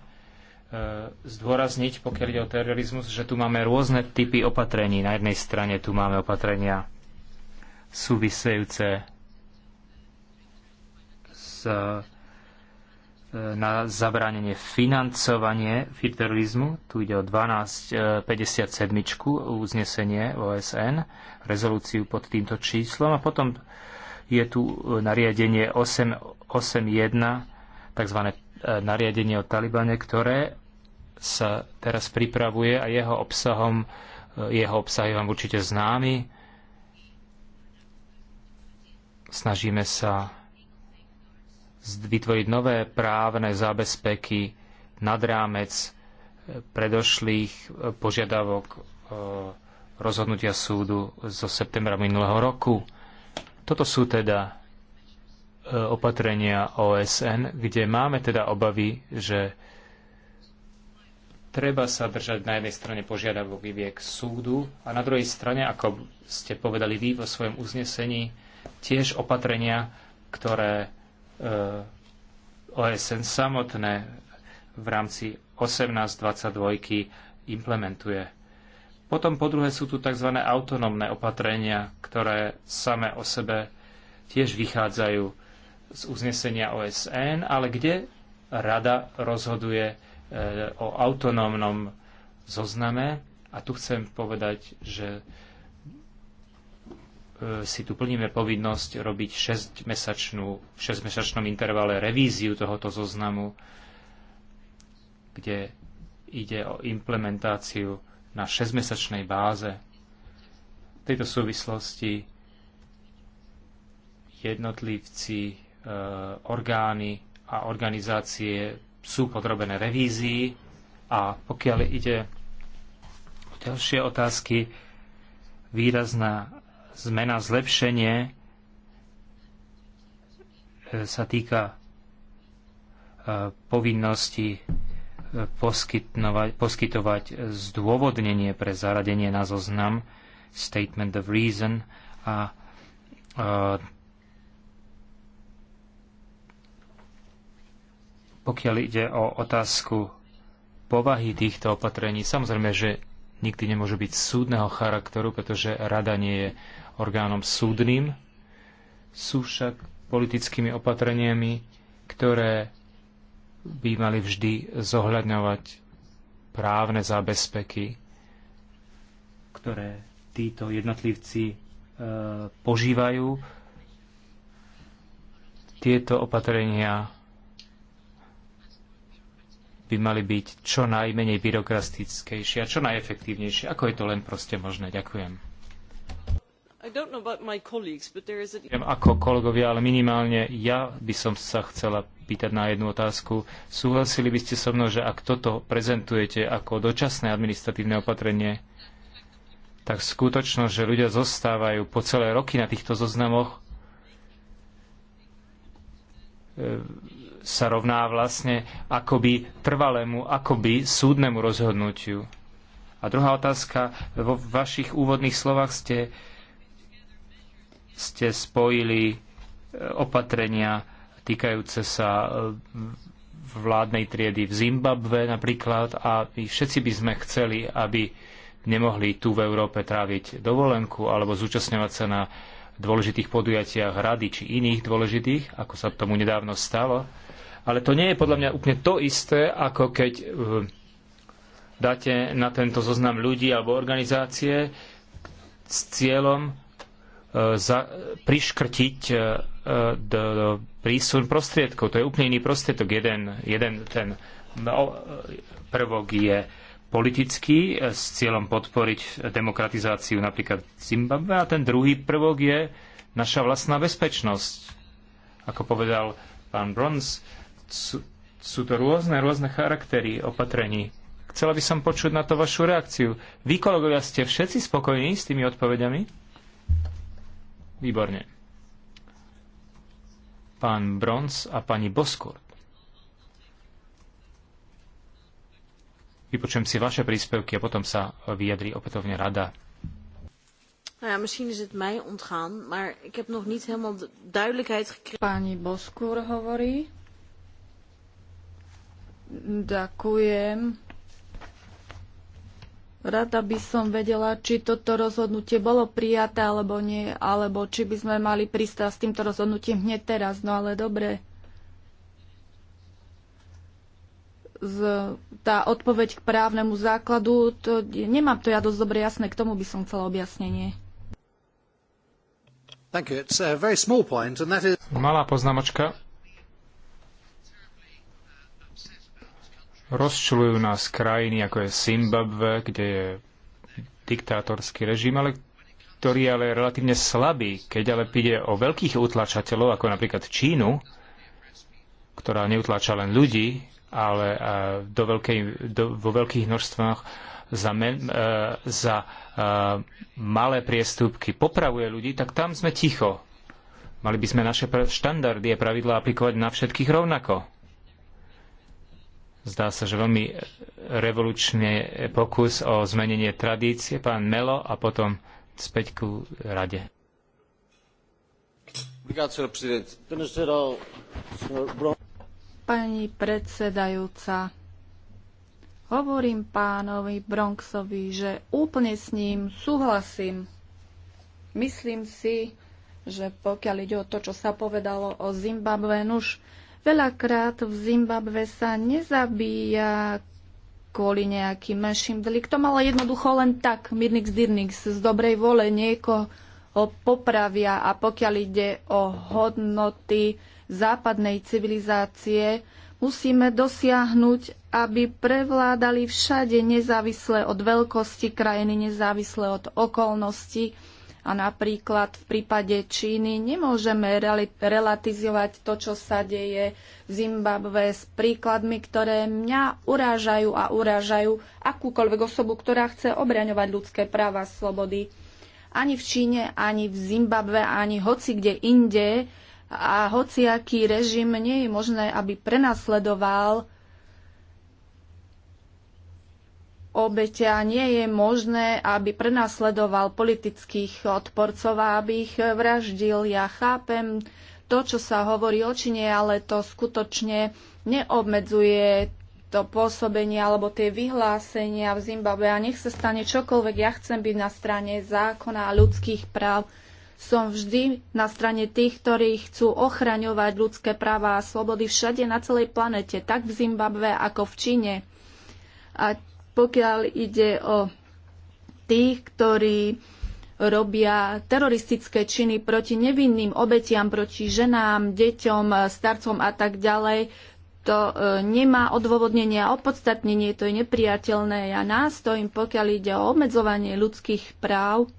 zdôrazniť, pokiaľ ide o terorizmus, že tu máme rôzne typy opatrení. Na jednej strane tu máme opatrenia súvisejúce E, na zabránenie financovanie terorizmu. Tu ide o 1257 uznesenie OSN, rezolúciu pod týmto číslom. A potom je tu nariadenie 881, tzv. E, nariadenie o Talibane, ktoré sa teraz pripravuje a jeho obsahom e, jeho obsah je vám určite známy. Snažíme sa vytvoriť nové právne zábezpeky nad rámec eh, predošlých eh, požiadavok eh, rozhodnutia súdu zo septembra minulého roku. Toto sú teda opatrenia OSN, kde máme teda obavy, že treba sa držať na jednej strane požiadavok vyviek súdu a na druhej strane, ako ste povedali vy vo svojom uznesení, tiež opatrenia, ktoré Eh, OSN samotné v rámci 1822 implementuje. Potom po druhé sú tu tzv. autonómne opatrenia, ktoré same o sebe tiež vychádzajú z uznesenia OSN, ale kde rada rozhoduje eh, o autonómnom zozname. A tu chcem povedať, že E, si tu plníme povinnosť robiť 6-mesačnú, v 6-mesačnom intervale revíziu tohoto zoznamu, kde ide o implementáciu na 6-mesačnej báze. V tejto súvislosti jednotlivci, e, orgány a organizácie sú podrobené revízii a pokiaľ ide o ďalšie otázky, výrazná zmena, zlepšenie e, sa týka e, povinnosti e, poskytovať zdôvodnenie pre zaradenie na zoznam, statement of reason a, pokiaľ ide o otázku povahy týchto opatrení, samozrejme, že nikdy nemôžu byť súdneho charakteru, pretože rada nie je orgánom súdnym, sú však politickými opatreniami, ktoré by mali vždy zohľadňovať právne zábezpeky, ktoré títo jednotlivci e, požívajú. Tieto opatrenia by mali byť čo najmenej byrokratickejšie a čo najefektívnejšie, ako je to len proste možné. Ďakujem. Neviem ako kolegovia, ale minimálne ja by som sa chcela pýtať na jednu otázku. Súhlasili by ste so mnou, že ak toto prezentujete ako dočasné administratívne opatrenie, tak skutočnosť, že ľudia zostávajú po celé roky na týchto zoznamoch, e, sa rovná vlastne akoby trvalému, akoby súdnemu rozhodnutiu. A druhá otázka, vo vašich úvodných slovách ste ste spojili e, opatrenia týkajúce sa e, vládnej triedy v Zimbabve napríklad a my všetci by sme chceli, aby nemohli tu v Európe tráviť dovolenku alebo zúčastňovať sa na dôležitých podujatiach rady či iných dôležitých, ako sa tomu nedávno stalo. Ale to nie je podľa mňa úplne to isté, ako keď e, dáte na tento zoznam ľudí alebo organizácie s cieľom za, priškrtiť e, do, do prísun prostriedkov. To je úplne iný prostriedok. Jeden, jeden ten no, prvok je politický e, s cieľom podporiť demokratizáciu napríklad Zimbabwe a ten druhý prvok je naša vlastná bezpečnosť. Ako povedal pán Brons, sú, sú to rôzne, rôzne charaktery opatrení. Chcela by som počuť na to vašu reakciu. Vy, kolegovia, ste všetci spokojní s tými odpovediami? Výborne. Pán Bronz a pani Boskur. Vypočujem si vaše príspevky a potom sa vyjadri opätovne rada. ja, misschien is het mij ontgaan, maar ik heb nog niet helemaal duidelijkheid gekregen. Pani Boskur hovorí. Ďakujem. Rada by som vedela, či toto rozhodnutie bolo prijaté alebo nie, alebo či by sme mali pristáť s týmto rozhodnutím hneď teraz. No ale dobre. Z, tá odpoveď k právnemu základu, to, nemám to ja dosť dobre jasné, k tomu by som chcela objasnenie. Malá poznámočka. Rozčulujú nás krajiny, ako je Zimbabwe, kde je diktátorský režim, ale ktorý ale relatívne slabý. Keď ale ide o veľkých utlačateľov, ako napríklad Čínu, ktorá neutlača len ľudí, ale e, do veľkej, do, vo veľkých množstvách za, men, e, za e, malé priestupky popravuje ľudí, tak tam sme ticho. Mali by sme naše štandardy a pravidlá aplikovať na všetkých rovnako. Zdá sa, že veľmi revolučný pokus o zmenenie tradície. Pán Melo a potom späť ku rade. Pani predsedajúca, hovorím pánovi Bronxovi, že úplne s ním súhlasím. Myslím si, že pokiaľ ide o to, čo sa povedalo o Zimbabwe, nuž Veľakrát v Zimbabve sa nezabíja kvôli nejakým menším deliktom, ale jednoducho len tak, mirnix dirnix, z dobrej vole niekoho popravia a pokiaľ ide o hodnoty západnej civilizácie, musíme dosiahnuť, aby prevládali všade nezávisle od veľkosti krajiny, nezávisle od okolností, a napríklad v prípade Číny nemôžeme relativizovať to, čo sa deje v Zimbabve s príkladmi, ktoré mňa urážajú a urážajú akúkoľvek osobu, ktorá chce obraňovať ľudské práva a slobody. Ani v Číne, ani v Zimbabve, ani hoci kde inde a hociaký režim nie je možné, aby prenasledoval obete a nie je možné, aby prenasledoval politických odporcov a aby ich vraždil. Ja chápem to, čo sa hovorí o Číne, ale to skutočne neobmedzuje to pôsobenie alebo tie vyhlásenia v Zimbabwe. A nech sa stane čokoľvek, ja chcem byť na strane zákona a ľudských práv. Som vždy na strane tých, ktorí chcú ochraňovať ľudské práva a slobody všade na celej planete, tak v Zimbabve ako v Číne. A pokiaľ ide o tých, ktorí robia teroristické činy proti nevinným obetiam, proti ženám, deťom, starcom a tak ďalej. To e, nemá odôvodnenie a opodstatnenie, to je nepriateľné. Ja nástojím, pokiaľ ide o obmedzovanie ľudských práv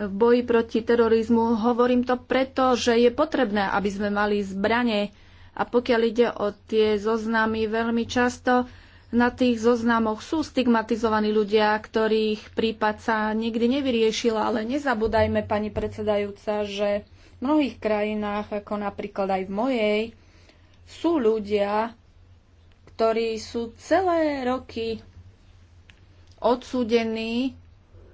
v boji proti terorizmu. Hovorím to preto, že je potrebné, aby sme mali zbranie. A pokiaľ ide o tie zoznamy, veľmi často na tých zoznamoch sú stigmatizovaní ľudia, ktorých prípad sa nikdy nevyriešila, ale nezabúdajme, pani predsedajúca, že v mnohých krajinách, ako napríklad aj v mojej, sú ľudia, ktorí sú celé roky odsúdení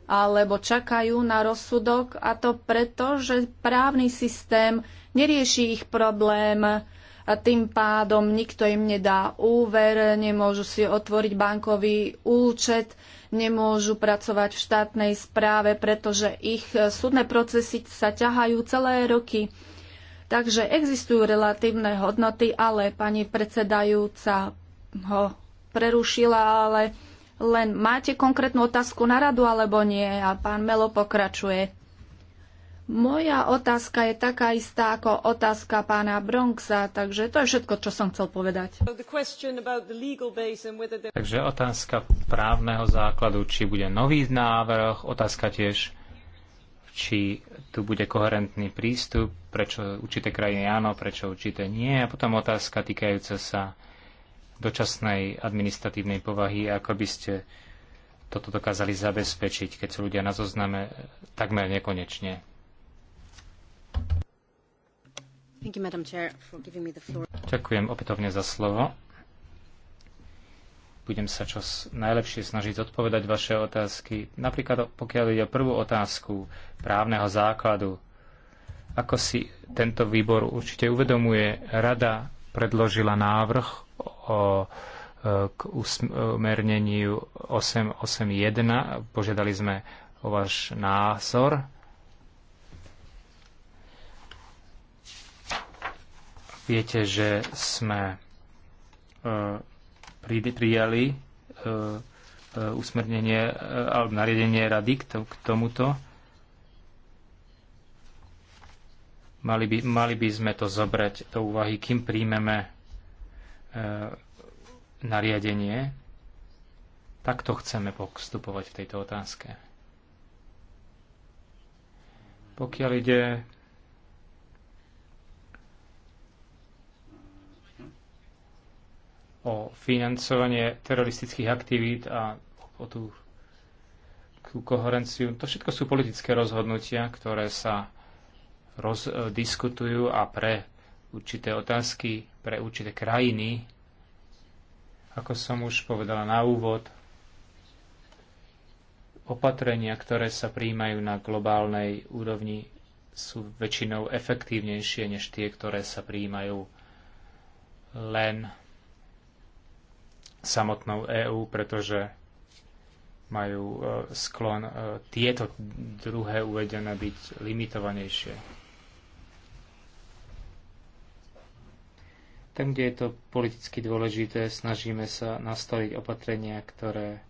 alebo čakajú na rozsudok a to preto, že právny systém nerieši ich problém, a tým pádom nikto im nedá úver, nemôžu si otvoriť bankový účet, nemôžu pracovať v štátnej správe, pretože ich eh, súdne procesy sa ťahajú celé roky. Takže existujú relatívne hodnoty, ale pani predsedajúca ho prerušila, ale len máte konkrétnu otázku na radu alebo nie? A pán Melo pokračuje. Moja otázka je taká istá ako otázka pána Bronxa, takže to je všetko, čo som chcel povedať. Takže otázka právneho základu, či bude nový návrh, otázka tiež, či tu bude koherentný prístup, prečo určité krajiny áno, prečo určité nie. A potom otázka týkajúca sa dočasnej administratívnej povahy, ako by ste toto dokázali zabezpečiť, keď sú ľudia na zozname takmer nekonečne. You, Chair, Ďakujem opätovne za slovo. Budem sa čo najlepšie snažiť odpovedať vaše otázky. Napríklad pokiaľ ide o prvú otázku právneho základu, ako si tento výbor určite uvedomuje, rada predložila návrh o, e, k usmerneniu 881. Požiadali sme o váš názor Viete, že sme e, prijali e, e, usmernenie alebo nariadenie rady k tomuto. Mali by, mali by sme to zobrať do úvahy, kým príjmeme nariadenie. Takto chceme postupovať v tejto otázke. Pokiaľ ide o financovanie teroristických aktivít a o tú, tú koherenciu. To všetko sú politické rozhodnutia, ktoré sa roz, e, diskutujú a pre určité otázky, pre určité krajiny, ako som už povedala na úvod, opatrenia, ktoré sa príjmajú na globálnej úrovni, sú väčšinou efektívnejšie než tie, ktoré sa príjmajú len samotnou EÚ, pretože majú e, sklon e, tieto druhé uvedené byť limitovanejšie. Tam, kde je to politicky dôležité, snažíme sa nastaviť opatrenia, ktoré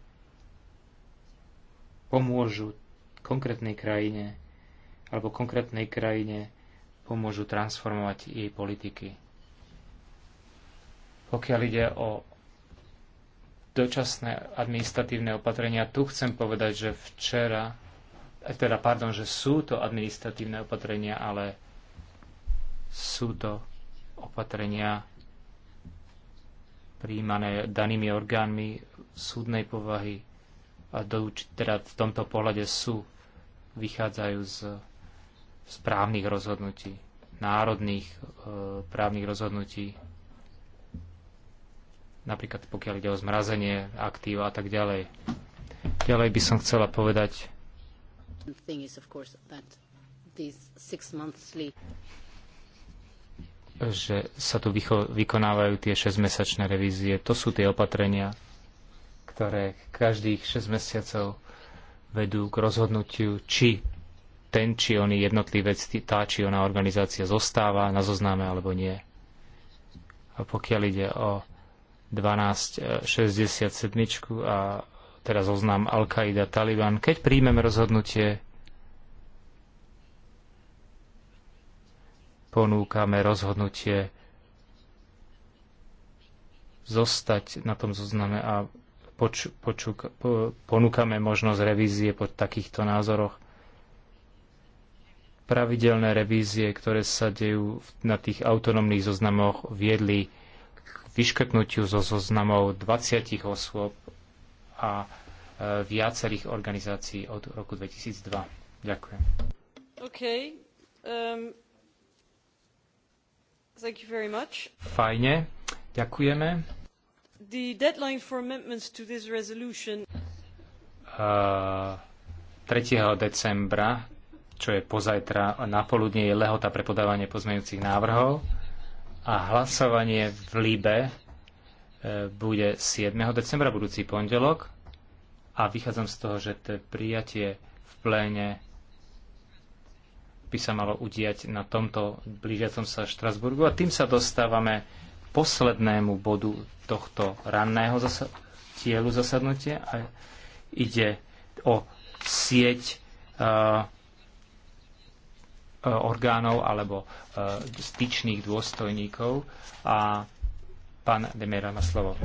pomôžu konkrétnej krajine alebo konkrétnej krajine pomôžu transformovať jej politiky. Pokiaľ ide o dočasné administratívne opatrenia. Tu chcem povedať, že včera, eh, teda pardon, že sú to administratívne opatrenia, ale sú to opatrenia príjmané danými orgánmi súdnej povahy a do, teda v tomto pohľade sú, vychádzajú z správnych rozhodnutí, národných e, právnych rozhodnutí napríklad pokiaľ ide o zmrazenie aktív a tak ďalej. Ďalej by som chcela povedať, že sa tu vykonávajú tie 6-mesačné revízie. To sú tie opatrenia, ktoré každých 6 mesiacov vedú k rozhodnutiu, či ten či oný jednotlivec, tá či oná organizácia zostáva na zozname alebo nie. A pokiaľ ide o 1267 a teraz oznám Al-Qaida Taliban. Keď príjmeme rozhodnutie, ponúkame rozhodnutie zostať na tom zozname a poč, poču- po, ponúkame možnosť revízie po takýchto názoroch. Pravidelné revízie, ktoré sa dejú na tých autonómnych zoznamoch, viedli vyškrtnutiu zo zoznamov 20 osôb a e, viacerých organizácií od roku 2002. Ďakujem. OK. Um, thank you very much. Fajne. Ďakujeme. The deadline for amendments to this resolution uh, e, 3. decembra, čo je pozajtra na poludne, je lehota pre podávanie pozmeňujúcich návrhov a hlasovanie v LIBE e, bude 7. decembra, budúci pondelok. A vychádzam z toho, že to prijatie v pléne by sa malo udiať na tomto blížiacom sa Štrasburgu. A tým sa dostávame k poslednému bodu tohto ranného zasa- tielu zasadnutia. A ide o sieť uh, E, orgánov alebo e, styčných dôstojníkov. A Pán Demera má slovo.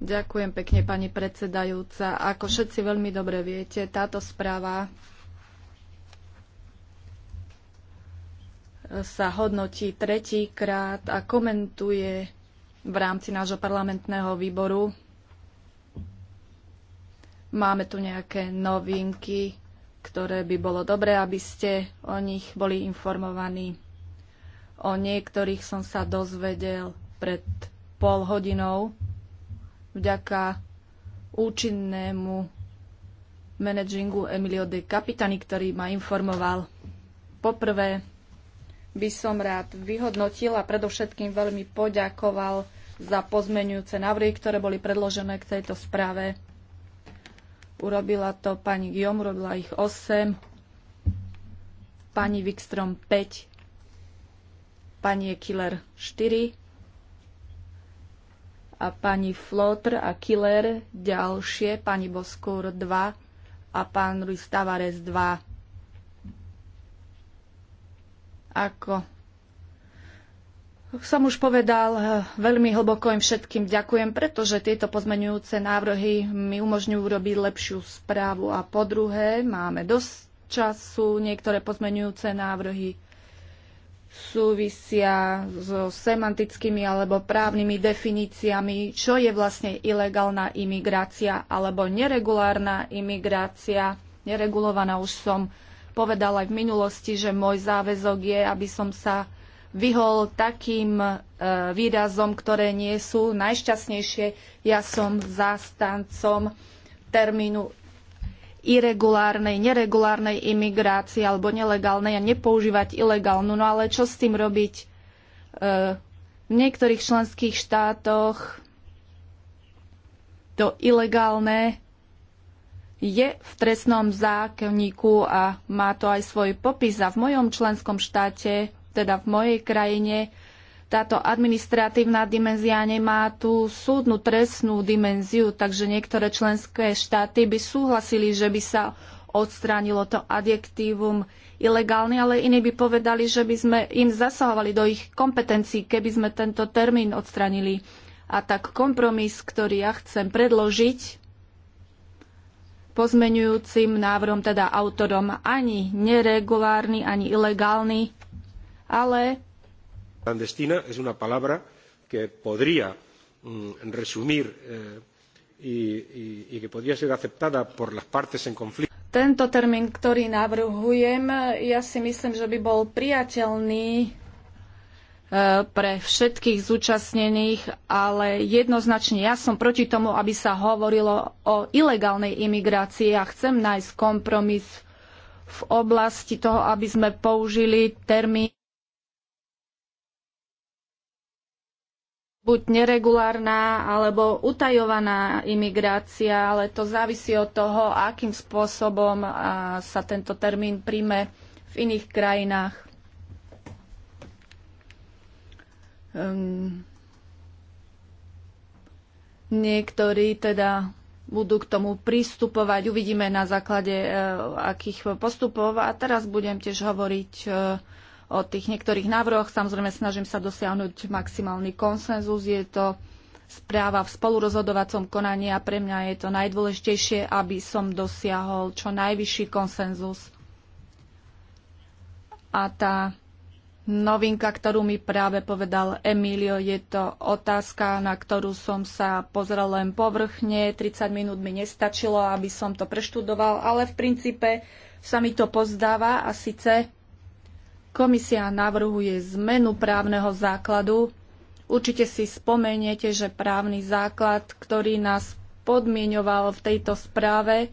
Ďakujem pekne, pani predsedajúca. Ako všetci veľmi dobre viete, táto správa sa hodnotí tretíkrát a komentuje v rámci nášho parlamentného výboru. Máme tu nejaké novinky, ktoré by bolo dobré, aby ste o nich boli informovaní. O niektorých som sa dozvedel pred pol hodinou vďaka účinnému managingu Emilio de Capitani, ktorý ma informoval. Poprvé by som rád vyhodnotil a predovšetkým veľmi poďakoval za pozmenujúce návrhy, ktoré boli predložené k tejto správe. Urobila to pani Guillaume, urobila ich 8, pani Wikstrom 5, pani Killer 4 a pani Flotr a Killer ďalšie, pani Boskúr 2 a pán Ruiz Tavares 2. Ako som už povedal, eh, veľmi hlboko im všetkým ďakujem, pretože tieto pozmenujúce návrhy mi umožňujú urobiť lepšiu správu. A po druhé, máme dosť času, niektoré pozmenujúce návrhy súvisia so semantickými alebo právnymi definíciami, čo je vlastne ilegálna imigrácia alebo neregulárna imigrácia, neregulovaná už som povedala aj v minulosti, že môj záväzok je, aby som sa vyhol takým e, výrazom, ktoré nie sú najšťastnejšie. Ja som zástancom termínu iregulárnej, neregulárnej imigrácie alebo nelegálnej a nepoužívať ilegálnu. No ale čo s tým robiť? E, v niektorých členských štátoch to ilegálne je v trestnom zákonníku a má to aj svoj popis. A v mojom členskom štáte teda v mojej krajine, táto administratívna dimenzia nemá tú súdnu trestnú dimenziu, takže niektoré členské štáty by súhlasili, že by sa odstránilo to adjektívum ilegálny, ale iní by povedali, že by sme im zasahovali do ich kompetencií, keby sme tento termín odstranili. A tak kompromis, ktorý ja chcem predložiť pozmenujúcim návrhom, teda autorom, ani neregulárny, ani ilegálny, ale... Clandestina es una palabra que podría mm, resumir eh, y, y que podría ser aceptada por las partes en conflicto. Tento termín, ktorý navrhujem, ja si myslím, že by bol priateľný eh, pre všetkých zúčastnených, ale jednoznačne ja som proti tomu, aby sa hovorilo o ilegálnej imigrácii a chcem nájsť kompromis v oblasti toho, aby sme použili termín buď neregulárna alebo utajovaná imigrácia, ale to závisí od toho, akým spôsobom sa tento termín príjme v iných krajinách. Um, niektorí teda budú k tomu pristupovať. Uvidíme na základe e, akých postupov. A teraz budem tiež hovoriť e, o tých niektorých návrhoch. Samozrejme, snažím sa dosiahnuť maximálny konsenzus. Je to správa v spolurozhodovacom konaní a pre mňa je to najdôležitejšie, aby som dosiahol čo najvyšší konsenzus. A tá novinka, ktorú mi práve povedal Emilio, je to otázka, na ktorú som sa pozrel len povrchne. 30 minút mi nestačilo, aby som to preštudoval, ale v princípe sa mi to pozdáva a síce Komisia navrhuje zmenu právneho základu. Určite si spomeniete, že právny základ, ktorý nás podmienoval v tejto správe,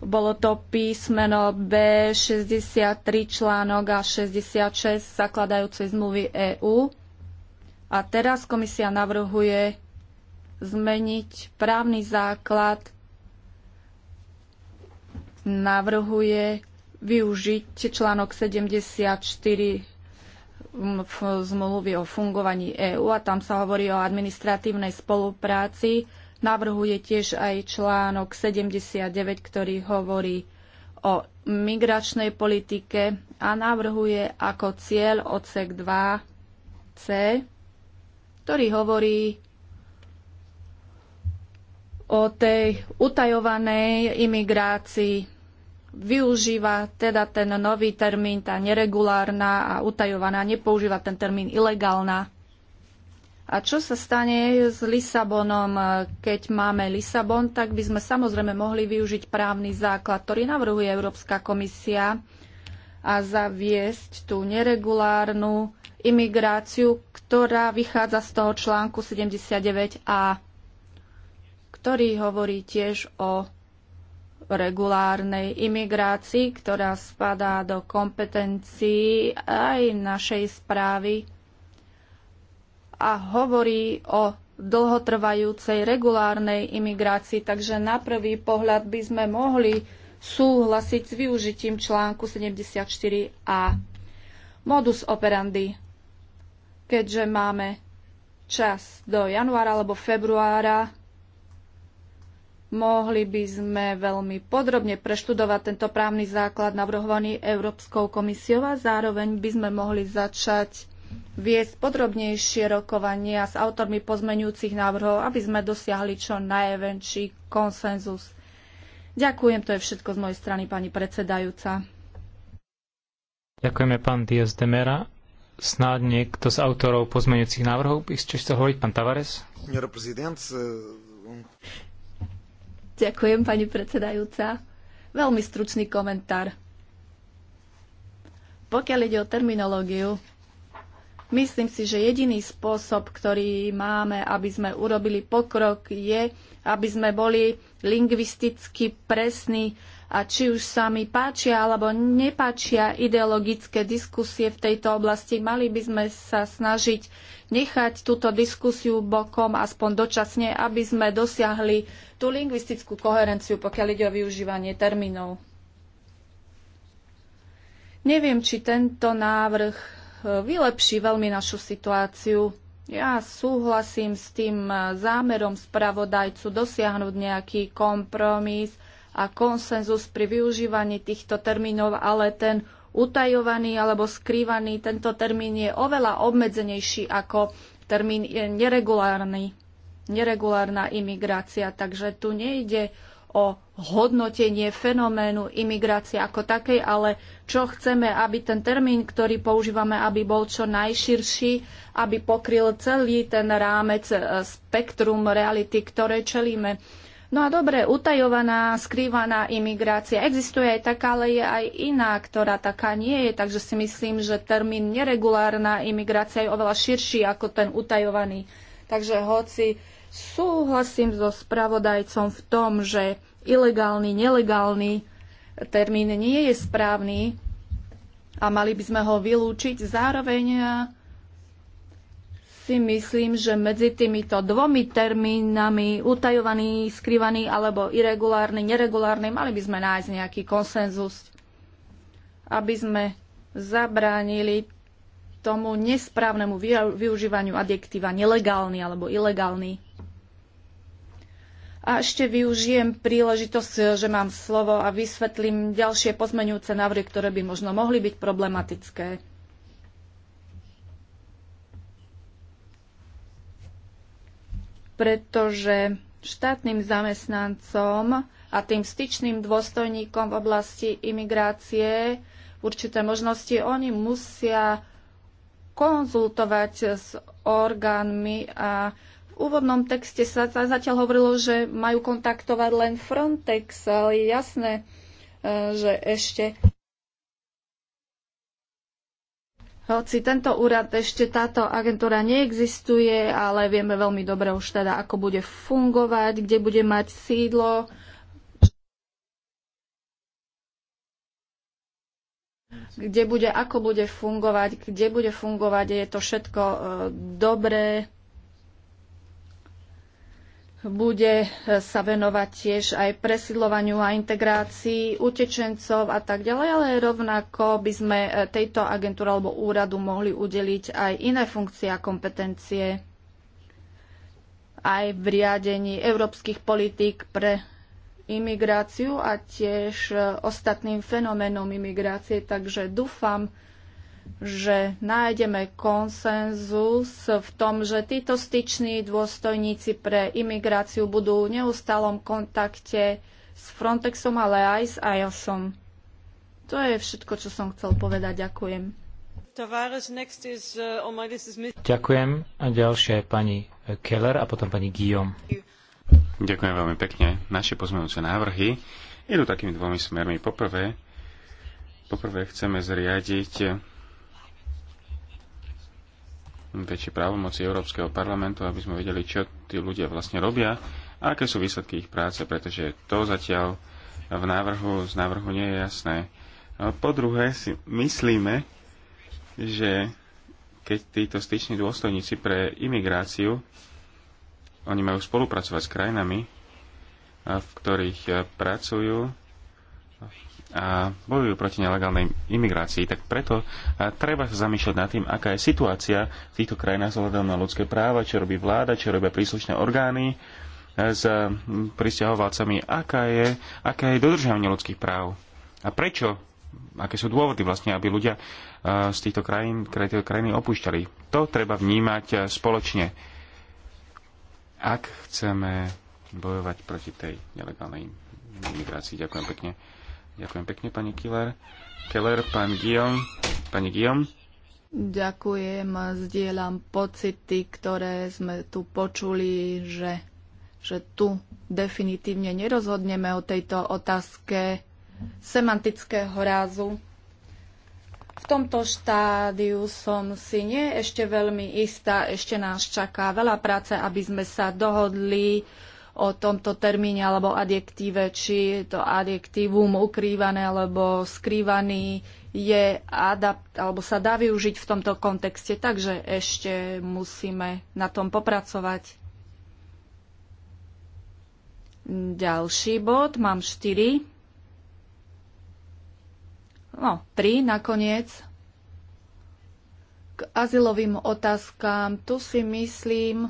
bolo to písmeno B63 článok a 66 zakladajúcej zmluvy EÚ. A teraz komisia navrhuje zmeniť právny základ, navrhuje využiť článok 74 v zmluvy o fungovaní EÚ a tam sa hovorí o administratívnej spolupráci. Navrhuje tiež aj článok 79, ktorý hovorí o migračnej politike a navrhuje ako cieľ odsek 2c, ktorý hovorí o tej utajovanej imigrácii využíva teda ten nový termín, tá neregulárna a utajovaná, nepoužíva ten termín ilegálna. A čo sa stane s Lisabonom? Keď máme Lisabon, tak by sme samozrejme mohli využiť právny základ, ktorý navrhuje Európska komisia a zaviesť tú neregulárnu imigráciu, ktorá vychádza z toho článku 79a, ktorý hovorí tiež o regulárnej imigrácii, ktorá spadá do kompetencií aj našej správy a hovorí o dlhotrvajúcej regulárnej imigrácii, takže na prvý pohľad by sme mohli súhlasiť s využitím článku 74a. Modus operandi. Keďže máme čas do januára alebo februára Mohli by sme veľmi podrobne preštudovať tento právny základ navrhovaný Európskou komisiou a zároveň by sme mohli začať viesť podrobnejšie rokovania s autormi pozmenujúcich návrhov, aby sme dosiahli čo najväčší konsenzus. Ďakujem, to je všetko z mojej strany, pani predsedajúca. Ďakujeme, pán dias Demera. Snáď niekto z autorov pozmenujúcich návrhov by ste chcel hovoriť, pán Tavares? Pán Ďakujem, pani predsedajúca. Veľmi stručný komentár. Pokiaľ ide o terminológiu, myslím si, že jediný spôsob, ktorý máme, aby sme urobili pokrok, je, aby sme boli lingvisticky presní a či už sa mi páčia alebo nepáčia ideologické diskusie v tejto oblasti, mali by sme sa snažiť nechať túto diskusiu bokom aspoň dočasne, aby sme dosiahli tú lingvistickú koherenciu, pokiaľ ide o využívanie termínov. Neviem, či tento návrh e, vylepší veľmi našu situáciu. Ja súhlasím s tým e, zámerom spravodajcu dosiahnuť nejaký kompromis – a konsenzus pri využívaní týchto termínov, ale ten utajovaný alebo skrývaný, tento termín je oveľa obmedzenejší ako termín je neregulárny, neregulárna imigrácia. Takže tu nejde o hodnotenie fenoménu imigrácie ako takej, ale čo chceme, aby ten termín, ktorý používame, aby bol čo najširší, aby pokryl celý ten rámec e, spektrum reality, ktoré čelíme. No a dobre, utajovaná, skrývaná imigrácia existuje aj taká, ale je aj iná, ktorá taká nie je. Takže si myslím, že termín neregulárna imigrácia je oveľa širší ako ten utajovaný. Takže hoci súhlasím so spravodajcom v tom, že ilegálny, nelegálny termín nie je správny a mali by sme ho vylúčiť, zároveň si myslím, že medzi týmito dvomi termínami, utajovaný, skrývaný alebo irregulárny, neregulárny, mali by sme nájsť nejaký konsenzus, aby sme zabránili tomu nesprávnemu využívaniu adjektíva nelegálny alebo ilegálny. A ešte využijem príležitosť, že mám slovo a vysvetlím ďalšie pozmeňujúce návrhy, ktoré by možno mohli byť problematické. pretože štátnym zamestnancom a tým styčným dôstojníkom v oblasti imigrácie určité možnosti oni musia konzultovať s orgánmi a v úvodnom texte sa zatiaľ hovorilo, že majú kontaktovať len Frontex, ale je jasné, e, že ešte Hoci tento úrad, ešte táto agentúra neexistuje, ale vieme veľmi dobre už teda, ako bude fungovať, kde bude mať sídlo. kde bude, ako bude fungovať, kde bude fungovať, je to všetko e, dobré bude e, sa venovať tiež aj presidľovaniu a integrácii utečencov a tak ďalej, ale rovnako by sme e, tejto agentúre alebo úradu mohli udeliť aj iné funkcie a kompetencie aj v riadení európskych politík pre imigráciu a tiež e, ostatným fenoménom imigrácie. Takže dúfam, že nájdeme konsenzus v tom, že títo styční dôstojníci pre imigráciu budú v neustálom kontakte s Frontexom, ale aj s IOSom. To je všetko, čo som chcel povedať. Ďakujem. Uh, Ďakujem. A ďalšia je pani Keller a potom pani Guillaume. Ďakujem veľmi pekne. Naše pozmenúce návrhy idú takými dvomi smermi. Poprvé, poprvé chceme zriadiť väčšie právomoci Európskeho parlamentu, aby sme vedeli, čo tí ľudia vlastne robia a aké sú výsledky ich práce, pretože to zatiaľ v návrhu, z návrhu nie je jasné. Po druhé si myslíme, že keď títo styční dôstojníci pre imigráciu, oni majú spolupracovať s krajinami, v ktorých e, pracujú, a bojujú proti nelegálnej imigrácii, tak preto treba sa zamýšľať nad tým, aká je situácia v týchto krajinách vzhľadom na ľudské práva, čo robí vláda, čo robia príslušné orgány e, s pristahovalcami, aká je, aká je dodržiavanie ľudských práv a prečo, aké sú dôvody vlastne, aby ľudia e, z týchto krajín, týchto krajiny opúšťali. To treba vnímať e, spoločne, ak chceme bojovať proti tej nelegálnej imigrácii. Ďakujem pekne. Ďakujem pekne, pani Killer. Keller, pán Guillaume. Pani Guillaume. Ďakujem, zdieľam pocity, ktoré sme tu počuli, že, že tu definitívne nerozhodneme o tejto otázke semantického rázu. V tomto štádiu som si nie ešte veľmi istá, ešte nás čaká veľa práce, aby sme sa dohodli, o tomto termíne alebo adjektíve, či to adjektívum ukrývané alebo skrývaný je adapt, alebo sa dá využiť v tomto kontexte, takže ešte musíme na tom popracovať. Ďalší bod, mám 4. No, 3 nakoniec. K azylovým otázkám, tu si myslím,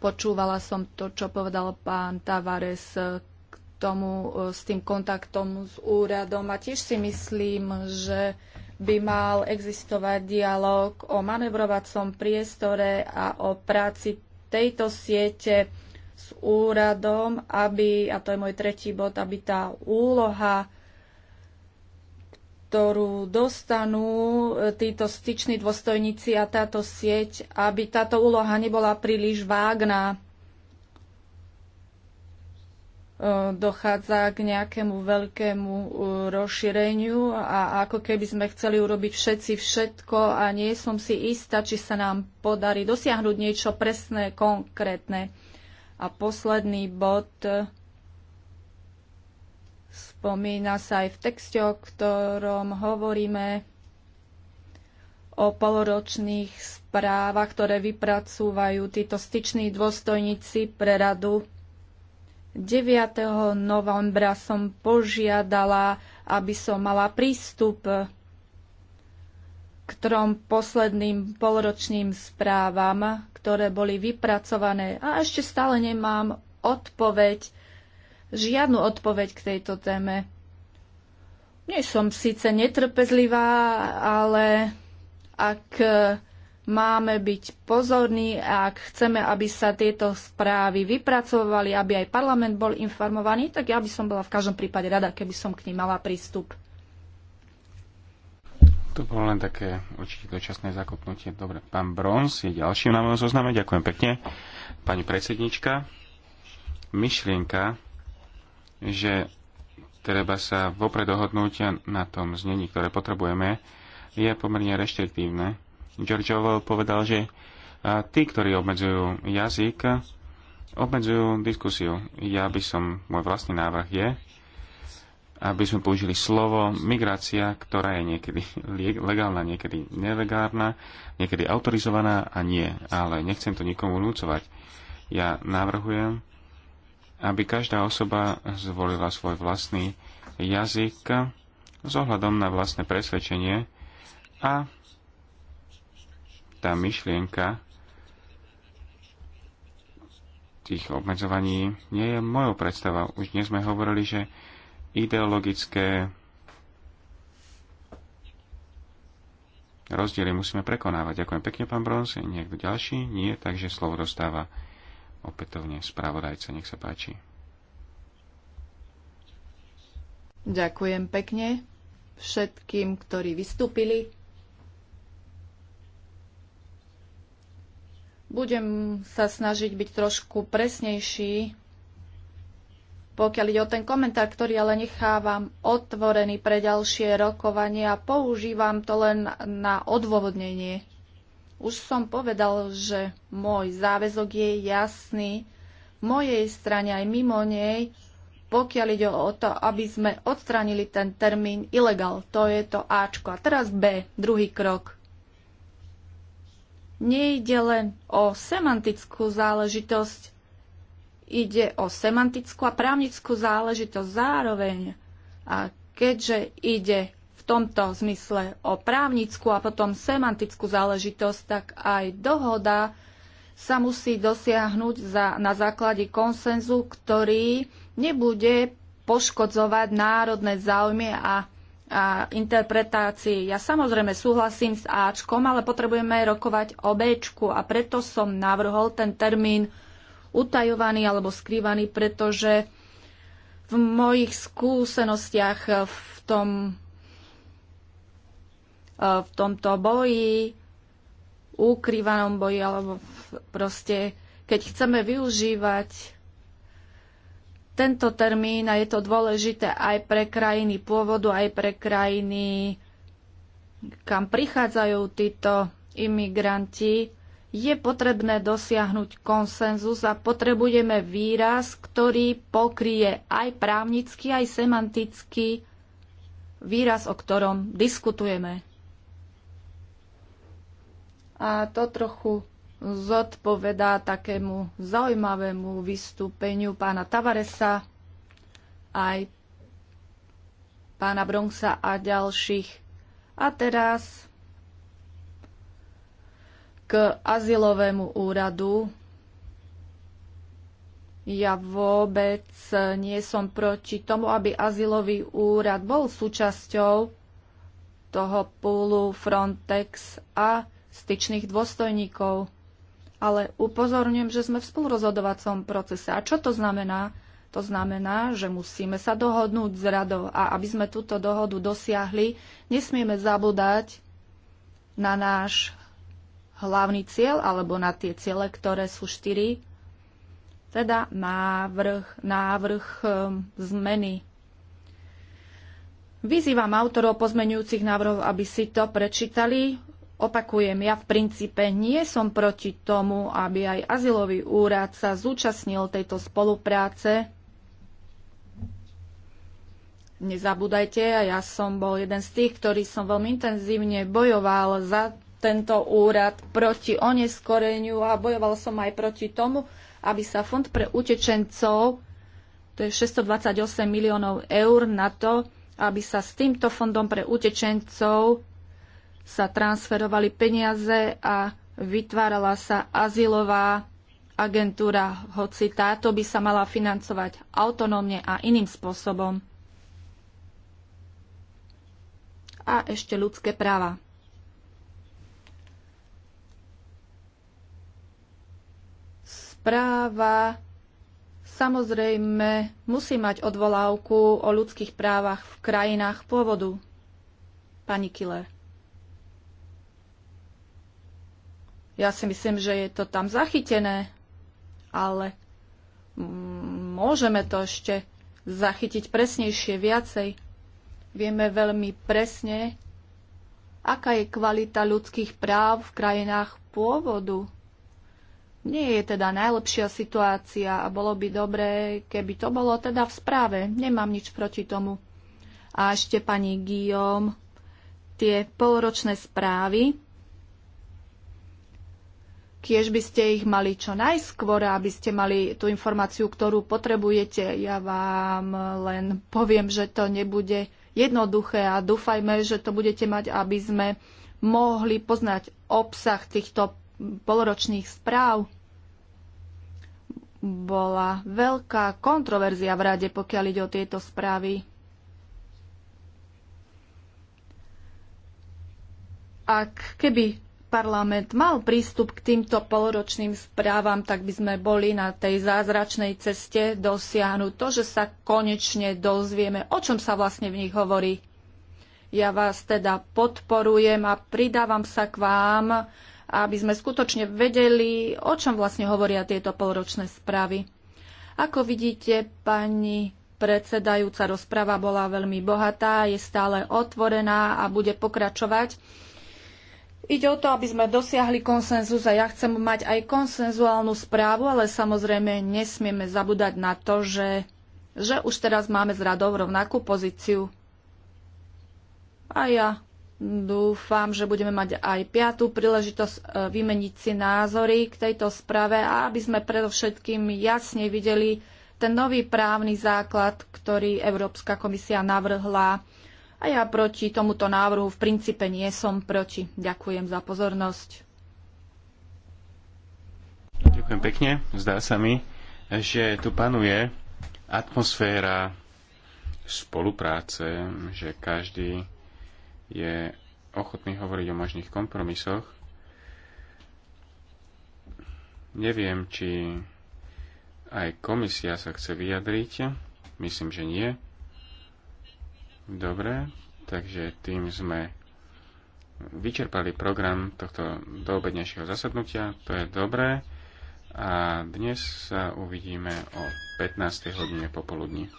Počúvala som to, čo povedal pán Tavares k tomu, e, s tým kontaktom s úradom a tiež si myslím, že by mal existovať dialog o manevrovacom priestore a o práci tejto siete s úradom, aby, a to je môj tretí bod, aby tá úloha ktorú dostanú e, títo styční dôstojníci a táto sieť, aby táto úloha nebola príliš vágná. E, dochádza k nejakému veľkému e, rozšíreniu a ako keby sme chceli urobiť všetci všetko a nie som si istá, či sa nám podarí dosiahnuť niečo presné, konkrétne. A posledný bod Spomína sa aj v texte, o ktorom hovoríme o poloročných správach, ktoré vypracúvajú títo styční dôstojníci pre radu 9. novembra som požiadala, aby som mala prístup k trom posledným poloročným správam, ktoré boli vypracované. A ešte stále nemám odpoveď žiadnu odpoveď k tejto téme. Nie som síce netrpezlivá, ale ak e, máme byť pozorní a ak chceme, aby sa tieto správy vypracovali, aby aj parlament bol informovaný, tak ja by som bola v každom prípade rada, keby som k ním mala prístup. To bolo len také určite dočasné zakopnutie. Dobre, pán Brons je ďalším na mojom zozname. Ďakujem pekne. Pani predsednička, myšlienka že treba sa vopred dohodnúť na tom znení, ktoré potrebujeme, je pomerne reštriktívne. George Orwell povedal, že tí, ktorí obmedzujú jazyk, obmedzujú diskusiu. Ja by som, môj vlastný návrh je, aby sme použili slovo migrácia, ktorá je niekedy legálna, niekedy nelegálna, niekedy autorizovaná a nie. Ale nechcem to nikomu núcovať. Ja navrhujem, aby každá osoba zvolila svoj vlastný jazyk s ohľadom na vlastné presvedčenie a tá myšlienka tých obmedzovaní nie je mojou predstavou. Už dnes sme hovorili, že ideologické rozdiely musíme prekonávať. Ďakujem pekne, pán Bronz. Niekto ďalší? Nie, takže slovo dostáva opätovne spravodajca. Nech sa páči. Ďakujem pekne všetkým, ktorí vystúpili. Budem sa snažiť byť trošku presnejší, pokiaľ ide o ten komentár, ktorý ale nechávam otvorený pre ďalšie rokovanie a používam to len na odôvodnenie. Už som povedal, že môj záväzok je jasný v mojej strane aj mimo nej, pokiaľ ide o to, aby sme odstránili ten termín ilegál. To je to Ačko. A teraz B, druhý krok. Nejde len o semantickú záležitosť, ide o semantickú a právnickú záležitosť zároveň. A keďže ide v tomto zmysle o právnickú a potom semantickú záležitosť, tak aj dohoda sa musí dosiahnuť za, na základe konsenzu, ktorý nebude poškodzovať národné záujmy a, a interpretácii. Ja samozrejme súhlasím s Ačkom, ale potrebujeme rokovať o Bčku a preto som navrhol ten termín utajovaný alebo skrývaný, pretože v mojich skúsenostiach v tom E, v tomto boji, ukrývanom boji, alebo proste, keď chceme využívať tento termín a je to dôležité aj pre krajiny pôvodu, aj pre krajiny, kam prichádzajú títo imigranti, je potrebné dosiahnuť konsenzus a potrebujeme výraz, ktorý pokrie aj právnický, aj semantický výraz, o ktorom diskutujeme. A to trochu zodpovedá takému zaujímavému vystúpeniu pána Tavaresa, aj pána Bronxa a ďalších. A teraz k azylovému úradu. Ja vôbec nie som proti tomu, aby azylový úrad bol súčasťou toho púlu Frontex a styčných dôstojníkov. Ale upozorňujem, že sme v spolurozhodovacom procese. A čo to znamená? To znamená, že musíme sa dohodnúť s radou a aby sme túto dohodu dosiahli, nesmieme zabúdať na náš hlavný cieľ alebo na tie ciele, ktoré sú štyri, teda návrh, návrh ehm, zmeny. Vyzývam autorov pozmenujúcich návrhov, aby si to prečítali, Opakujem, ja v princípe nie som proti tomu, aby aj azylový úrad sa zúčastnil tejto spolupráce. Nezabúdajte, ja som bol jeden z tých, ktorý som veľmi intenzívne bojoval za tento úrad proti oneskoreniu a bojoval som aj proti tomu, aby sa Fond pre utečencov, to je 628 miliónov eur na to, aby sa s týmto fondom pre utečencov sa transferovali peniaze a vytvárala sa azylová agentúra, hoci táto by sa mala financovať autonómne a iným spôsobom. A ešte ľudské práva. Správa samozrejme musí mať odvolávku o ľudských právach v krajinách pôvodu. Pani Killer. Ja si myslím, že je to tam zachytené, ale môžeme to ešte zachytiť presnejšie, viacej. Vieme veľmi presne, aká je kvalita ľudských práv v krajinách pôvodu. Nie je teda najlepšia situácia a bolo by dobré, keby to bolo teda v správe. Nemám nič proti tomu. A ešte pani Guillaume, tie polročné správy, Kiež by ste ich mali čo najskôr, aby ste mali tú informáciu, ktorú potrebujete. Ja vám len poviem, že to nebude jednoduché a dúfajme, že to budete mať, aby sme mohli poznať obsah týchto poloročných správ. Bola veľká kontroverzia v rade, pokiaľ ide o tieto správy. Ak keby parlament mal prístup k týmto poloročným správam, tak by sme boli na tej zázračnej ceste dosiahnuť to, že sa konečne dozvieme, o čom sa vlastne v nich hovorí. Ja vás teda podporujem a pridávam sa k vám, aby sme skutočne vedeli, o čom vlastne hovoria tieto poloročné správy. Ako vidíte, pani predsedajúca rozprava bola veľmi bohatá, je stále otvorená a bude pokračovať Ide o to, aby sme dosiahli konsenzus a ja chcem mať aj konsenzuálnu správu, ale samozrejme nesmieme zabúdať na to, že, že už teraz máme s radou rovnakú pozíciu. A ja dúfam, že budeme mať aj piatú príležitosť e, vymeniť si názory k tejto správe a aby sme predovšetkým jasne videli ten nový právny základ, ktorý Európska komisia navrhla a ja proti tomuto návrhu v princípe nie som proti. Ďakujem za pozornosť. Ďakujem pekne. Zdá sa mi, že tu panuje atmosféra spolupráce, že každý je ochotný hovoriť o možných kompromisoch. Neviem, či aj komisia sa chce vyjadriť. Myslím, že nie. Dobre, takže tým sme vyčerpali program tohto doobednejšieho zasadnutia. To je dobré. A dnes sa uvidíme o 15. hodine popoludní.